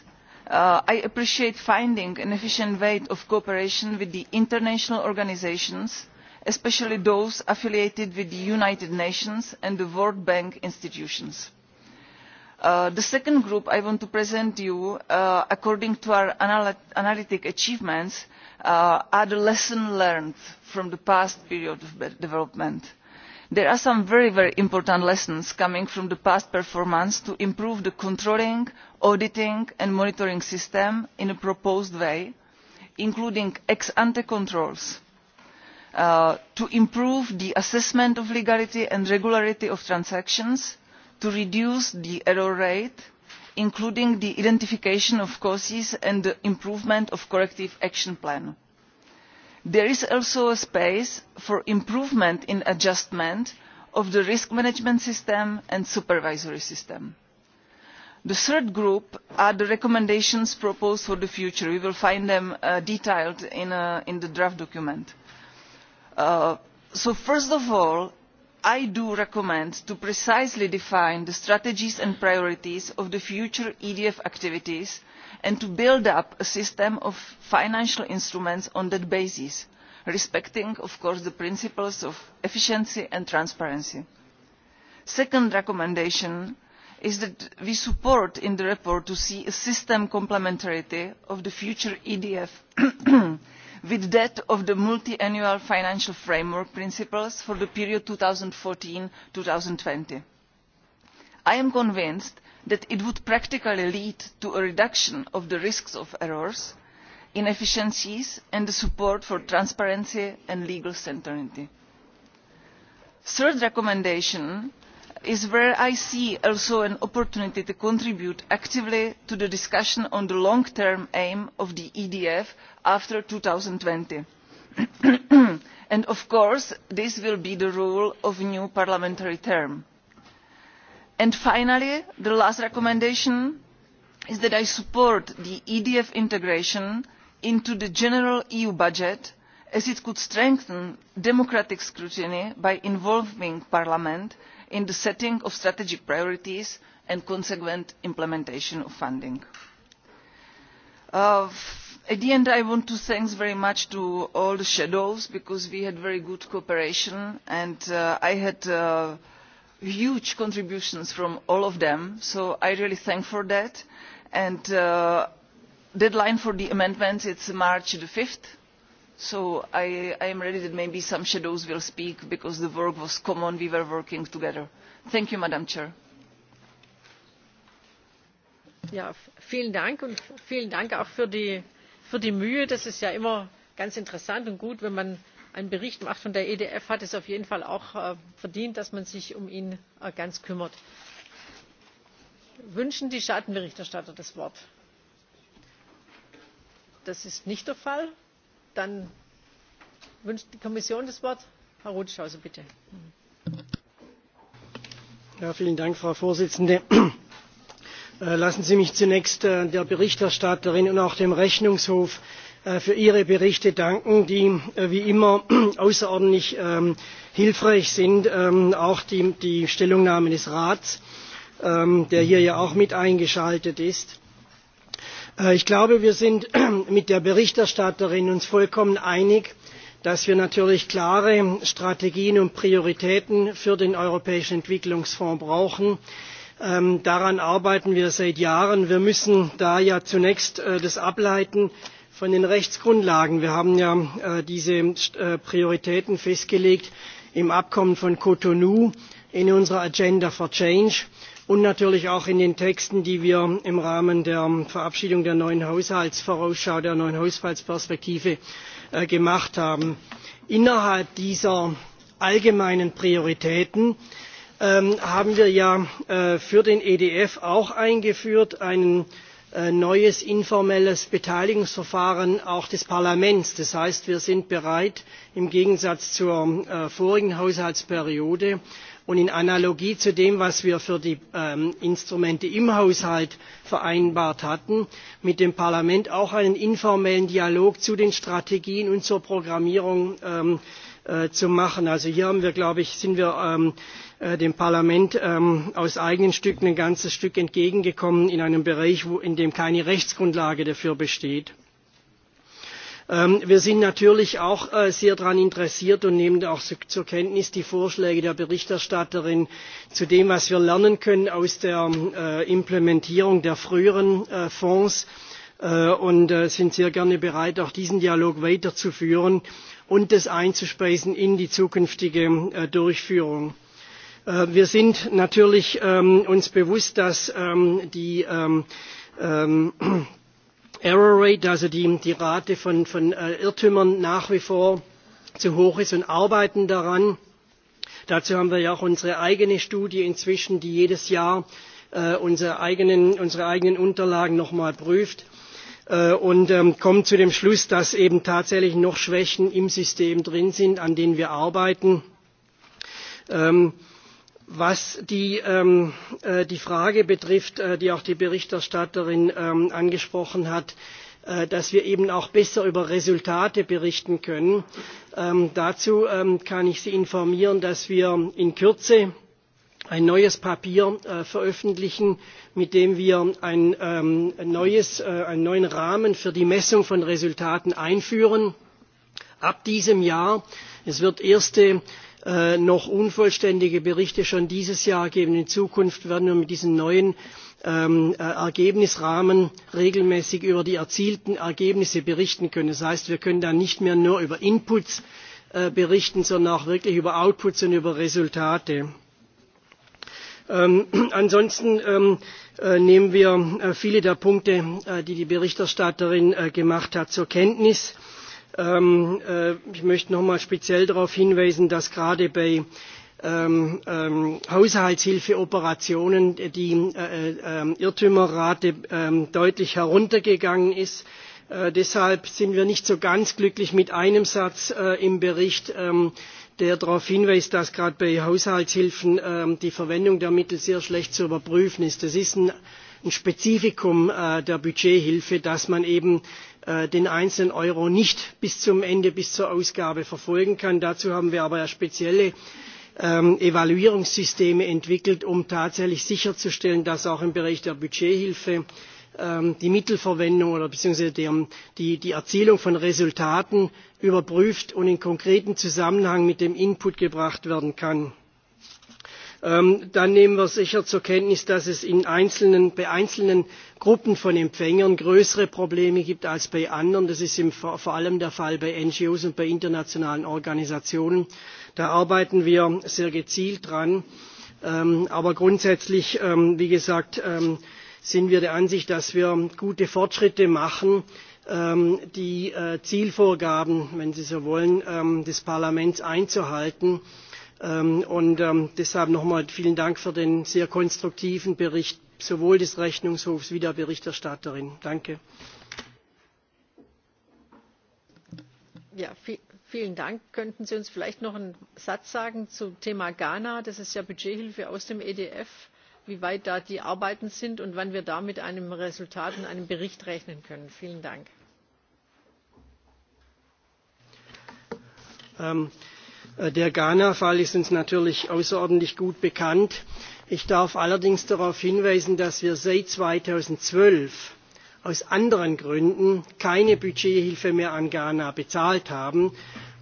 uh, i appreciate finding an efficient way of cooperation with the international organisations especially those affiliated with the united nations and the world bank institutions. Uh, the second group i want to present to you uh, according to our anal analytic achievements uh, are the lessons learned from the past period of development. there are some very very important lessons coming from the past performance to improve the controlling auditing and monitoring system in a proposed way including ex ante controls uh, to improve the assessment of legality and regularity of transactions to reduce the error rate including the identification of causes and the improvement of the corrective action plan. there is also a space for improvement in adjustment of the risk management system and supervisory system. the third group are the recommendations proposed for the future. you will find them uh, detailed in, uh, in the draft document. Uh, so first of all i do recommend to precisely define the strategies and priorities of the future edf activities and to build up a system of financial instruments on that basis respecting of course the principles of efficiency and transparency. the second recommendation is that we support in the report to see a system complementarity of the future edf with that of the multiannual financial framework principles for the period two thousand and fourteen two thousand and twenty i am convinced that it would practically lead to a reduction of the risks of errors inefficiencies and the support for transparency and legal certainty. the third recommendation is where i see also an opportunity to contribute actively to the discussion on the long term aim of the edf after two thousand and twenty and of course this will be the rule of a new parliamentary term. finally the last recommendation is that i support the edf integration into the general eu budget as it could strengthen democratic scrutiny by involving parliament in the setting of strategic priorities and consequent implementation of funding. Uh, at the end i want to thank very much to all the shadows because we had very good cooperation and uh, i had uh, huge contributions from all of them so i really thank for that and the uh, deadline for the amendments is march five so I, I am ready that maybe some shadows will speak because the work was common. We were working together. Thank you, Madam Chair. Ja, vielen Dank und vielen Dank auch für die, für die Mühe. Das ist ja immer ganz interessant und gut, wenn man einen Bericht macht. Und der EDF hat es auf jeden Fall auch äh, verdient, dass man sich um ihn äh, ganz kümmert. Wünschen die Schattenberichterstatter das Wort? Das ist nicht der Fall dann wünscht die kommission das wort. herr rothschild bitte. frau präsidentin! Äh, lassen sie mich zunächst äh, der berichterstatterin und auch dem rechnungshof äh, für ihre berichte danken die wie immer außerordentlich ähm, hilfreich sind ähm, auch die, die stellungnahme des rats ähm, der hier ja auch mit eingeschaltet ist Äh, ich glaube wir sind uns mit der berichterstatterin vollkommen einig dass wir natürlich klare strategien und prioritäten für den europäischen entwicklungsfonds brauchen. Ähm, daran arbeiten wir seit jahren. wir müssen da ja zunächst äh, das ableiten von den rechtsgrundlagen. wir haben ja äh, diese prioritäten festgelegt im abkommen von cotonou in unserer agenda for change und natürlich auch in den Texten, die wir im Rahmen der Verabschiedung der neuen Haushaltsvorausschau, der neuen Haushaltsperspektive äh, gemacht haben. Innerhalb dieser allgemeinen Prioritäten ähm, haben wir ja äh, für den EDF auch eingeführt ein äh, neues informelles Beteiligungsverfahren auch des Parlaments. Das heißt, wir sind bereit, im Gegensatz zur vorigen Haushaltsperiode und in analogie zu dem was wir für die ähm, instrumente im haushalt vereinbart hatten mit dem parlament auch einen informellen dialog zu den strategien und zur programmierung ähm, äh, zu machen. also hier haben wir glaube ich sind wir ähm, äh, dem parlament ähm, aus eigenen stücken ein ganzes stück entgegengekommen in einem bereich wo, in dem keine rechtsgrundlage dafür besteht. Ähm, wir sind natürlich auch äh, sehr daran interessiert und nehmen auch zur kenntnis die vorschläge der berichterstatterin zu dem was wir lernen können aus der ähm, äh, implementierung der früheren äh, fonds und sind sehr gerne bereit auch diesen dialog weiterzuführen und das einzuspeisen in die zukünftige durchführung. wir sind ähm, uns natürlich bewusst dass die Error Rate, also er die, die Rate von, von äh, Irrtümern nach wie vor zu hoch ist und arbeiten daran. Dazu haben wir ja auch unsere eigene Studie inzwischen, die jedes Jahr äh, unsere, eigenen, unsere eigenen Unterlagen nochmal prüft äh, und ähm, kommt zu dem Schluss, dass eben tatsächlich noch Schwächen im System drin sind, an denen wir arbeiten. Ähm, Was die, ähm, äh, die Frage betrifft, äh, die auch die Berichterstatterin ähm, angesprochen hat, äh, dass wir eben auch besser über Resultate berichten können. Ähm, dazu ähm, kann ich Sie informieren, dass wir in Kürze ein neues Papier äh, veröffentlichen, mit dem wir ein, ähm, ein neues, äh, einen neuen Rahmen für die Messung von Resultaten einführen. Ab diesem Jahr, es wird erste Äh, noch unvollständige berichte schon dieses jahr geben. in zukunft werden wir mit diesem neuen ähm, äh, ergebnisrahmen regelmäßig über die erzielten ergebnisse berichten können. das heißt wir können dann nicht mehr nur über inputs äh, berichten sondern auch wirklich über outputs und über resultate. Ähm, ansonsten ähm, nehmen wir viele der punkte die die berichterstatterin gemacht hat zur kenntnis Ähm, äh, ich möchte noch einmal speziell darauf hinweisen, dass gerade bei ähm, ähm, Haushaltshilfeoperationen die äh, äh, Irrtümerrate deutlich heruntergegangen ist. deshalb sind wir nicht so ganz glücklich mit einem Satz im Bericht, der darauf hinweist, dass gerade bei Haushaltshilfen die Verwendung der Mittel sehr schlecht zu überprüfen ist. Das ist ein Spezifikum der Budgethilfe, dass man eben Äh, den einzelnen euro nicht bis zum ende bis zur ausgabe verfolgen kann. dazu haben wir aber spezielle ähm, evaluierungssysteme entwickelt um tatsächlich sicherzustellen dass auch im bereich der budgethilfe ähm, die mittelverwendung beziehungsweise die, die erzielung von resultaten überprüft und in konkreten zusammenhang mit dem input gebracht werden kann Ähm, dann nehmen wir sicher zur Kenntnis, dass es einzelnen, bei einzelnen Gruppen von Empfängern größere Probleme gibt als bei anderen. Das ist im, vor allem der Fall bei NGOs und bei internationalen Organisationen. Da arbeiten wir sehr gezielt dran. Ähm, aber grundsätzlich, ähm, wie gesagt, sind wir der Ansicht, dass wir gute Fortschritte machen die äh, Zielvorgaben, wenn Sie so wollen, des Parlaments einzuhalten Ähm, und ähm, deshalb nochmal vielen Dank für den sehr konstruktiven Bericht sowohl des Rechnungshofs wie der Berichterstatterin. Danke. vielen Dank. Könnten Sie uns vielleicht noch einen Satz sagen zum Thema Ghana? Das ist ja Budgethilfe aus dem EDF. Wie weit da die Arbeiten sind und wann wir da mit einem Resultat und einem Bericht rechnen können. Vielen Dank. Ähm, Äh, der Ghana-Fall ist uns natürlich außerordentlich gut bekannt. Ich darf allerdings darauf hinweisen, dass wir seit 2012 aus anderen Gründen keine Budgethilfe mehr an Ghana bezahlt haben.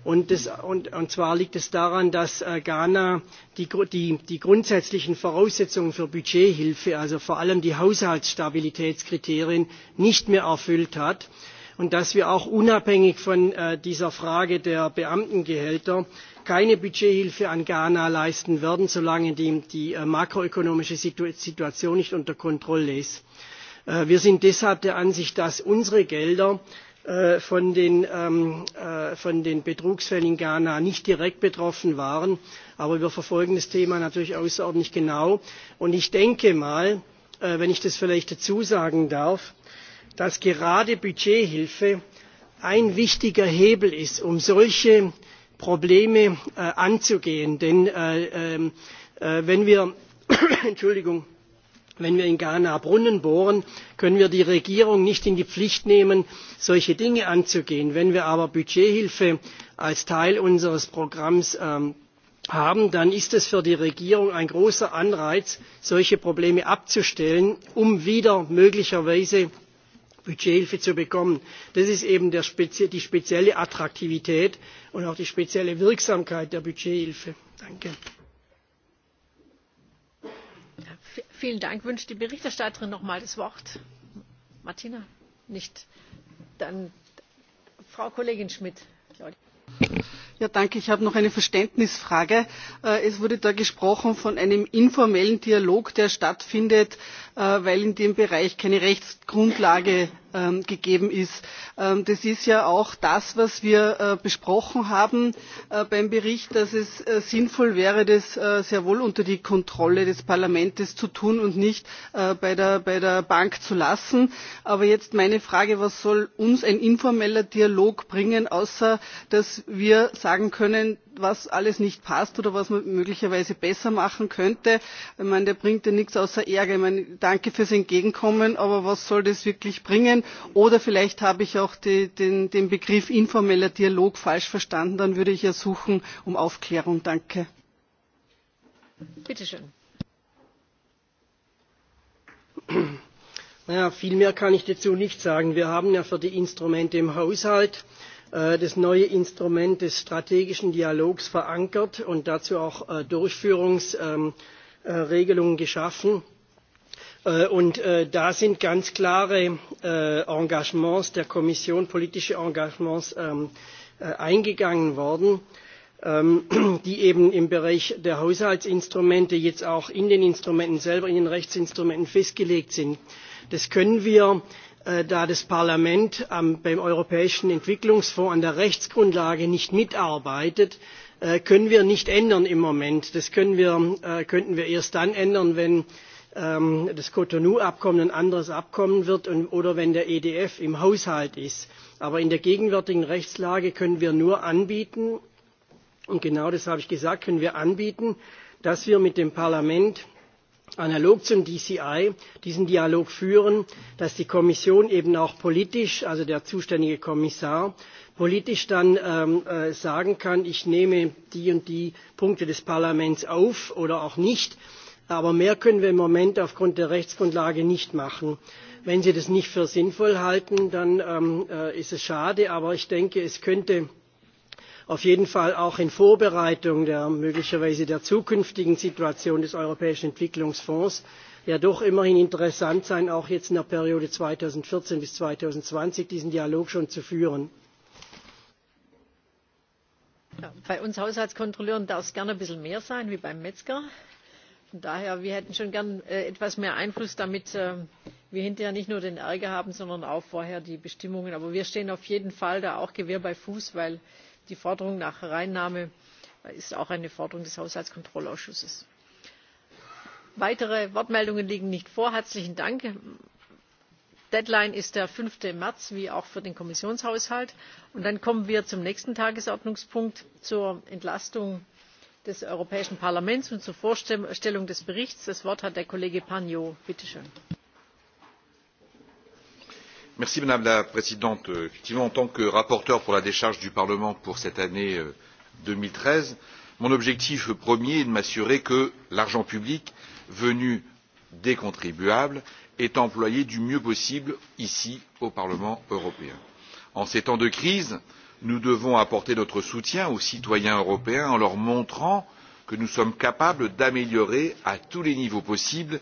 Und, das, und, und zwar liegt es daran, dass äh, Ghana die, die, die grundsätzlichen Voraussetzungen für Budgethilfe, also vor allem die Haushaltsstabilitätskriterien, nicht mehr erfüllt hat und dass wir auch unabhängig von äh, dieser Frage der Beamtengehälter keine Budgethilfe an Ghana leisten werden, solange die, die äh, makroökonomische Situation nicht unter Kontrolle ist. Äh, wir sind deshalb der Ansicht, dass unsere Gelder äh, von den, ähm, von den Betrugsfällen in Ghana nicht direkt betroffen waren. Aber wir verfolgen das Thema natürlich außerordentlich genau. Und ich denke mal, wenn ich das vielleicht dazu sagen darf, dass gerade Budgethilfe ein wichtiger Hebel ist, um solche Probleme äh, anzugehen. Denn äh, ähm, äh wenn wir Entschuldigung, wenn wir in Ghana Brunnen bohren, können wir die Regierung nicht in die Pflicht nehmen, solche Dinge anzugehen. Wenn wir aber Budgethilfe als Teil unseres Programms ähm, haben, dann ist es für die Regierung ein großer Anreiz, solche Probleme abzustellen, um wieder möglicherweise Budgethilfe zu bekommen. Das ist eben die spezielle Attraktivität und auch die spezielle Wirksamkeit der Budgethilfe. Vielen Dank. Wünscht die Berichterstatterin noch einmal das Wort? Martina? Nicht. Dann Frau Kollegin Schmidt herr präsident! ich habe noch eine verständnisfrage. Äh, es wurde da gesprochen von einem informellen dialog der stattfindet äh, weil in dem bereich keine rechtsgrundlage Ähm, gegeben ist. Ähm, das ist ja auch das was wir äh, besprochen haben äh, beim bericht dass es äh, sinnvoll wäre das sehr wohl unter die kontrolle des parlaments zu tun und nicht bei der, bei der bank zu lassen. aber jetzt meine frage was soll uns ein informeller dialog bringen außer dass wir sagen können was alles nicht passt oder was man möglicherweise besser machen könnte. Ich meine, der bringt ja nichts außer Ärger. Ich meine, danke fürs Entgegenkommen, aber was soll das wirklich bringen? Oder vielleicht habe ich auch die, den, den Begriff informeller Dialog falsch verstanden. Dann würde ich ja suchen um Aufklärung. Danke. Bitte schön. Naja, viel mehr kann ich dazu nicht sagen. Wir haben ja für die Instrumente im Haushalt Äh, das neue Instrument des strategischen Dialogs verankert und dazu auch äh, Durchführungsregelungen ähm, äh, geschaffen. Und da sind ganz klare Engagements der Kommission, politische Engagements ähm, eingegangen worden ähm, die eben im Bereich der Haushaltsinstrumente jetzt auch in den Instrumenten selber, in den Rechtsinstrumenten festgelegt sind. Das können wir Äh, da das parlament beim europäischen entwicklungsfonds an der rechtsgrundlage nicht mitarbeitet äh, können wir nicht ändern im moment. das äh, könnten wir erst dann ändern wenn ähm, das cotonou abkommen ein anderes abkommen wird oder wenn der edf im haushalt ist. aber in der gegenwärtigen rechtslage können wir nur anbieten und genau das habe ich gesagt können wir anbieten dass wir mit dem parlament analog zum DCI diesen Dialog führen, dass die Kommission eben auch politisch, also der zuständige Kommissar, politisch dann ähm, äh, sagen kann, ich nehme die und die Punkte des Parlaments auf oder auch nicht. Aber mehr können wir im Moment aufgrund der Rechtsgrundlage nicht machen. Wenn Sie das nicht für sinnvoll halten, dann ähm, äh, ist es schade. Aber ich denke, es könnte auf jeden Fall auch in Vorbereitung der möglicherweise der zukünftigen Situation des Europäischen Entwicklungsfonds ja doch immerhin interessant sein, auch jetzt in der Periode zweitausendvierzehn bis zweitausendzwanzig diesen Dialog schon zu führen. bei uns Haushaltskontrolleuren darf es gerne ein bisschen mehr sein wie beim Metzger. Von daher, wir hätten schon gern äh, etwas mehr Einfluss, damit äh, wir hinterher nicht nur den Ärger haben, sondern auch vorher die Bestimmungen. Aber wir stehen auf jeden Fall da auch Gewehr bei Fuß, weil die forderung nach hereinnahme ist auch eine forderung des haushaltskontrollausschusses. weitere wortmeldungen liegen nicht vor. herzlichen dank! deadline ist der. fünf märz wie auch für den kommissionshaushalt. und dann kommen wir zum nächsten tagesordnungspunkt zur entlastung des europäischen parlaments und zur vorstellung des berichts. das wort hat der kollege pargneaux. bitte schön madame la présidente euh, effectivement en tant que rapporteur pour la décharge du parlement pour cette année euh, deux mille treize mon objectif premier est de m'assurer que l'argent public venu des contribuables est employé du mieux possible ici au parlement européen. en ces temps de crise nous devons apporter notre soutien aux citoyens européens en leur montrant que nous sommes capables d'améliorer à tous les niveaux possibles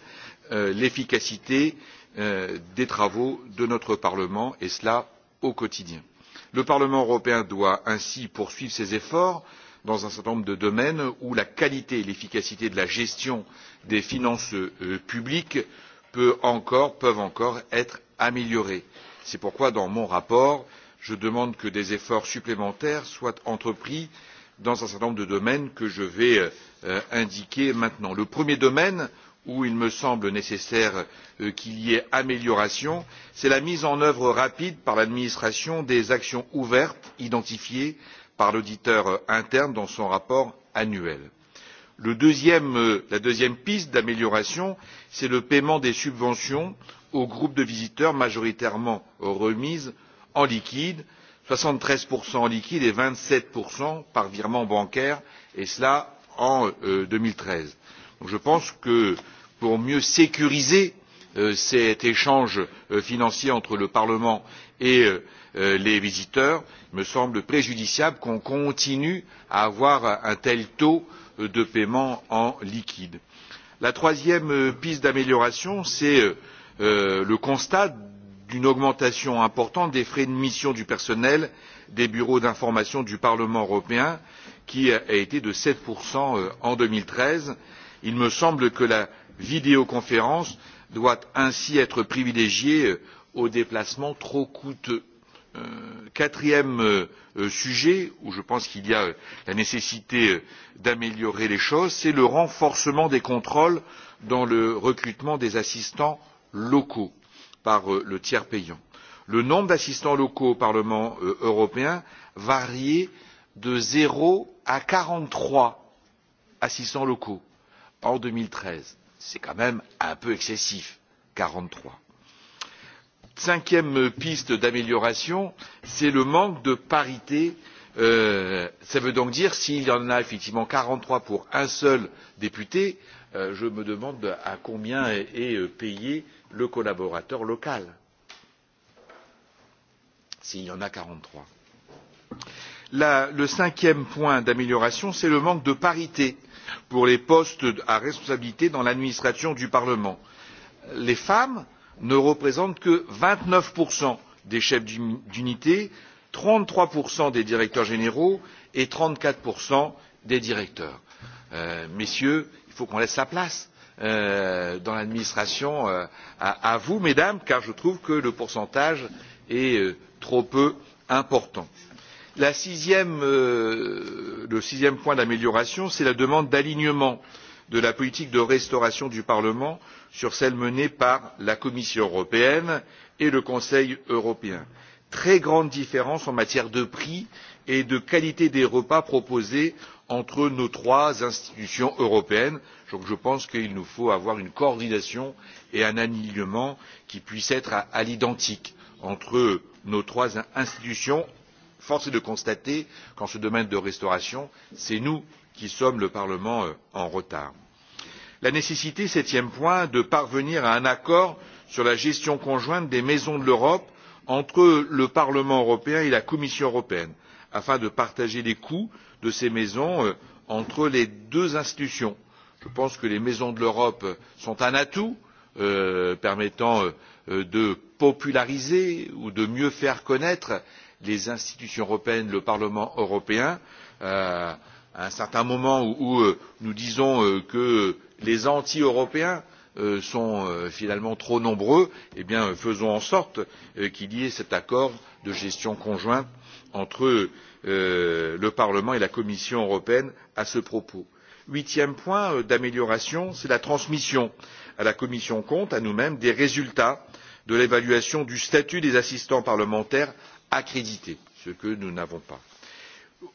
euh, l'efficacité et Euh, des travaux de notre parlement et cela au quotidien. le parlement européen doit ainsi poursuivre ses efforts dans un certain nombre de domaines où la qualité et l'efficacité de la gestion des finances euh, publiques peuvent encore, être améliorées. c'est pourquoi dans mon rapport je demande que des efforts supplémentaires soient entrepris dans un certain nombre de domaines que je vais euh, indiquer maintenant. le premier domaine est où il me semble nécessaire euh, qu'il y ait amélioration c'est la mise en œuvre rapide par l'administration des actions ouvertes identifiées par l'auditeur euh, interne dans son rapport annuel. Euh, la deuxième piste d'amélioration c'est le paiement des subventions aux groupes de visiteurs majoritairement remises en liquide soixante treize en liquide et vingt sept par virement bancaire et cela en deux mille treize Donc, je pense que pour mieux sécuriser euh, cet échange euh, financier entre le parlement et euh, les visiteurs il me semble préjudiciable qu'on continue à avoir un tel taux de paiement en liquide. la troisième piste d'amélioration c'est le constat d'une augmentation importante des frais de mission du personnel des bureaux d'information du parlement européen qui a été de sept en deux mille treize il me semble que la vidéoconférence doit ainsi être privilégiée euh, aux déplacements trop coûteux. Euh, quatrième euh, sujet où je pense qu'il y a la nécessité d'améliorer les choses c'est le renforcement des contrôles dans le recrutement des assistants locaux par le tiers payant. le nombre d'assistants locaux au parlement européen variait de zéro à quarante trois assistants locaux en deux mille treize c'est quand même un peu excessif quarante trois. cinquième piste d'amélioration c'est le manque de parité Cela euh, veut donc dire s'il y en a effectivement quarante trois pour un seul député euh, je me demande à combien est, euh, payé le collaborateur local s'il y en a quarante trois. le cinquième point d'amélioration c'est le manque de parité pour les postes à responsabilité dans l'administration du parlement. les femmes ne représentent que vingt neuf des chefs d'unité trente trois des directeurs généraux et trente quatre des directeurs. Euh, messieurs il faut qu'on laisse la place euh, dans l'administration euh, à vous mesdames car je trouve que le pourcentage est trop peu important. Euh, le sixième point d'amélioration c'est la demande d'alignement de la politique de restauration du parlement sur celle menée par la commission européenne et le conseil européen. très grande différence en matière de prix et de qualité des repas proposés entre nos trois institutions européennes. Donc je pense qu'il nous faut avoir une coordination et un alignement qui puissent être à l'identique entre nos trois institutions force est de constater qu'en ce domaine de restauration c'est nous qui sommes le parlement euh, en retard. la nécessité septième point de parvenir à un accord sur la gestion conjointe des maisons de l'europe entre le parlement européen et la commission européenne afin de partager les coûts de ces maisons euh, entre les deux institutions. je pense que les maisons de l'europe sont un atout euh, permettant de populariser ou de mieux faire connaître les institutions européennes le parlement européen euh, à un certain moment où, euh, nous disons euh, que les anti européens sont finalement trop nombreux eh faisons en sorte qu'il y ait cet accord de gestion conjoint entre le parlement et la commission européenne à ce propos. huitième point d'amélioration c'est la transmission à la commission cont à nous mêmes des résultats de l'évaluation du statut des assistants parlementaires accréditées ce que nous n'avons pas.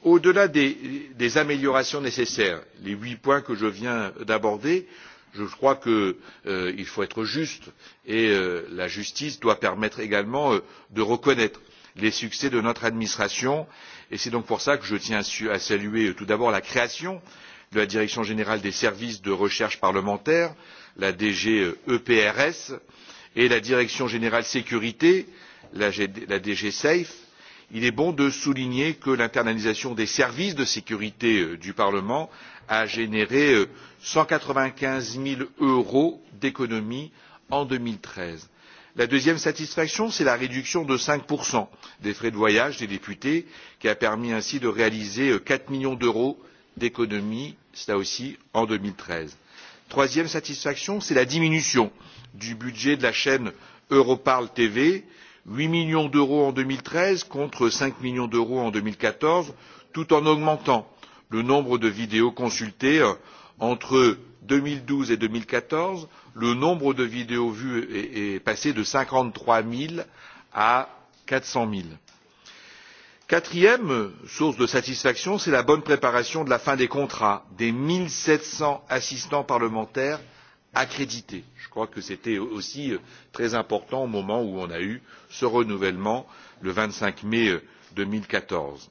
au delà des, améliorations nécessaires les huit points que je viens d'aborder je crois qu'il euh, faut être juste et euh, la justice doit permettre également euh, de reconnaître les succès de notre administration et c'est donc pour cela que je tiens à saluer tout d'abord la création de la direction générale des services de recherche parlementaire la dg eprs e et la direction générale sécurité la, dg safe il est bon de souligner que l'internalisation des services de sécurité euh, du parlement a généré euh, cent quatre vingt quinze zéro euros d'économies en. deux mille treize la deuxième satisfaction c'est la réduction de cinq des frais de voyage des députés qui a permis ainsi de réaliser euh, quatre millions d'euros d'économies cela aussi en. deux mille treize troisième satisfaction c'est la diminution du budget de la chaîne europarl tv huit millions d'euros en deux mille treize contre cinq millions d'euros en deux mille quatorze tout en augmentant le nombre de vidéos consultées euh, entre deux mille douze et deux mille quatorze le nombre de vidéos vues est, est passé de cinquante trois zéro à quatre cents zéro quatrième source de satisfaction c'est la bonne préparation de la fin des contrats des un sept cents assistants parlementaires accrédité. je crois que c'était aussi euh, très important au moment où on a eu ce renouvellement le vingt cinq mai. Euh, deux mille quatorze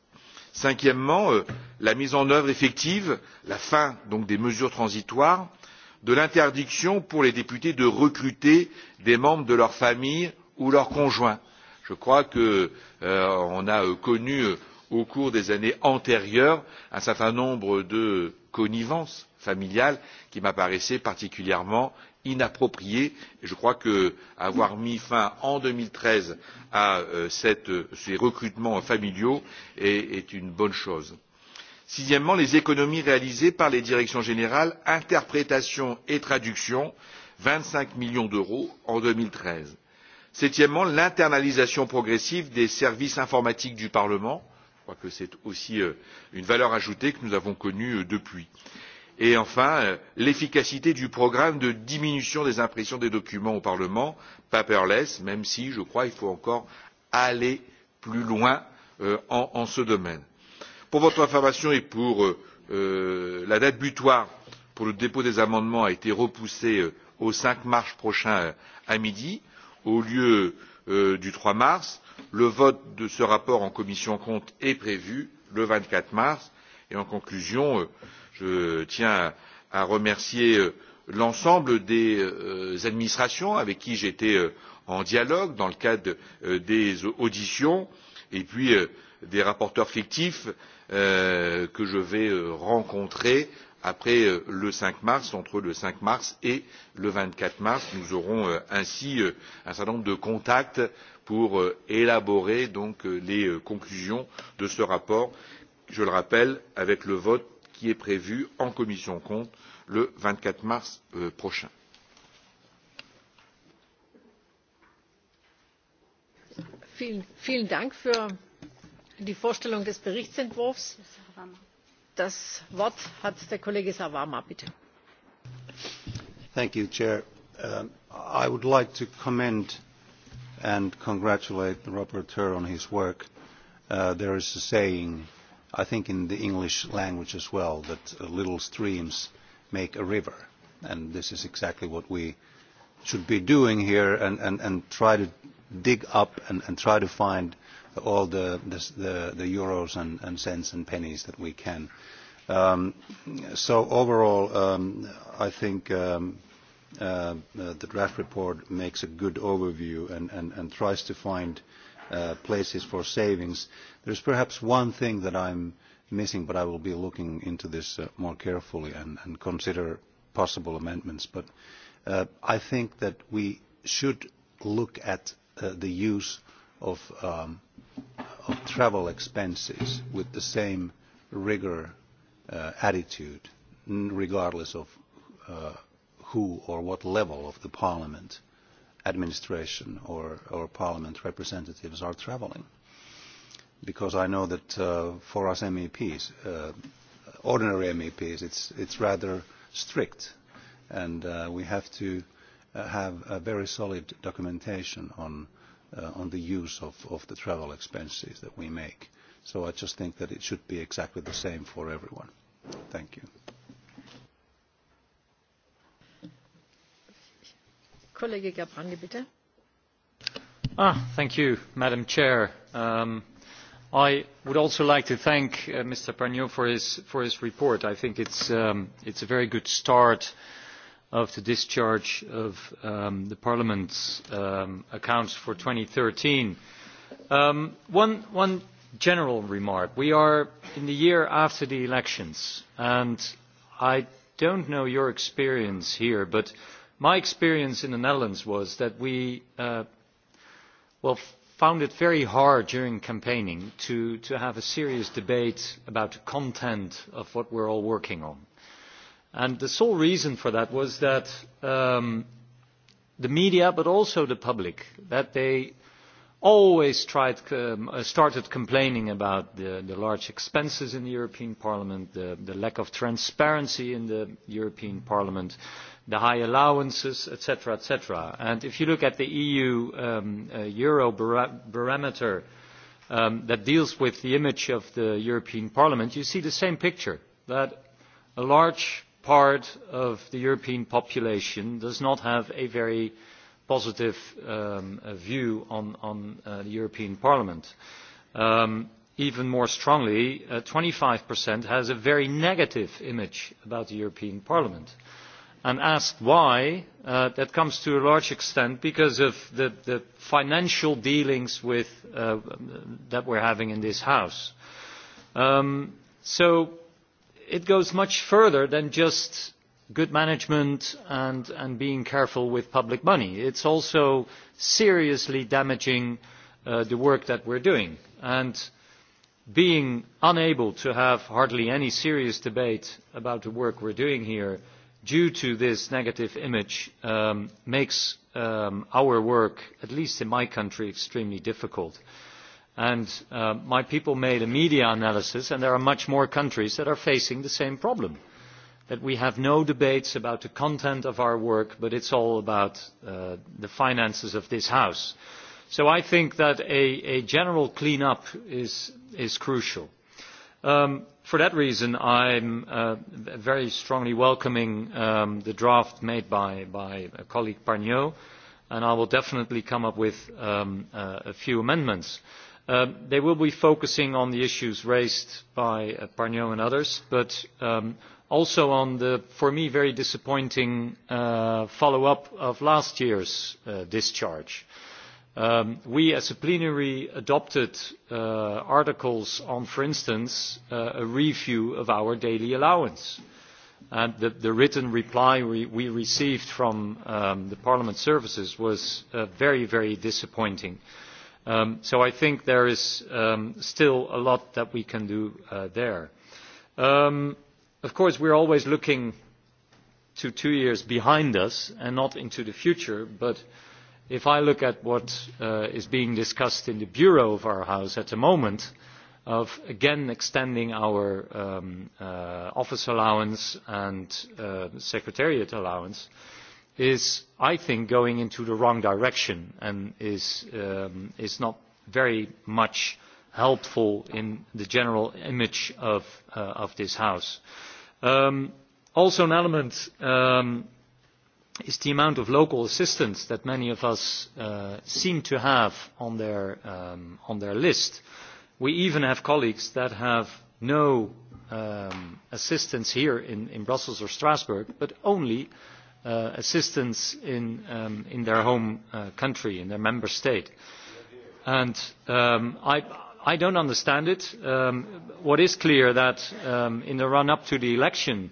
cinquièmement euh, la mise en œuvre effective la fin donc des mesures transitoires de l'interdiction pour les députés de recruter des membres de leur famille ou leurs conjoints. je crois que euh, on a connu au cours des années antérieures un certain nombre de connivence familiale qui m'apparaissait particulièrement inappropriée et je crois qu'avoir mis fin en deux mille treize à euh, euh, ces recrutements familiaux est une bonne chose. sixièmement les économies réalisées par les directions générales interprétation et traduction vingt cinq millions d'euros en deux mille treize septièmement l'internalisation progressive des services informatiques du parlement crois que c'est aussi euh, une valeur ajoutée que nous avons connue euh, depuis. et enfin euh, l'efficacité du programme de diminution des impressions des documents au parlement paperless même si je crois qu'il faut encore aller plus loin en, ce domaine. pour votre information et pour la date butoir pour le dépôt des amendements a été repoussée au cinq mars prochain à midi au lieu du trois mars le vote de ce rapport en commission des comptes est prévu le vingt quatre mars et en conclusion euh, je tiens à remercier euh, l'ensemble des euh, administrations avec qui j'étais en dialogue dans le cadre des auditions et puis des rapporteurs fictifs que je vais rencontrer après le cinq mars entre le cinq mars et le vingt quatre mars nous aurons ainsi un certain nombre de contacts pour euh, élaborer euh, les euh, conclusions de ce rapport je le rappelle avec le vote qui est prévu en commission des comptes le vingt quatre mars prochain. i would like to commend and congratulate the rapporteur on his work. Uh, there is a saying, I think in the English language as well, that uh, little streams make a river. And this is exactly what we should be doing here and, and, and try to dig up and, and try to find all the, the, the euros and, and cents and pennies that we can. Um, so overall, um, I think um, Uh, uh, the draft report makes a good overview and, and, and tries to find uh, places for savings. There is perhaps one thing that I am missing, but I will be looking into this uh, more carefully and, and consider possible amendments. But uh, I think that we should look at uh, the use of, um, of travel expenses with the same rigor uh, attitude, regardless of uh, who or what level of the parliament administration or, or parliament representatives are travelling. Because I know that uh, for us MEPs, uh, ordinary MEPs, it's, it's rather strict and uh, we have to uh, have a very solid documentation on, uh, on the use of, of the travel expenses that we make. So I just think that it should be exactly the same for everyone. Thank you. Ah, you, madam president um, i would also like to thank uh, mr pargneaux for, for his report. i think it um, is a very good start of the discharge of um, the parliament's um, accounts for. two thousand and thirteen one general remark we are in the year after the elections and i do not know your experience here but my experience in the netherlands was that we uh, well, found it very hard during campaigning to, to have a serious debate about the content of what we are all working on. And the sole reason for that was that um, the media, but also the public, that they always tried, um, uh, started complaining about the, the large expenses in the European Parliament, the, the lack of transparency in the European Parliament, uh, the high allowances, etc., And if you look at the EU um, uh, Euro barometer um, that deals with the image of the European Parliament, you see the same picture, that a large part of the European population does not have a very positive um, view on, uh, the European Parliament. even more strongly, uh, twenty five has a very negative image about the European Parliament and asked why, uh, that comes to a large extent because of the, the financial dealings uh, that we are having in this House. Um, so it goes much further than just good management and, being careful with public money. It is also seriously damaging uh, the work that we are doing. And being unable to have hardly any serious debate about the work we are doing here due to this negative image um, makes um, our work at least in my country extremely difficult. And, uh, my people made a media analysis and there are much more countries that are facing the same problem that we have no debates about the content of our work but it is all about uh, the finances of this house. so i think that a, a general clean up is, is crucial. Um, for that reason, I'm uh, very strongly welcoming um, the draft made by, by a colleague Parnot, and I will definitely come up with um, uh, a few amendments. uh, they will be focusing on the issues raised by uh, Parnot and others, but um, also on the, for me, very disappointing uh, follow-up of last year's uh, discharge. Uh, Um, we as a plenary adopted uh, articles on for instance uh, a review of our daily allowance and the, the written reply we, we received from um, the parliament services was uh, very very disappointing um, so i think there is still a lot that we can do there of course we are always looking to two years behind us and not into the future but if i look at what uh, is being discussed in the bureau of our house at the moment of again extending our um, uh, office allowance and uh, secretariat allowance is i think going in the wrong direction and um, is, not very much helpful in the general image of, this house. Um, also an element is the amount of local assistance that many of us uh, seem to have on their, um, on their list. We even have colleagues that have no um, assistance here in, in Brussels or Strasbourg, but only uh, assistance in, um, in their home uh, country, in their member state. And um, I, I don't understand it. what is clear that in the run-up to the election,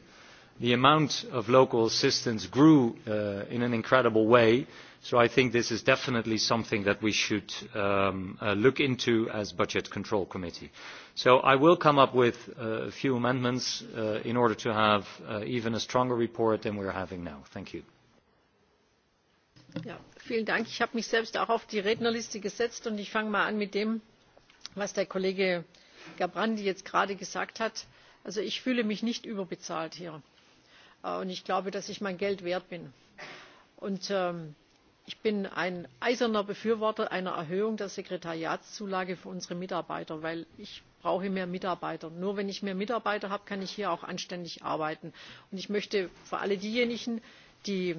the amount of local assistance grew uh, in an incredible way so i think this is definitely something that we should um, uh, look into as the budget control committee. so i will come up with uh, a few amendments in order to have even a stronger report than we are having now. thank you. Ja, Dank. ich habe mich selbst auch auf die rednerliste gesetzt und ich fange mal an mit dem was der kollege gerbrandy jetzt gerade gesagt hat. also ich fühle mich nicht überbezahlt hier Äh, und ich glaube dass ich mein geld wert bin. Und, ähm, ich bin ein eiserner befürworter einer erhöhung der sekretariatszulage für unsere mitarbeiter weil ich brauche mehr mitarbeiter. nur wenn ich mehr mitarbeiter habe kann ich hier auch anständig arbeiten. Und ich möchte für alle diejenigen die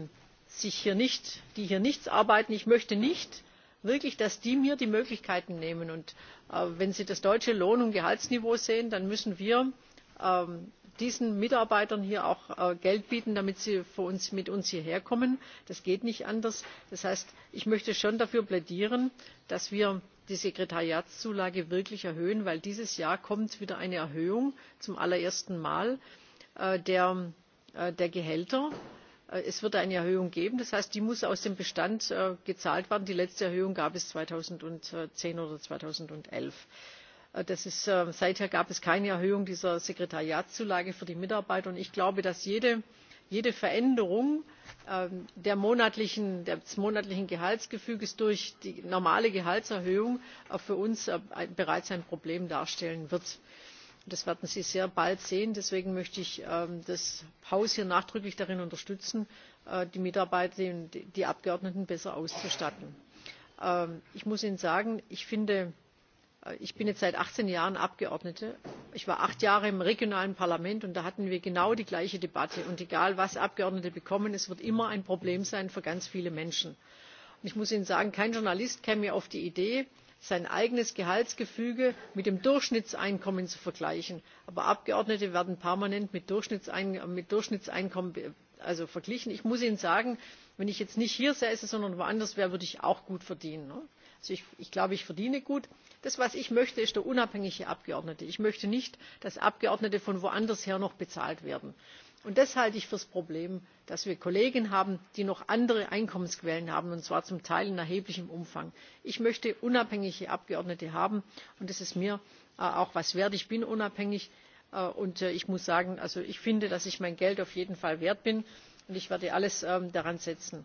hier, nicht, hier nichts arbeiten ich möchte nicht wirklich dass die mir die möglichkeiten nehmen. Und, äh, wenn sie das deutsche lohn und gehaltsniveau sehen dann müssen wir ähm, diesen mitarbeitern hier auch äh, geld bieten damit sie mit uns hierher kommen. das geht nicht anders. das heißt ich möchte schon dafür plädieren dass wir die sekretariatszulage wirklich erhöhen weil dieses jahr kommt wieder eine erhöhung zum allerersten mal äh, der, äh, der gehälter. es wird eine erhöhung geben das heißt die muss aus dem bestand gezahlt werden. die letzte erhöhung gab es zweitausendzehn oder zweitausendelf Äh, ähm, seither gab es keine erhöhung dieser sekretariatszulage für die mitarbeiter und ich glaube dass jede, veränderung ähm, des monatlichen gehaltsgefüges durch die normale gehaltserhöhung äh, für uns äh, bereits ein problem darstellen wird. das werden sie sehr bald sehen. deswegen möchte ich ähm, das haus hier nachdrücklich darin unterstützen die mitarbeiter und die abgeordneten besser auszustatten. ich muss ihnen sagen ich finde ich bin jetzt seit achtzehn jahren abgeordnete ich war acht jahre im regionalen parlament und da hatten wir genau die gleiche debatte und egal was abgeordnete bekommen es wird immer ein problem sein für ganz viele menschen. ich muss ihnen sagen kein journalist käme auf die idee sein eigenes gehaltsgefüge mit dem durchschnittseinkommen zu vergleichen aber abgeordnete werden permanent mit, durchschnittseinkommen verglichen. ich muss ihnen sagen wenn ich jetzt nicht hier säße sondern woanders wäre würde ich auch gut verdienen also ich, glaube ich verdiene gut. das was ich möchte ist der unabhängige abgeordnete. ich möchte nicht dass abgeordnete von woanders her noch bezahlt werden. und das halte ich für das problem dass wir kollegen haben die noch andere einkommensquellen haben und zwar zum teil in erheblichem umfang. ich möchte unabhängige abgeordnete haben und das ist mir äh, auch etwas wert. ich bin unabhängig äh, und äh, ich muss sagen also ich finde dass ich mein geld auf jeden fall wert bin und ich werde alles ähm, daran setzen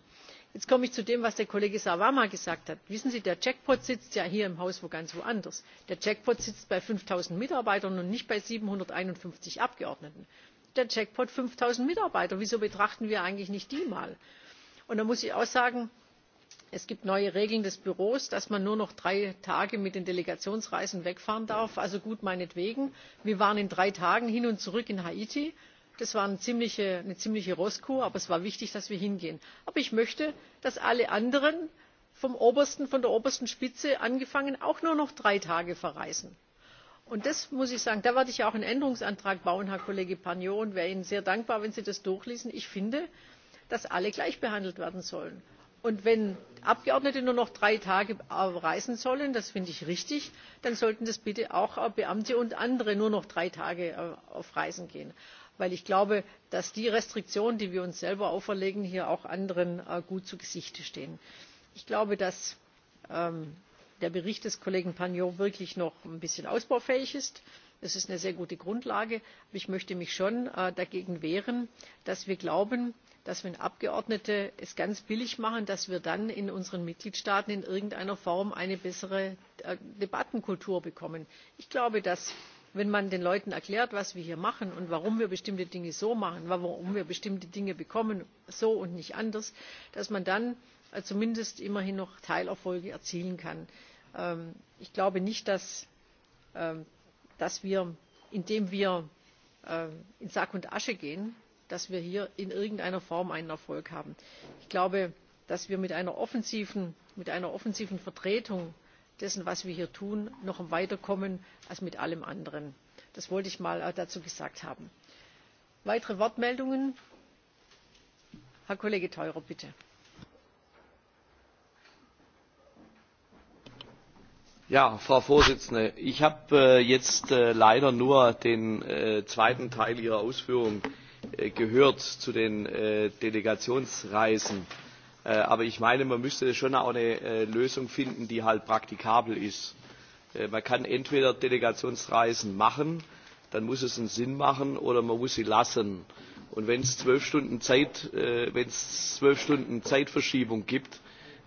jetzt komme ich zu dem was der kollege sarvamaa gesagt hat wissen sie der jackpot sitzt ja hier im haus wo ganz woanders. der jackpot sitzt bei fünf null mitarbeitern und nicht bei siebenhunderteinundfünfzig abgeordneten. der jackpot fünf null mitarbeiter wieso betrachten wir eigentlich nicht die mal? und da muss ich auch sagen es gibt neue regeln des büros dass man nur noch drei tage mit den delegationsreisen wegfahren darf also gut meinetwegen. wir waren in drei tagen hin und zurück in haiti das war eine ziemliche, eine rosskuh aber es war wichtig dass wir hingehen. aber ich möchte dass alle anderen vom obersten, von der obersten spitze angefangen auch nur noch drei tage verreisen. und das muss ich sagen da werde ich auch einen änderungsantrag bauen herr kollege pargneaux und wäre ihnen sehr dankbar wenn sie das durchlesen. ich finde dass alle gleich behandelt werden sollen. und wenn abgeordnete nur noch drei tage reisen sollen das finde ich richtig dann sollten das bitte auch beamte und andere nur noch drei tage äh, auf reisen gehen weil ich glaube dass die restriktionen die wir uns selber auferlegen hier auch anderen äh, gut zu gesicht stehen. ich glaube dass ähm, der bericht des kollegen pargneaux wirklich noch ein bisschen ausbaufähig ist. es ist eine sehr gute grundlage. aber ich möchte mich schon äh, dagegen wehren dass wir glauben dass wenn abgeordnete es ganz billig machen dass wir dann in unseren mitgliedstaaten in irgendeiner form eine bessere äh, debattenkultur bekommen. ich glaube dass wenn man den leuten erklärt was wir hier machen und warum wir bestimmte dinge so machen warum wir bestimmte dinge bekommen so und nicht anders dass man dann äh, zumindest immerhin noch teilerfolge erzielen kann. Ähm, ich glaube nicht dass, ähm, wir indem wir ähm, in sack und asche gehen dass wir hier in irgendeiner form einen erfolg haben. ich glaube dass wir mit einer offensiven, mit einer offensiven vertretung dessen was wir hier tun noch weiter kommen als mit allem anderen. das wollte ich mal dazu gesagt haben. weitere wortmeldungen? herr kollege theurer bitte. Ja, frau präsidentin! ich habe äh, jetzt äh, leider nur den äh, zweiten teil ihrer ausführungen äh, gehört zu den äh, delegationsreisen Äh, aber ich meine, man müsste schon auch eine äh, Lösung finden, die halt praktikabel ist. Äh, man kann entweder Delegationsreisen machen, dann muss es einen Sinn machen, oder man muss sie lassen. Und wenn es zwölf Stunden, Zeit, zwölf Stunden Zeitverschiebung gibt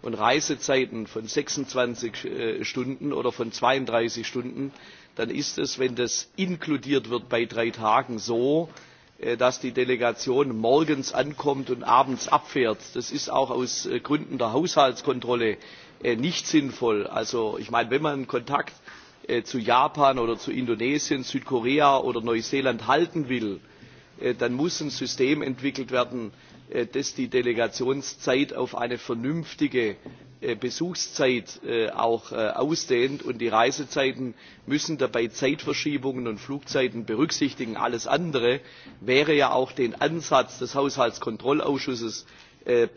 und Reisezeiten von 26 Stunden oder von 32 Stunden, dann ist es, wenn das inkludiert wird bei drei Tagen, so, Äh, dass die delegation morgens ankommt und abends abfährt. das ist auch aus äh, gründen der haushaltskontrolle äh, nicht sinnvoll. also ich meine wenn man kontakt zu japan oder zu indonesien südkorea oder neuseeland halten will dann muss ein system entwickelt werden Äh, dass die delegationszeit auf eine vernünftige äh, besuchszeit äh, ausdehnt und die reisezeiten müssen dabei zeitverschiebungen und flugzeiten berücksichtigen. alles andere wäre ja auch den ansatz des haushaltskontrollausschusses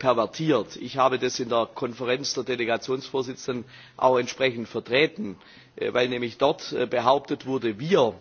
pervertiert. ich habe das in der konferenz der delegationsvorsitzenden auch entsprechend vertreten weil nämlich dort behauptet wurde wir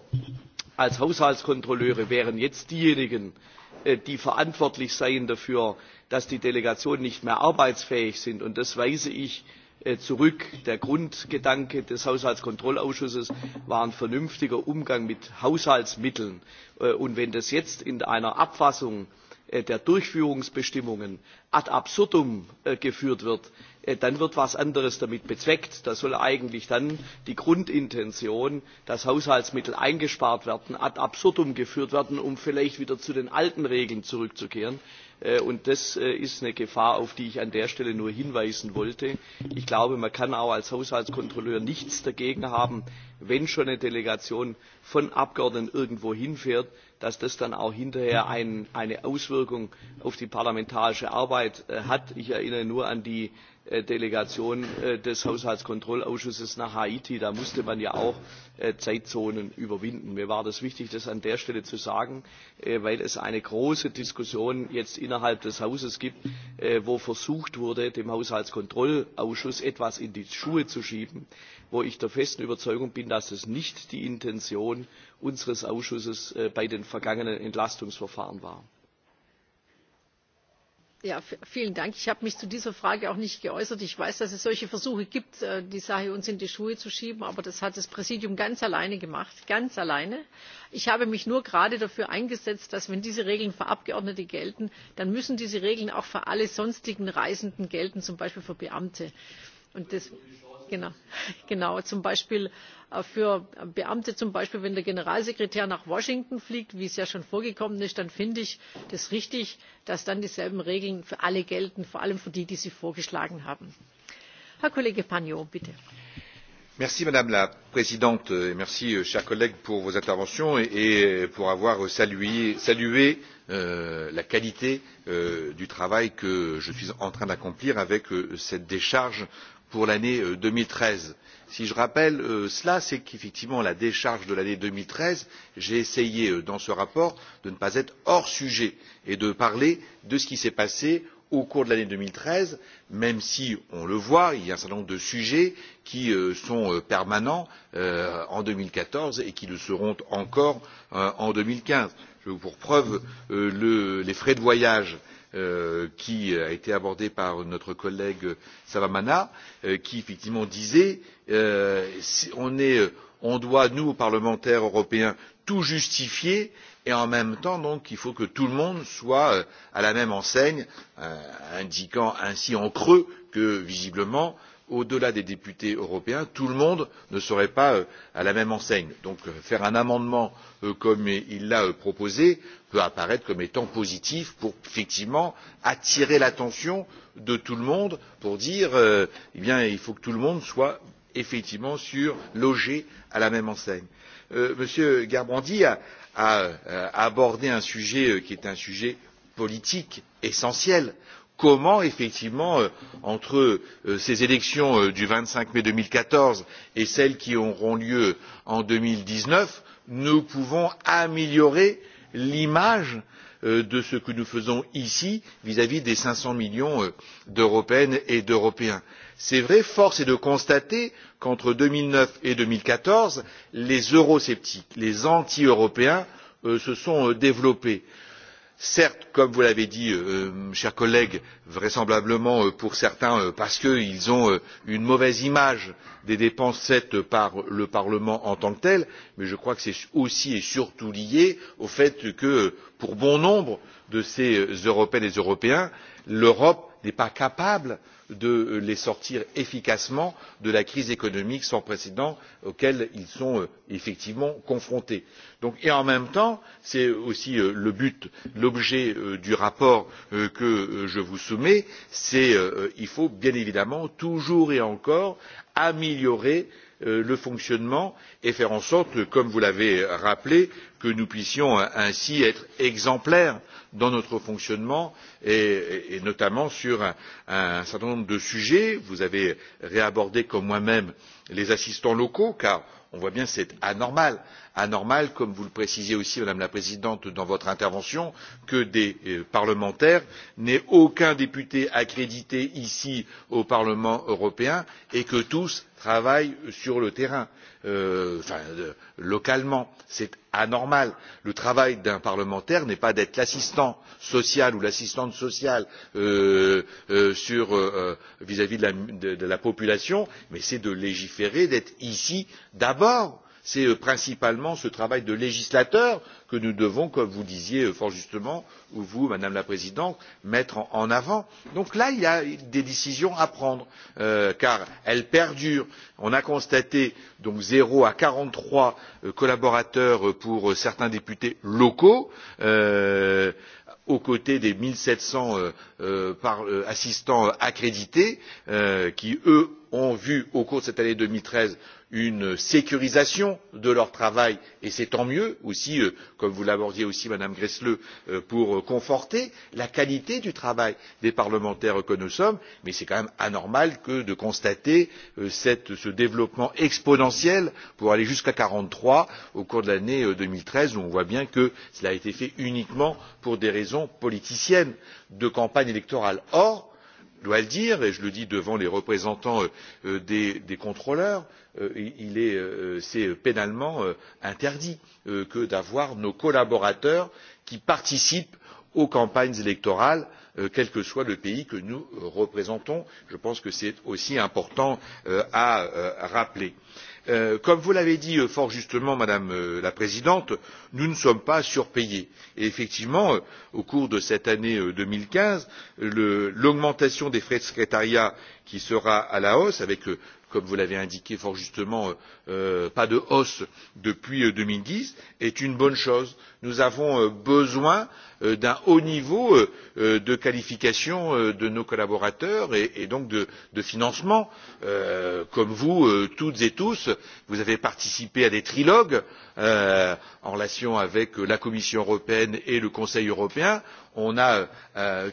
als haushaltskontrolleure wären jetzt diejenigen Äh, die verantwortlich seien dafür dass die delegationen nicht mehr arbeitsfähig sind und das weise ich äh, zurück. der grundgedanke des haushaltskontrollausschusses war ein vernünftiger umgang mit haushaltsmitteln äh, und wenn das jetzt in einer abfassung Äh, der durchführungsbestimmungen ad absurdum äh, geführt wird äh, dann wird etwas anderes damit bezweckt da soll eigentlich dann die grundintention dass haushaltsmittel eingespart werden ad absurdum geführt werden um vielleicht wieder zu den alten regeln zurückzukehren. Und das ist eine gefahr auf die ich an der stelle nur hinweisen wollte. ich glaube man kann auch als haushaltskontrolleur nichts dagegen haben wenn schon eine delegation von abgeordneten irgendwo hinfährt dass das dann auch hinterher ein, eine Auswirkung auf die parlamentarische Arbeit äh, hat. Ich erinnere nur an die äh, Delegation äh, des Haushaltskontrollausschusses nach Haiti. Da musste man ja auch Zeitzonen überwinden. Mir war das wichtig, das an der Stelle zu sagen, weil es eine große Diskussion jetzt innerhalb des Hauses gibt, wo versucht wurde, dem Haushaltskontrollausschuss etwas in die Schuhe zu schieben, wo ich der festen Überzeugung bin, dass das nicht die Intention unseres Ausschusses äh, bei den vergangenen Entlastungsverfahren war. Ja, vielen Dank. Ich habe mich zu dieser Frage auch nicht geäußert. Ich weiß, dass es solche Versuche gibt, äh, die Sache uns in die Schuhe zu schieben, aber das hat das Präsidium ganz alleine gemacht, ganz alleine. Ich habe mich nur gerade dafür eingesetzt, dass wenn diese Regeln für Abgeordnete gelten, dann müssen diese Regeln auch für alle sonstigen Reisenden gelten, zum Beispiel für Beamte. Und das, Genau, Zum Beispiel äh, für Beamte, zum Beispiel, wenn der Generalsekretär nach Washington fliegt, wie es ja schon vorgekommen ist, dann finde ich es richtig, dass dann dieselben Regeln für alle gelten, vor allem für die, die Sie vorgeschlagen haben. Herr Kollege Pagnot, bitte. Merci, Madame la Présidente, merci, euh, chers collègues, pour vos interventions et pour avoir euh, salué, euh, la qualité du travail que je suis en train d'accomplir avec cette décharge pour l'année euh, deux mille treize si je rappelle euh, cela c'est qu'effectivement la décharge de l'année deux mille treize j'ai essayé euh, dans ce rapport de ne pas être hors sujet et de parler de ce qui s'est passé au cours de l'année deux mille treize même si on le voit il y a un certain nombre de sujets qui sont permanents en deux mille quatorze et qui le seront encore en. deux mille quinze pour preuve les frais de voyage Euh, qui a été abordé par notre collègue Savamana, euh, qui effectivement disait qu'on euh, on doit, nous, parlementaires européens, tout justifier et en même temps donc il faut que tout le monde soit à la même enseigne, indiquant ainsi en creux que visiblement au delà des députés européens tout le monde ne serait pas euh, à la même enseigne. donc euh, faire un amendement euh, comme il l'a proposé peut apparaître comme étant positif pour effectivement attirer l'attention de tout le monde pour dire eh bien il faut que tout le monde soit effectivement sur, logé à la même enseigne. m. gerbrandy a abordé un sujet qui est un sujet politique essentiel comment effectivement euh, entre euh, ces élections euh, du vingt cinq mai deux mille quatorze et celles qui auront lieu en deux mille dix neuf nous pouvons améliorer l'image de ce que nous faisons ici vis à vis des cinq cents millions d'européennes et d'européens. il est vrai force est de constater qu'entre deux mille neuf et deux mille quatorze les eurosceptiques les anti européens se sont développés certes comme vous l'avez dit euh, euh, chers collègues vraisemblablement euh, pour certains parce qu'ils ont une mauvaise image des dépenses faites par le parlement en tant que tel mais je crois que c'est aussi et surtout lié au fait que pour bon nombre de ces européennes et européens l'europe n'est pas capable de les sortir efficacement de la crise économique sans précédent à laquelle ils sont euh, effectivement confrontés. et en même temps c'est aussi euh, le but l'objet euh, du rapport que je vous soumets il faut bien évidemment toujours et encore améliorer Euh, le fonctionnement et faire en sorte comme vous l'avez rappelé que nous puissions ainsi être exemplaires dans notre fonctionnement et, notamment sur un, un certain nombre de sujets vous avez réabordé comme moi même les assistants locaux car on voit bien que c'est anormal anormal comme vous le précisiez aussi madame la présidente dans votre intervention que des euh, parlementaires n'aient aucun député accrédité ici au parlement européen et que tous travaillent sur le terrain euh, enfin, localement c'est anormal. le travail d'un parlementaire n'est pas d'être l'assistant social ou l'assistante sociale vis à vis de la, de la population mais c'est de légiférer d'être ici d'abord c'est euh, principalement ce travail de législateur que nous devons comme vous le disiez euh, fort justement ou vous madame la présidente mettre en avant. donc là il y a des décisions à prendre euh, car elles perdurent. on a constaté zéro à quarante trois collaborateurs pour certains députés locaux aux côtés des un sept cents assistants accrédités qui eux ont vu au cours de cette année deux mille treize une sécurisation de leur travail et c'est tant mieux aussi euh, comme vous l'abordiez aussi madame grle euh, pour conforter la qualité du travail des parlementaires que nous sommes mais c'est quand même anormal de constater euh, ce développement exponentiel pour aller jusqu'à quarante trois au cours de l'année deux mille treize où on voit bien que cela a été fait uniquement pour des raisons politiciennes de campagne électorale. or dois le dire et je le dis devant les représentants euh, des, contrôleurs euh, euh, c'est pénalement interdit que d'avoir nos collaborateurs qui participent aux campagnes électorales quel que soit le pays que nous représentons je pense que c'est aussi important à rappeler. Euh, comme vous l'avez dit euh, fort justement madame euh, la présidente nous ne sommes pas surpayés et effectivement au cours de cette année deux mille quinze l'augmentation des frais de secrétariat qui sera à la hausse avec comme vous l'avez indiqué fort justement euh, euh, pas de hausse depuis euh, deux mille dix est une bonne chose. nous avons besoin d'un haut niveau de qualification de nos collaborateurs et donc de, financement. comme vous toutes et tous vous avez participé à des trilogues en relation avec la commission européenne et le conseil européen. nous avons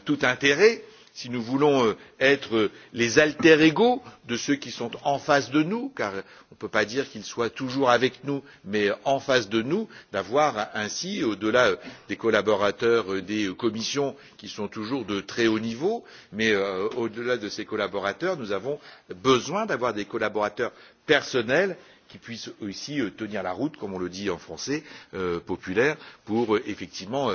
tout intérêt si nous voulons euh, être euh, les alter ego de ceux qui sont en face de nous car on ne peut pas dire qu'ils soient toujours avec nous mais en face de nous d'avoir ainsi au delà euh, des collaborateurs des commissions qui sont toujours de très haut niveau mais au delà de ces collaborateurs nous avons besoin d'avoir des collaborateurs personnels qui puissent aussi tenir la route comme on le dit en français populaire pour effectivement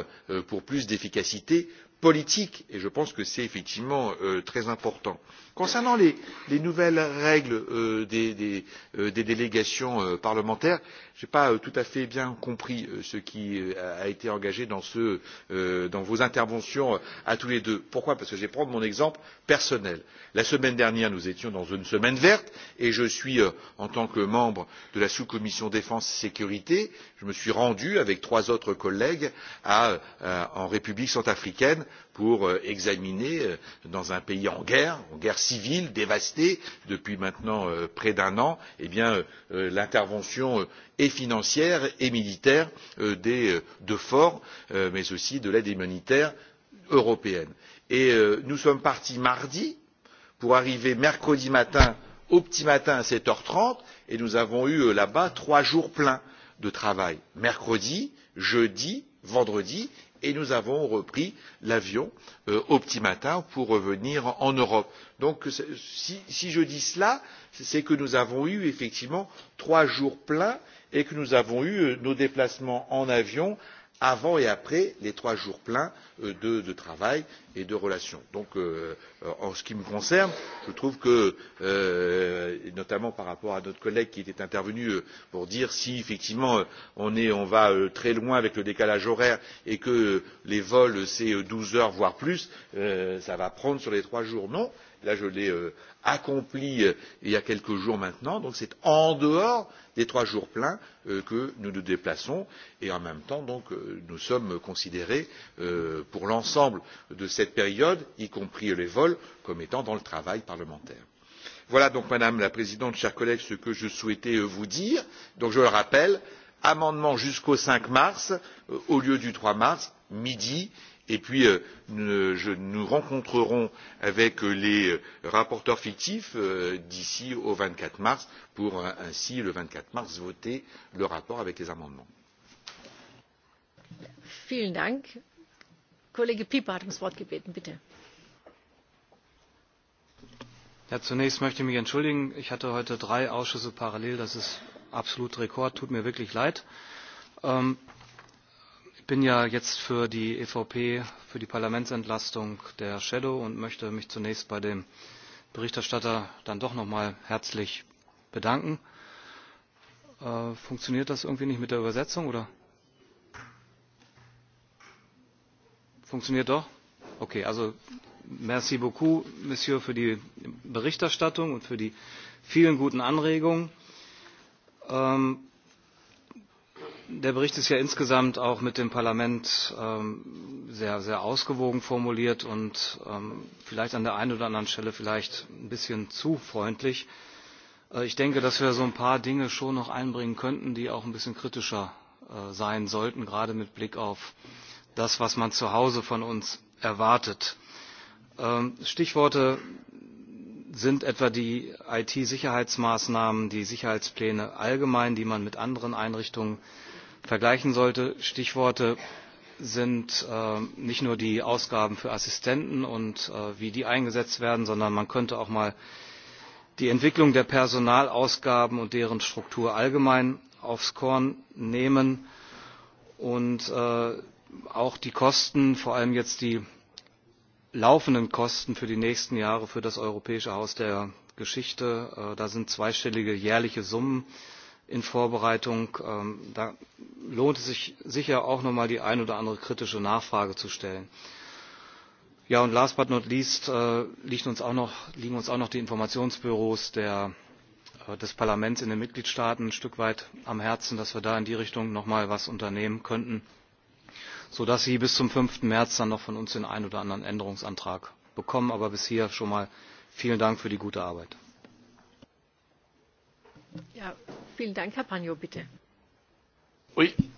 pour plus d'efficacité politique et je pense que c'est effectivement euh, très important concernant les, les nouvelles règles euh, des, des, euh, des délégations euh, parlementaires je n'ai pas euh, tout à fait bien compris euh, ce qui euh, a été engagé dans, ce, dans vos interventions à tous les deux. pourquoi? parce que je vais prendre mon exemple personnel. la semaine dernière nous étions dans une semaine verte et je suis en tant que membre de la sous commission défense et sécurité je me suis rendu avec trois autres collègues à, à, en république centrafricaine pour euh, examiner euh, dans un pays en guerre en guerre civile dévasté depuis maintenant euh, près d'un an eh l'intervention et financière et militaire des deux forts mais aussi de l'aide humanitaire européenne. nous sommes partis mardi pour arriver mercredi matin au petit matin à sept heures trente et nous avons eu là bas trois jours pleins de travail mercredi jeudi vendredi et nous avons repris l'avion au euh, petit matin pour revenir en europe. donc si je dis cela c'est que nous avons eu effectivement trois jours pleins et que nous avons eu euh, nos déplacements en avion avant et après les trois jours pleins euh, de, travail et de relations. donc euh, en ce qui me concerne je trouve que notamment par rapport à notre collègue qui était intervenu pour dire si effectivement on, va très loin avec le décalage horaire et que les vols c'est douze heures voire plus cela va prendre sur les trois jours non là je l'ai euh, accompli euh, il y a quelques jours maintenant donc c'est en dehors des trois jours pleins euh, que nous nous déplaçons et en même temps donc nous sommes considérés pour l'ensemble de cette période y compris les vols comme étant dans le travail parlementaire. voilà donc madame la présidente chers collègues ce que je souhaitais vous dire donc je le rappelle amendement jusqu'au cinq mars au lieu du trois mars midi et et puis euh, nous, je, nous rencontrerons avec euh, les euh, rapporteurs fictifs d'ici au vingt quatre mars pour ainsi le vingt quatre mars voter le rapport avec les amendements. zunächst möchte ich mich entschuldigen. Ich hatte heute drei Ausschüsse parallel. Das ist absolut Rekord. Tut mir wirklich leid. Ähm, ich bin ja jetzt für die EVP, für die Parlamentsentlastung der Shadow und möchte mich zunächst bei dem Berichterstatter dann doch noch mal herzlich bedanken. Äh, funktioniert das irgendwie nicht mit der Übersetzung oder? Funktioniert doch? Okay, also merci beaucoup, Monsieur, für die Berichterstattung und für die vielen guten Anregungen. Ähm, Der Bericht ist ja insgesamt auch mit dem Parlament ähm, sehr, sehr ausgewogen formuliert und ähm, vielleicht an der einen oder anderen Stelle vielleicht ein bisschen zu freundlich. Äh, ich denke, dass wir so ein paar Dinge schon noch einbringen könnten, die auch ein bisschen kritischer äh, sein sollten, gerade mit Blick auf das, was man zu Hause von uns erwartet. Ähm, Stichworte sind etwa die IT-Sicherheitsmaßnahmen, die Sicherheitspläne allgemein, die man mit anderen Einrichtungen vergleichen sollte. Stichworte sind äh, nicht nur die Ausgaben für Assistenten und äh, wie die eingesetzt werden, sondern man könnte auch mal die Entwicklung der Personalausgaben und deren Struktur allgemein aufs Korn nehmen und äh, auch die Kosten, vor allem jetzt die laufenden Kosten für die nächsten Jahre für das Europäische Haus der Geschichte. Äh, da sind zweistellige jährliche Summen in Vorbereitung. Ähm, da lohnt es sich sicher auch nochmal die ein oder andere kritische Nachfrage zu stellen. Ja, und last but not least äh, liegen uns auch noch, uns auch noch die Informationsbüros der, äh, des Parlaments in den Mitgliedstaaten ein Stück weit am Herzen, dass wir da in die Richtung noch mal was unternehmen könnten, sodass Sie bis zum 5. März dann noch von uns den einen oder anderen Änderungsantrag bekommen. Aber bis hier schon mal vielen Dank für die gute Arbeit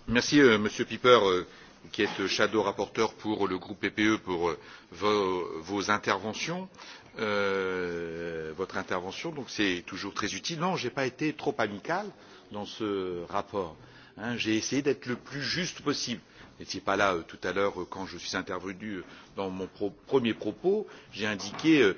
merci euh, Monsieur Piper, euh, qui est euh, shadow rapporteur pour le groupe PPE pour vos, interventions. votre intervention, donc c'est toujours très utile. Non, je n'ai pas été trop amical dans ce rapport. J'ai essayé d'être le plus juste possible Vous n'étiez pas là tout à l'heure quand je suis intervenu dans mon premier propos j'ai indiqué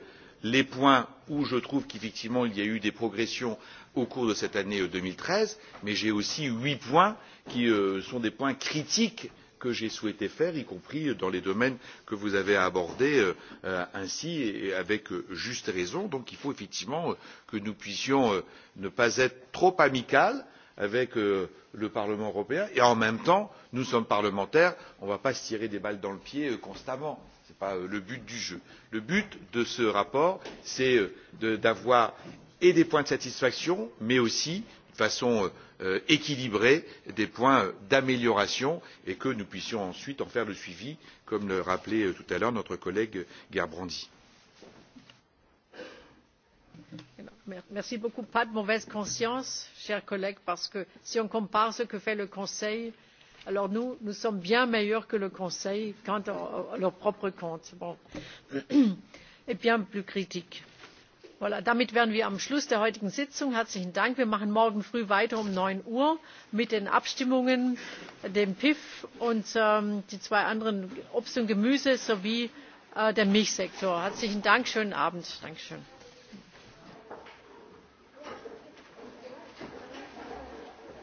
les points où je trouve qu'effectivement il y a eu des progressions au cours de cette année euh, deux mille treize mais j'ai aussi huit points qui euh, sont des points critiques que j'ai souhaité faire y compris euh, dans les domaines que vous avez abordés ainsi et avec juste raison. donc il faut effectivement que nous puissions ne pas être trop amicaux avec le parlement européen et en même temps nous sommes parlementaires on ne va pas se tirer des balles dans le pied constamment ce n'est pas euh, le but du jeu. le but de ce rapport c'est euh, d'avoir et des points de satisfaction mais aussi de façon euh, équilibrée des points d'amélioration et que nous puissions ensuite en faire le suivi comme le rappelait tout à l'heure notre collègue gerbrandy. merci beaucoup. pas de mauvaise conscience chers collègues parce que si on compare ce que fait le conseil alors nous nous sommes bien meilleurs que le conseil quant à leurs propres comptes et bien plus critiques. Voilà, damit wären wir am Schluss der heutigen Sitzung. Herzlichen Dank. Wir machen morgen früh weiter um neun Uhr mit den Abstimmungen, dem PIF und den ähm, die zwei anderen Obst und Gemüse sowie äh, dem Milchsektor. Herzlichen Dank, schönen Abend.